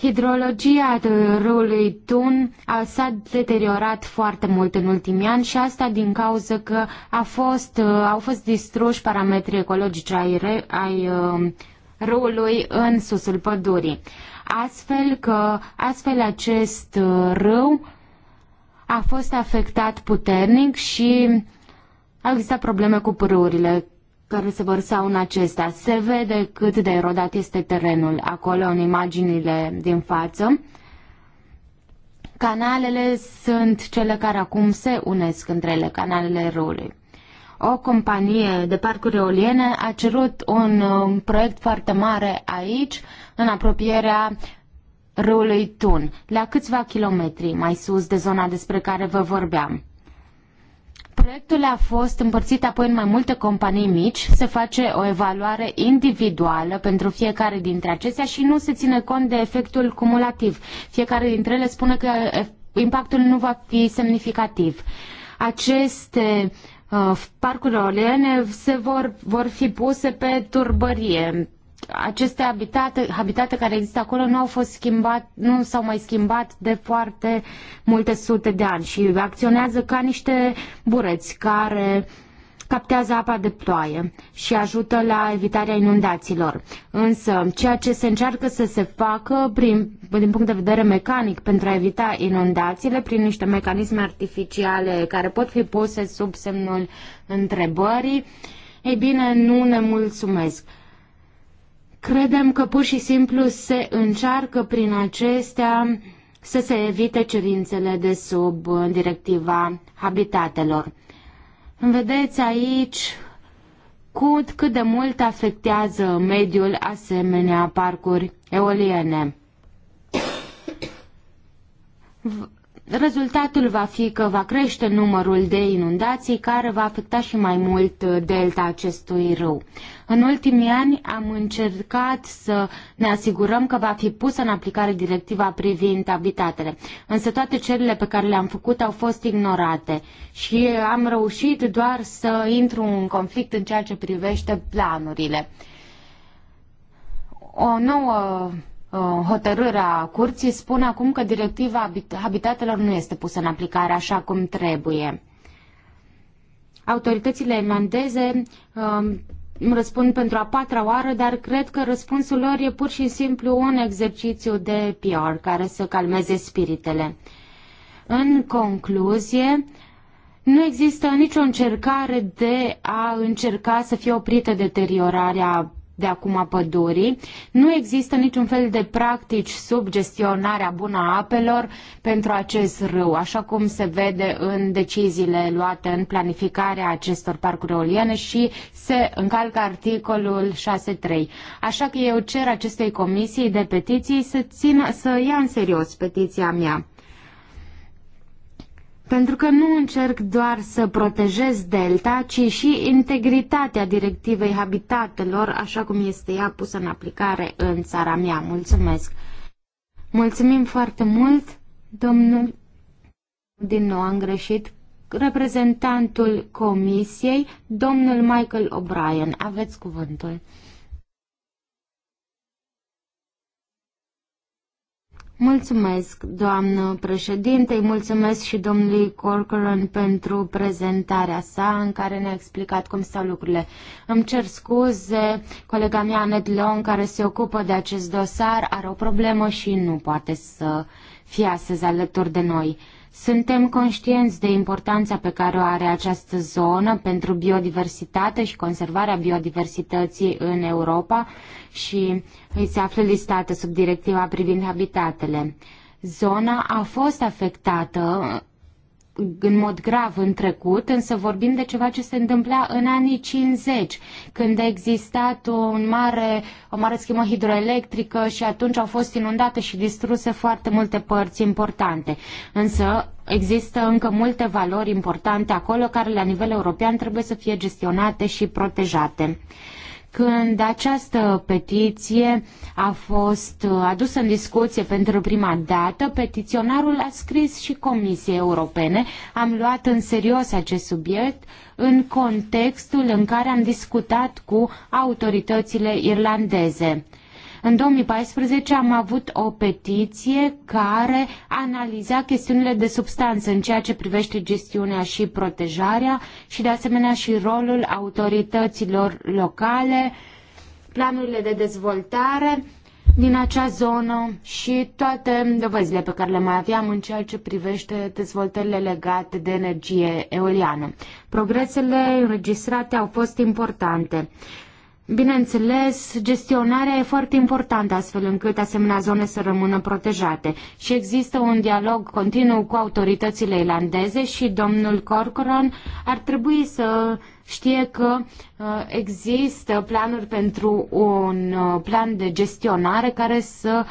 Hidrologia râului Tun s-a deteriorat foarte mult în ultimii ani și asta din cauza că a fost, uh, au fost distruși parametrii ecologici ai, re, ai um, râului în susul pădurii. Astfel că astfel acest uh, râu a fost afectat puternic și au existat probleme cu pârâurile care se vărsau în acesta. Se vede cât de erodat este terenul acolo în imaginile din față. Canalele sunt cele care acum se unesc între ele, canalele râului. O companie de parcuri eoliene a cerut un, un um, proiect foarte mare aici, în apropierea râului Tun, la câțiva kilometri mai sus de zona despre care vă vorbeam. Proiectul a fost împărțit apoi în mai multe companii mici, se face o evaluare individuală pentru fiecare dintre acestea și nu se ține cont de efectul cumulativ. Fiecare dintre ele spune că eh, impactul nu va fi semnificativ. Aceste uh, parcuri eoliene se vor, vor fi puse pe turbărie aceste habitate, habitate care există acolo nu au fost schimbat, nu s-au mai schimbat de foarte multe sute de ani și acționează ca niște bureți care captează apa de ploaie și ajută la evitarea inundațiilor. Însă, ceea ce se încearcă să se facă prin, din punct de vedere mecanic pentru a evita inundațiile prin niște mecanisme artificiale care pot fi puse sub semnul întrebării, ei bine, nu ne mulțumesc Credem că pur și simplu se încearcă prin acestea să se evite cerințele de sub uh, directiva habitatelor. Vedeți aici cât, cât de mult afectează mediul asemenea parcuri eoliene. Rezultatul va fi că va crește numărul de inundații care va afecta și mai mult uh, delta acestui râu. În ultimii ani am încercat să ne asigurăm că va fi pusă în aplicare directiva privind habitatele, însă toate cererile pe care le-am făcut au fost ignorate și am reușit doar să intru în conflict în ceea ce privește planurile. O nouă Uh, hotărârea curții spune acum că directiva habitatelor nu este pusă în aplicare așa cum trebuie. Autoritățile irlandeze um, îmi răspund pentru a patra oară, dar cred că răspunsul lor e pur și simplu un exercițiu de PR care să calmeze spiritele. În concluzie, nu există nicio încercare de a încerca să fie oprită deteriorarea de acum a pădurii. Nu există niciun fel de practici sub gestionarea bună a apelor pentru acest râu, așa cum se vede în deciziile luate în planificarea acestor parcuri eoliene și se încalcă articolul 6.3. Așa că eu cer acestei comisii de petiții să, țină, să ia în serios petiția mea pentru că nu încerc doar să protejez delta, ci și integritatea directivei habitatelor, așa cum este ea pusă în aplicare în țara mea. Mulțumesc! Mulțumim foarte mult, domnul... Din nou am greșit. Reprezentantul comisiei, domnul Michael O'Brien. Aveți cuvântul. Mulțumesc, doamnă președinte, mulțumesc și domnului Corcoran pentru prezentarea sa în care ne-a explicat cum stau lucrurile. Îmi cer scuze, colega mea Ned Long, care se ocupă de acest dosar, are o problemă și nu poate să fie astăzi alături de noi. Suntem conștienți de importanța pe care o are această zonă pentru biodiversitate și conservarea biodiversității în Europa și îi se află listată sub directiva privind habitatele. Zona a fost afectată în mod grav în trecut, însă vorbim de ceva ce se întâmpla în anii 50, când a existat o mare, o mare schimbă hidroelectrică și atunci au fost inundate și distruse foarte multe părți importante. Însă există încă multe valori importante acolo care la nivel european trebuie să fie gestionate și protejate. Când această petiție a fost uh, adusă în discuție pentru prima dată, petiționarul a scris și Comisiei Europene. Am luat în serios acest subiect în contextul în care am discutat cu autoritățile irlandeze. În 2014 am avut o petiție care analiza chestiunile de substanță în ceea ce privește gestiunea și protejarea și de asemenea și rolul autorităților locale, planurile de dezvoltare din acea zonă și toate dovezile pe care le mai aveam în ceea ce privește dezvoltările legate de energie eoliană. Progresele înregistrate au fost importante. Bineînțeles, gestionarea e foarte importantă astfel încât asemenea zone să rămână protejate și există un dialog continuu cu autoritățile irlandeze și domnul Corcoran ar trebui să știe că uh, există planuri pentru un uh, plan de gestionare care să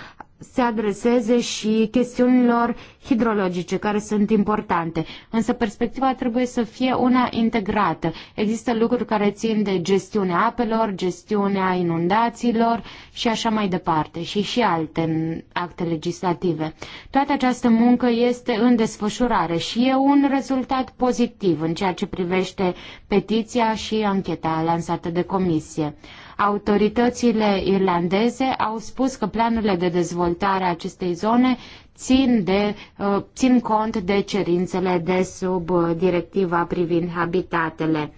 se adreseze și chestiunilor hidrologice care sunt importante. Însă perspectiva trebuie să fie una integrată. Există lucruri care țin de gestiunea apelor, gestiunea inundațiilor și așa mai departe și și alte acte legislative. Toată această muncă este în desfășurare și e un rezultat pozitiv în ceea ce privește petiția și ancheta lansată de comisie. Autoritățile irlandeze au spus că planurile de dezvoltare a acestei zone țin, de, uh, țin cont de cerințele de sub uh, directiva privind habitatele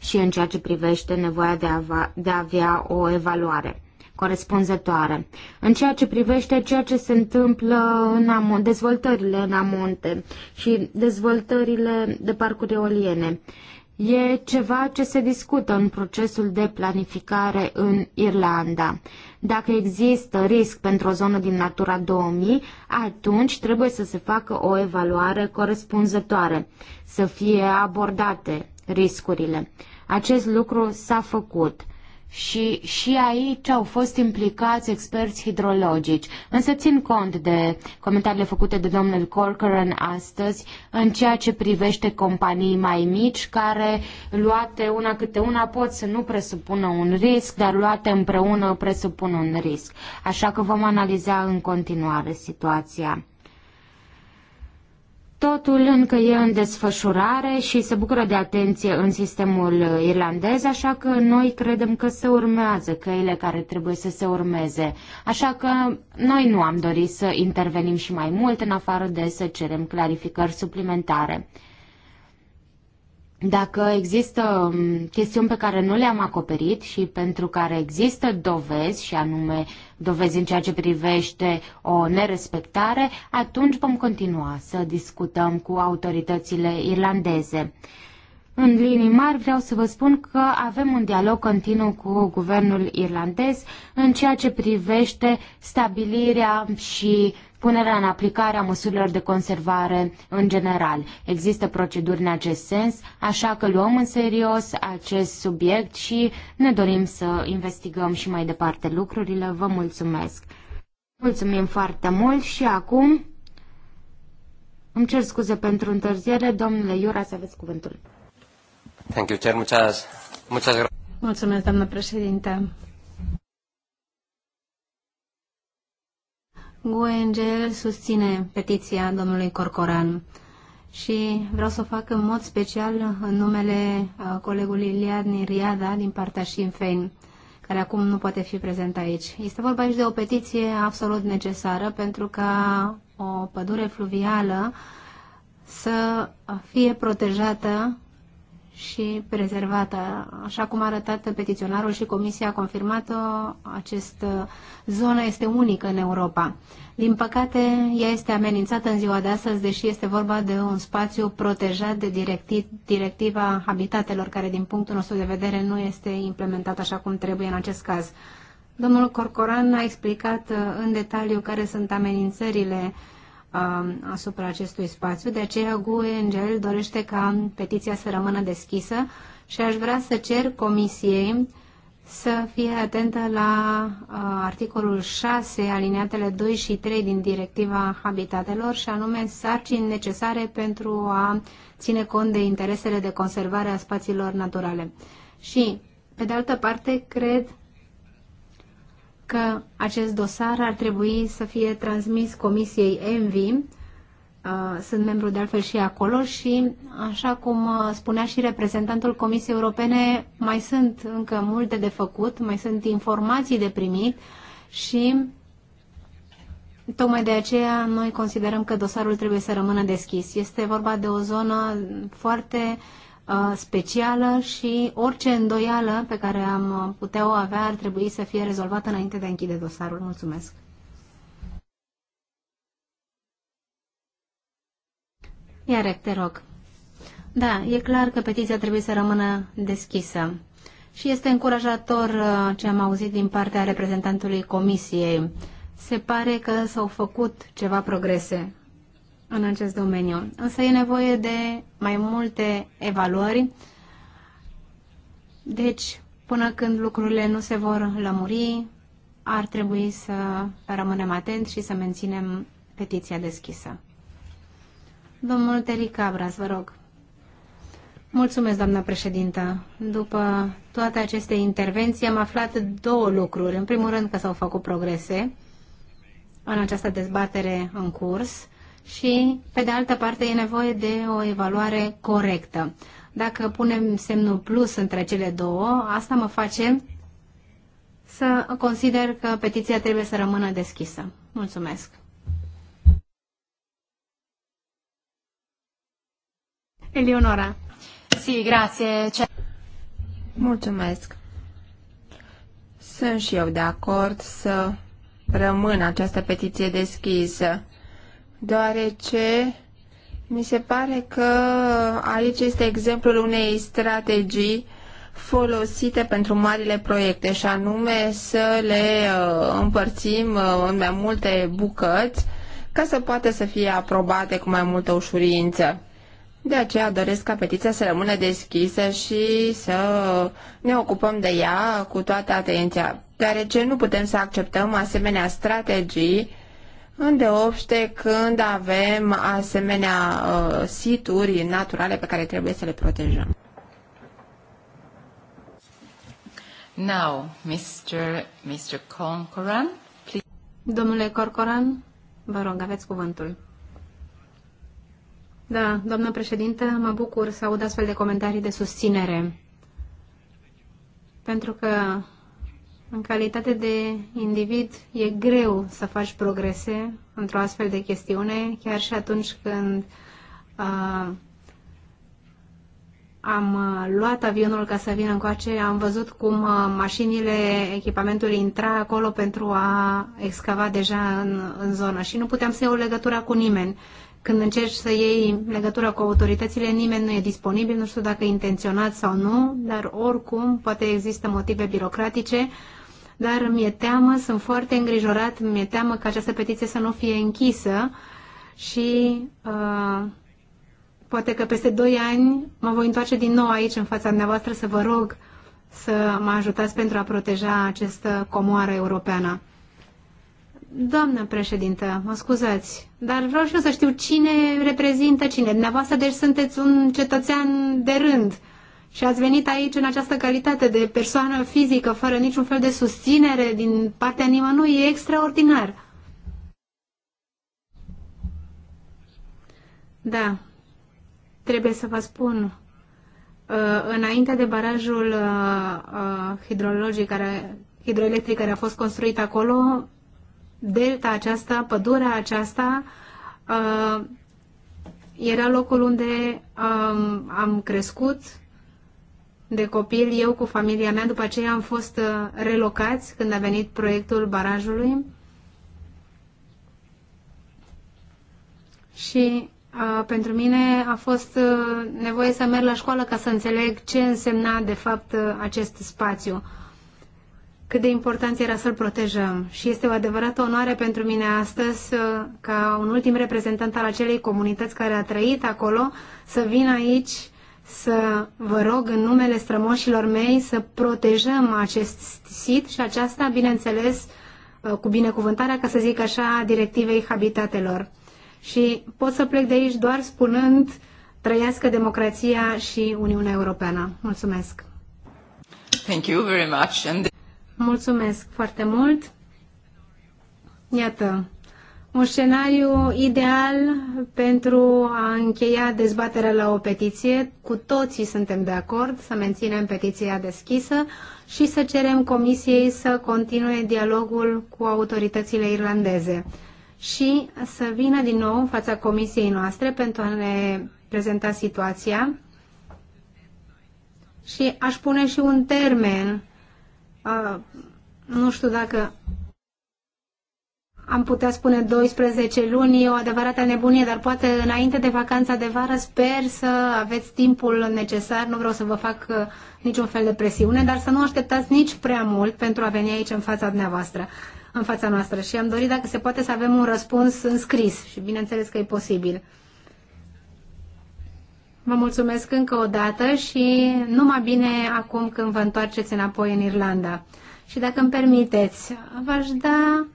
și în ceea ce privește nevoia de a, de a avea o evaluare corespunzătoare. În ceea ce privește ceea ce se întâmplă în amon, dezvoltările în amonte și dezvoltările de parcuri eoliene. E ceva ce se discută în procesul de planificare în Irlanda. Dacă există risc pentru o zonă din Natura 2000, atunci trebuie să se facă o evaluare corespunzătoare, să fie abordate riscurile. Acest lucru s-a făcut și și aici au fost implicați experți hidrologici. Însă țin cont de comentariile făcute de domnul Corcoran astăzi în ceea ce privește companii mai mici care luate una câte una pot să nu presupună un risc, dar luate împreună presupun un risc. Așa că vom analiza în continuare situația. Totul încă e în desfășurare și se bucură de atenție în sistemul irlandez, așa că noi credem că se urmează căile care trebuie să se urmeze. Așa că noi nu am dorit să intervenim și mai mult, în afară de să cerem clarificări suplimentare. Dacă există um, chestiuni pe care nu le-am acoperit și pentru care există dovezi, și anume dovezi în ceea ce privește o nerespectare, atunci vom continua să discutăm cu autoritățile irlandeze. În linii mari vreau să vă spun că avem un dialog continuu cu guvernul irlandez în ceea ce privește stabilirea și punerea în aplicare a măsurilor de conservare în general. Există proceduri în acest sens, așa că luăm în serios acest subiect și ne dorim să investigăm și mai departe lucrurile. Vă mulțumesc! Mulțumim foarte mult și acum îmi cer scuze pentru întârziere. Domnule Iura, să aveți cuvântul. Thank you, Chair. Muchas, muchas Mulțumesc, doamnă președinte. gue susține petiția domnului Corcoran și vreau să o fac în mod special în numele uh, colegului Iliad Niriada din partea Sinn Féin, care acum nu poate fi prezent aici. Este vorba aici de o petiție absolut necesară pentru ca o pădure fluvială să fie protejată și prezervată. Așa cum a arătat petiționarul și Comisia a confirmat această zonă este unică în Europa. Din păcate, ea este amenințată în ziua de astăzi, deși este vorba de un spațiu protejat de directi- directiva habitatelor, care din punctul nostru de vedere nu este implementat așa cum trebuie în acest caz. Domnul Corcoran a explicat uh, în detaliu care sunt amenințările uh, asupra acestui spațiu. De aceea GUE Angel dorește ca petiția să rămână deschisă și aș vrea să cer comisiei să fie atentă la articolul 6, alineatele 2 și 3 din directiva habitatelor și anume sarcini necesare pentru a ține cont de interesele de conservare a spațiilor naturale. Și, pe de altă parte, cred că acest dosar ar trebui să fie transmis Comisiei ENVI. Uh, sunt membru de altfel și acolo și, așa cum uh, spunea și reprezentantul Comisiei Europene, mai sunt încă multe de făcut, mai sunt informații de primit și Tocmai de aceea noi considerăm că dosarul trebuie să rămână deschis. Este vorba de o zonă foarte uh, specială și orice îndoială pe care am putea o avea ar trebui să fie rezolvată înainte de a închide dosarul. Mulțumesc! Iarec, te rog. Da, e clar că petiția trebuie să rămână deschisă. Și este încurajator ce am auzit din partea reprezentantului Comisiei. Se pare că s-au făcut ceva progrese în acest domeniu. Însă e nevoie de mai multe evaluări. Deci, până când lucrurile nu se vor lămuri, ar trebui să rămânem atenți și să menținem petiția deschisă. Domnul Teri Cabras, vă rog. Mulțumesc, doamna președintă. După toate aceste intervenții am aflat două lucruri. În primul rând că s-au făcut progrese în această dezbatere în curs și, pe de altă parte, e nevoie de o evaluare corectă. Dacă punem semnul plus între cele două, asta mă face să consider că petiția trebuie să rămână deschisă. Mulțumesc! Eleonora. Si, grazie. Ce... Mulțumesc. Sunt și eu de acord să rămână această petiție deschisă deoarece mi se pare că aici este exemplul unei strategii folosite pentru marile proiecte și anume să le uh, împărțim uh, în mai multe bucăți ca să poată să fie aprobate cu mai multă ușurință. De aceea doresc ca petiția să rămână deschisă și să ne ocupăm de ea cu toată atenția, deoarece nu putem să acceptăm asemenea strategii îndeopște când avem asemenea uh, situri naturale pe care trebuie să le protejăm. Now, Mr. Mr. Corcoran, please. Domnule Corcoran, vă rog, aveți cuvântul. Da, doamnă președinte, mă bucur să aud astfel de comentarii de susținere. Pentru că în calitate de individ e greu să faci progrese într-o astfel de chestiune, chiar și atunci când uh, am luat avionul ca să vin încoace, am văzut cum mașinile, echipamentul intra acolo pentru a excava deja în, în zonă și nu puteam să iau legătura cu nimeni când încerci să iei legătura cu autoritățile, nimeni nu e disponibil, nu știu dacă intenționat sau nu, dar oricum poate există motive birocratice, dar mi-e teamă, sunt foarte îngrijorat, mi-e teamă că această petiție să nu fie închisă și uh, poate că peste 2 ani mă voi întoarce din nou aici în fața dumneavoastră să vă rog să mă ajutați pentru a proteja această comoară europeană. Doamnă președintă, mă scuzați, dar vreau și eu să știu cine reprezintă cine. Dumneavoastră, deci sunteți un cetățean de rând și ați venit aici în această calitate de persoană fizică, fără niciun fel de susținere din partea nimănui, e extraordinar. Da, trebuie să vă spun, uh, înainte de barajul uh, uh, hidrologic care, hidroelectric care a fost construit acolo, delta aceasta, pădurea aceasta, uh, era locul unde um, am crescut de copil, eu cu familia mea. După aceea am fost uh, relocați când a venit proiectul barajului. Și uh, pentru mine a fost uh, nevoie să merg la școală ca să înțeleg ce însemna de fapt uh, acest spațiu. Uh, cât de important era să-l protejăm. Și este o adevărată onoare pentru mine astăzi, uh, ca un ultim reprezentant al acelei comunități care a trăit acolo, să vin aici să vă rog în numele strămoșilor mei să protejăm acest sit și aceasta, bineînțeles, uh, cu binecuvântarea, ca să zic așa, a directivei habitatelor. Și pot să plec de aici doar spunând trăiască democrația și Uniunea Europeană. Mulțumesc! Thank you very much. And... Mulțumesc foarte mult. Iată, un scenariu ideal pentru a încheia dezbaterea la o petiție. Cu toții suntem de acord să menținem petiția deschisă și să cerem Comisiei să continue dialogul cu autoritățile irlandeze și să vină din nou în fața Comisiei noastre pentru a ne prezenta situația și aș pune și un termen nu știu dacă am putea spune 12 luni, e o adevărată nebunie, dar poate înainte de vacanța de vară sper să aveți timpul necesar, nu vreau să vă fac uh, niciun fel de presiune, dar să nu așteptați nici prea mult pentru a veni aici în fața dumneavoastră, în fața noastră. Și am dorit dacă se poate să avem un răspuns în scris și bineînțeles că e posibil. Vă mulțumesc încă o dată și numai bine acum când vă întoarceți înapoi în Irlanda. Și dacă îmi permiteți, v-aș da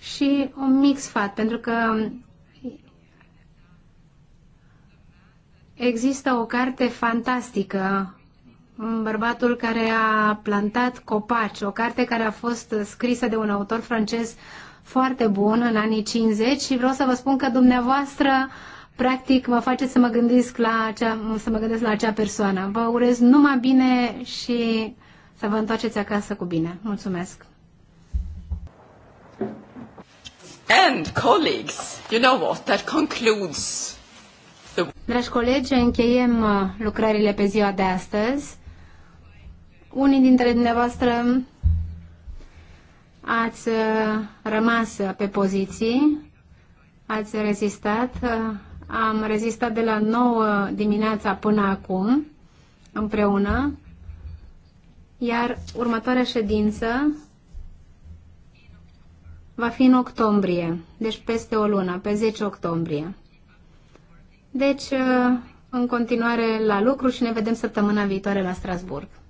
și un mic sfat, pentru că există o carte fantastică, Bărbatul care a plantat copaci, o carte care a fost scrisă de un autor francez foarte bun în anii 50 și vreau să vă spun că dumneavoastră uh, practic mă face să mă gândesc la acea, să mă gândesc la acea persoană. Vă urez numai bine și să vă întoarceți acasă cu bine. Mulțumesc! And colleagues, you know what, that concludes the... Dragi colegi, încheiem uh, lucrările pe ziua de astăzi. Unii dintre dumneavoastră ați uh, rămas uh, pe poziții, ați rezistat, am rezistat de la 9 dimineața până acum, împreună, iar următoarea ședință va fi în octombrie, deci peste o lună, pe 10 octombrie. Deci, în continuare la lucru și ne vedem săptămâna viitoare la Strasburg.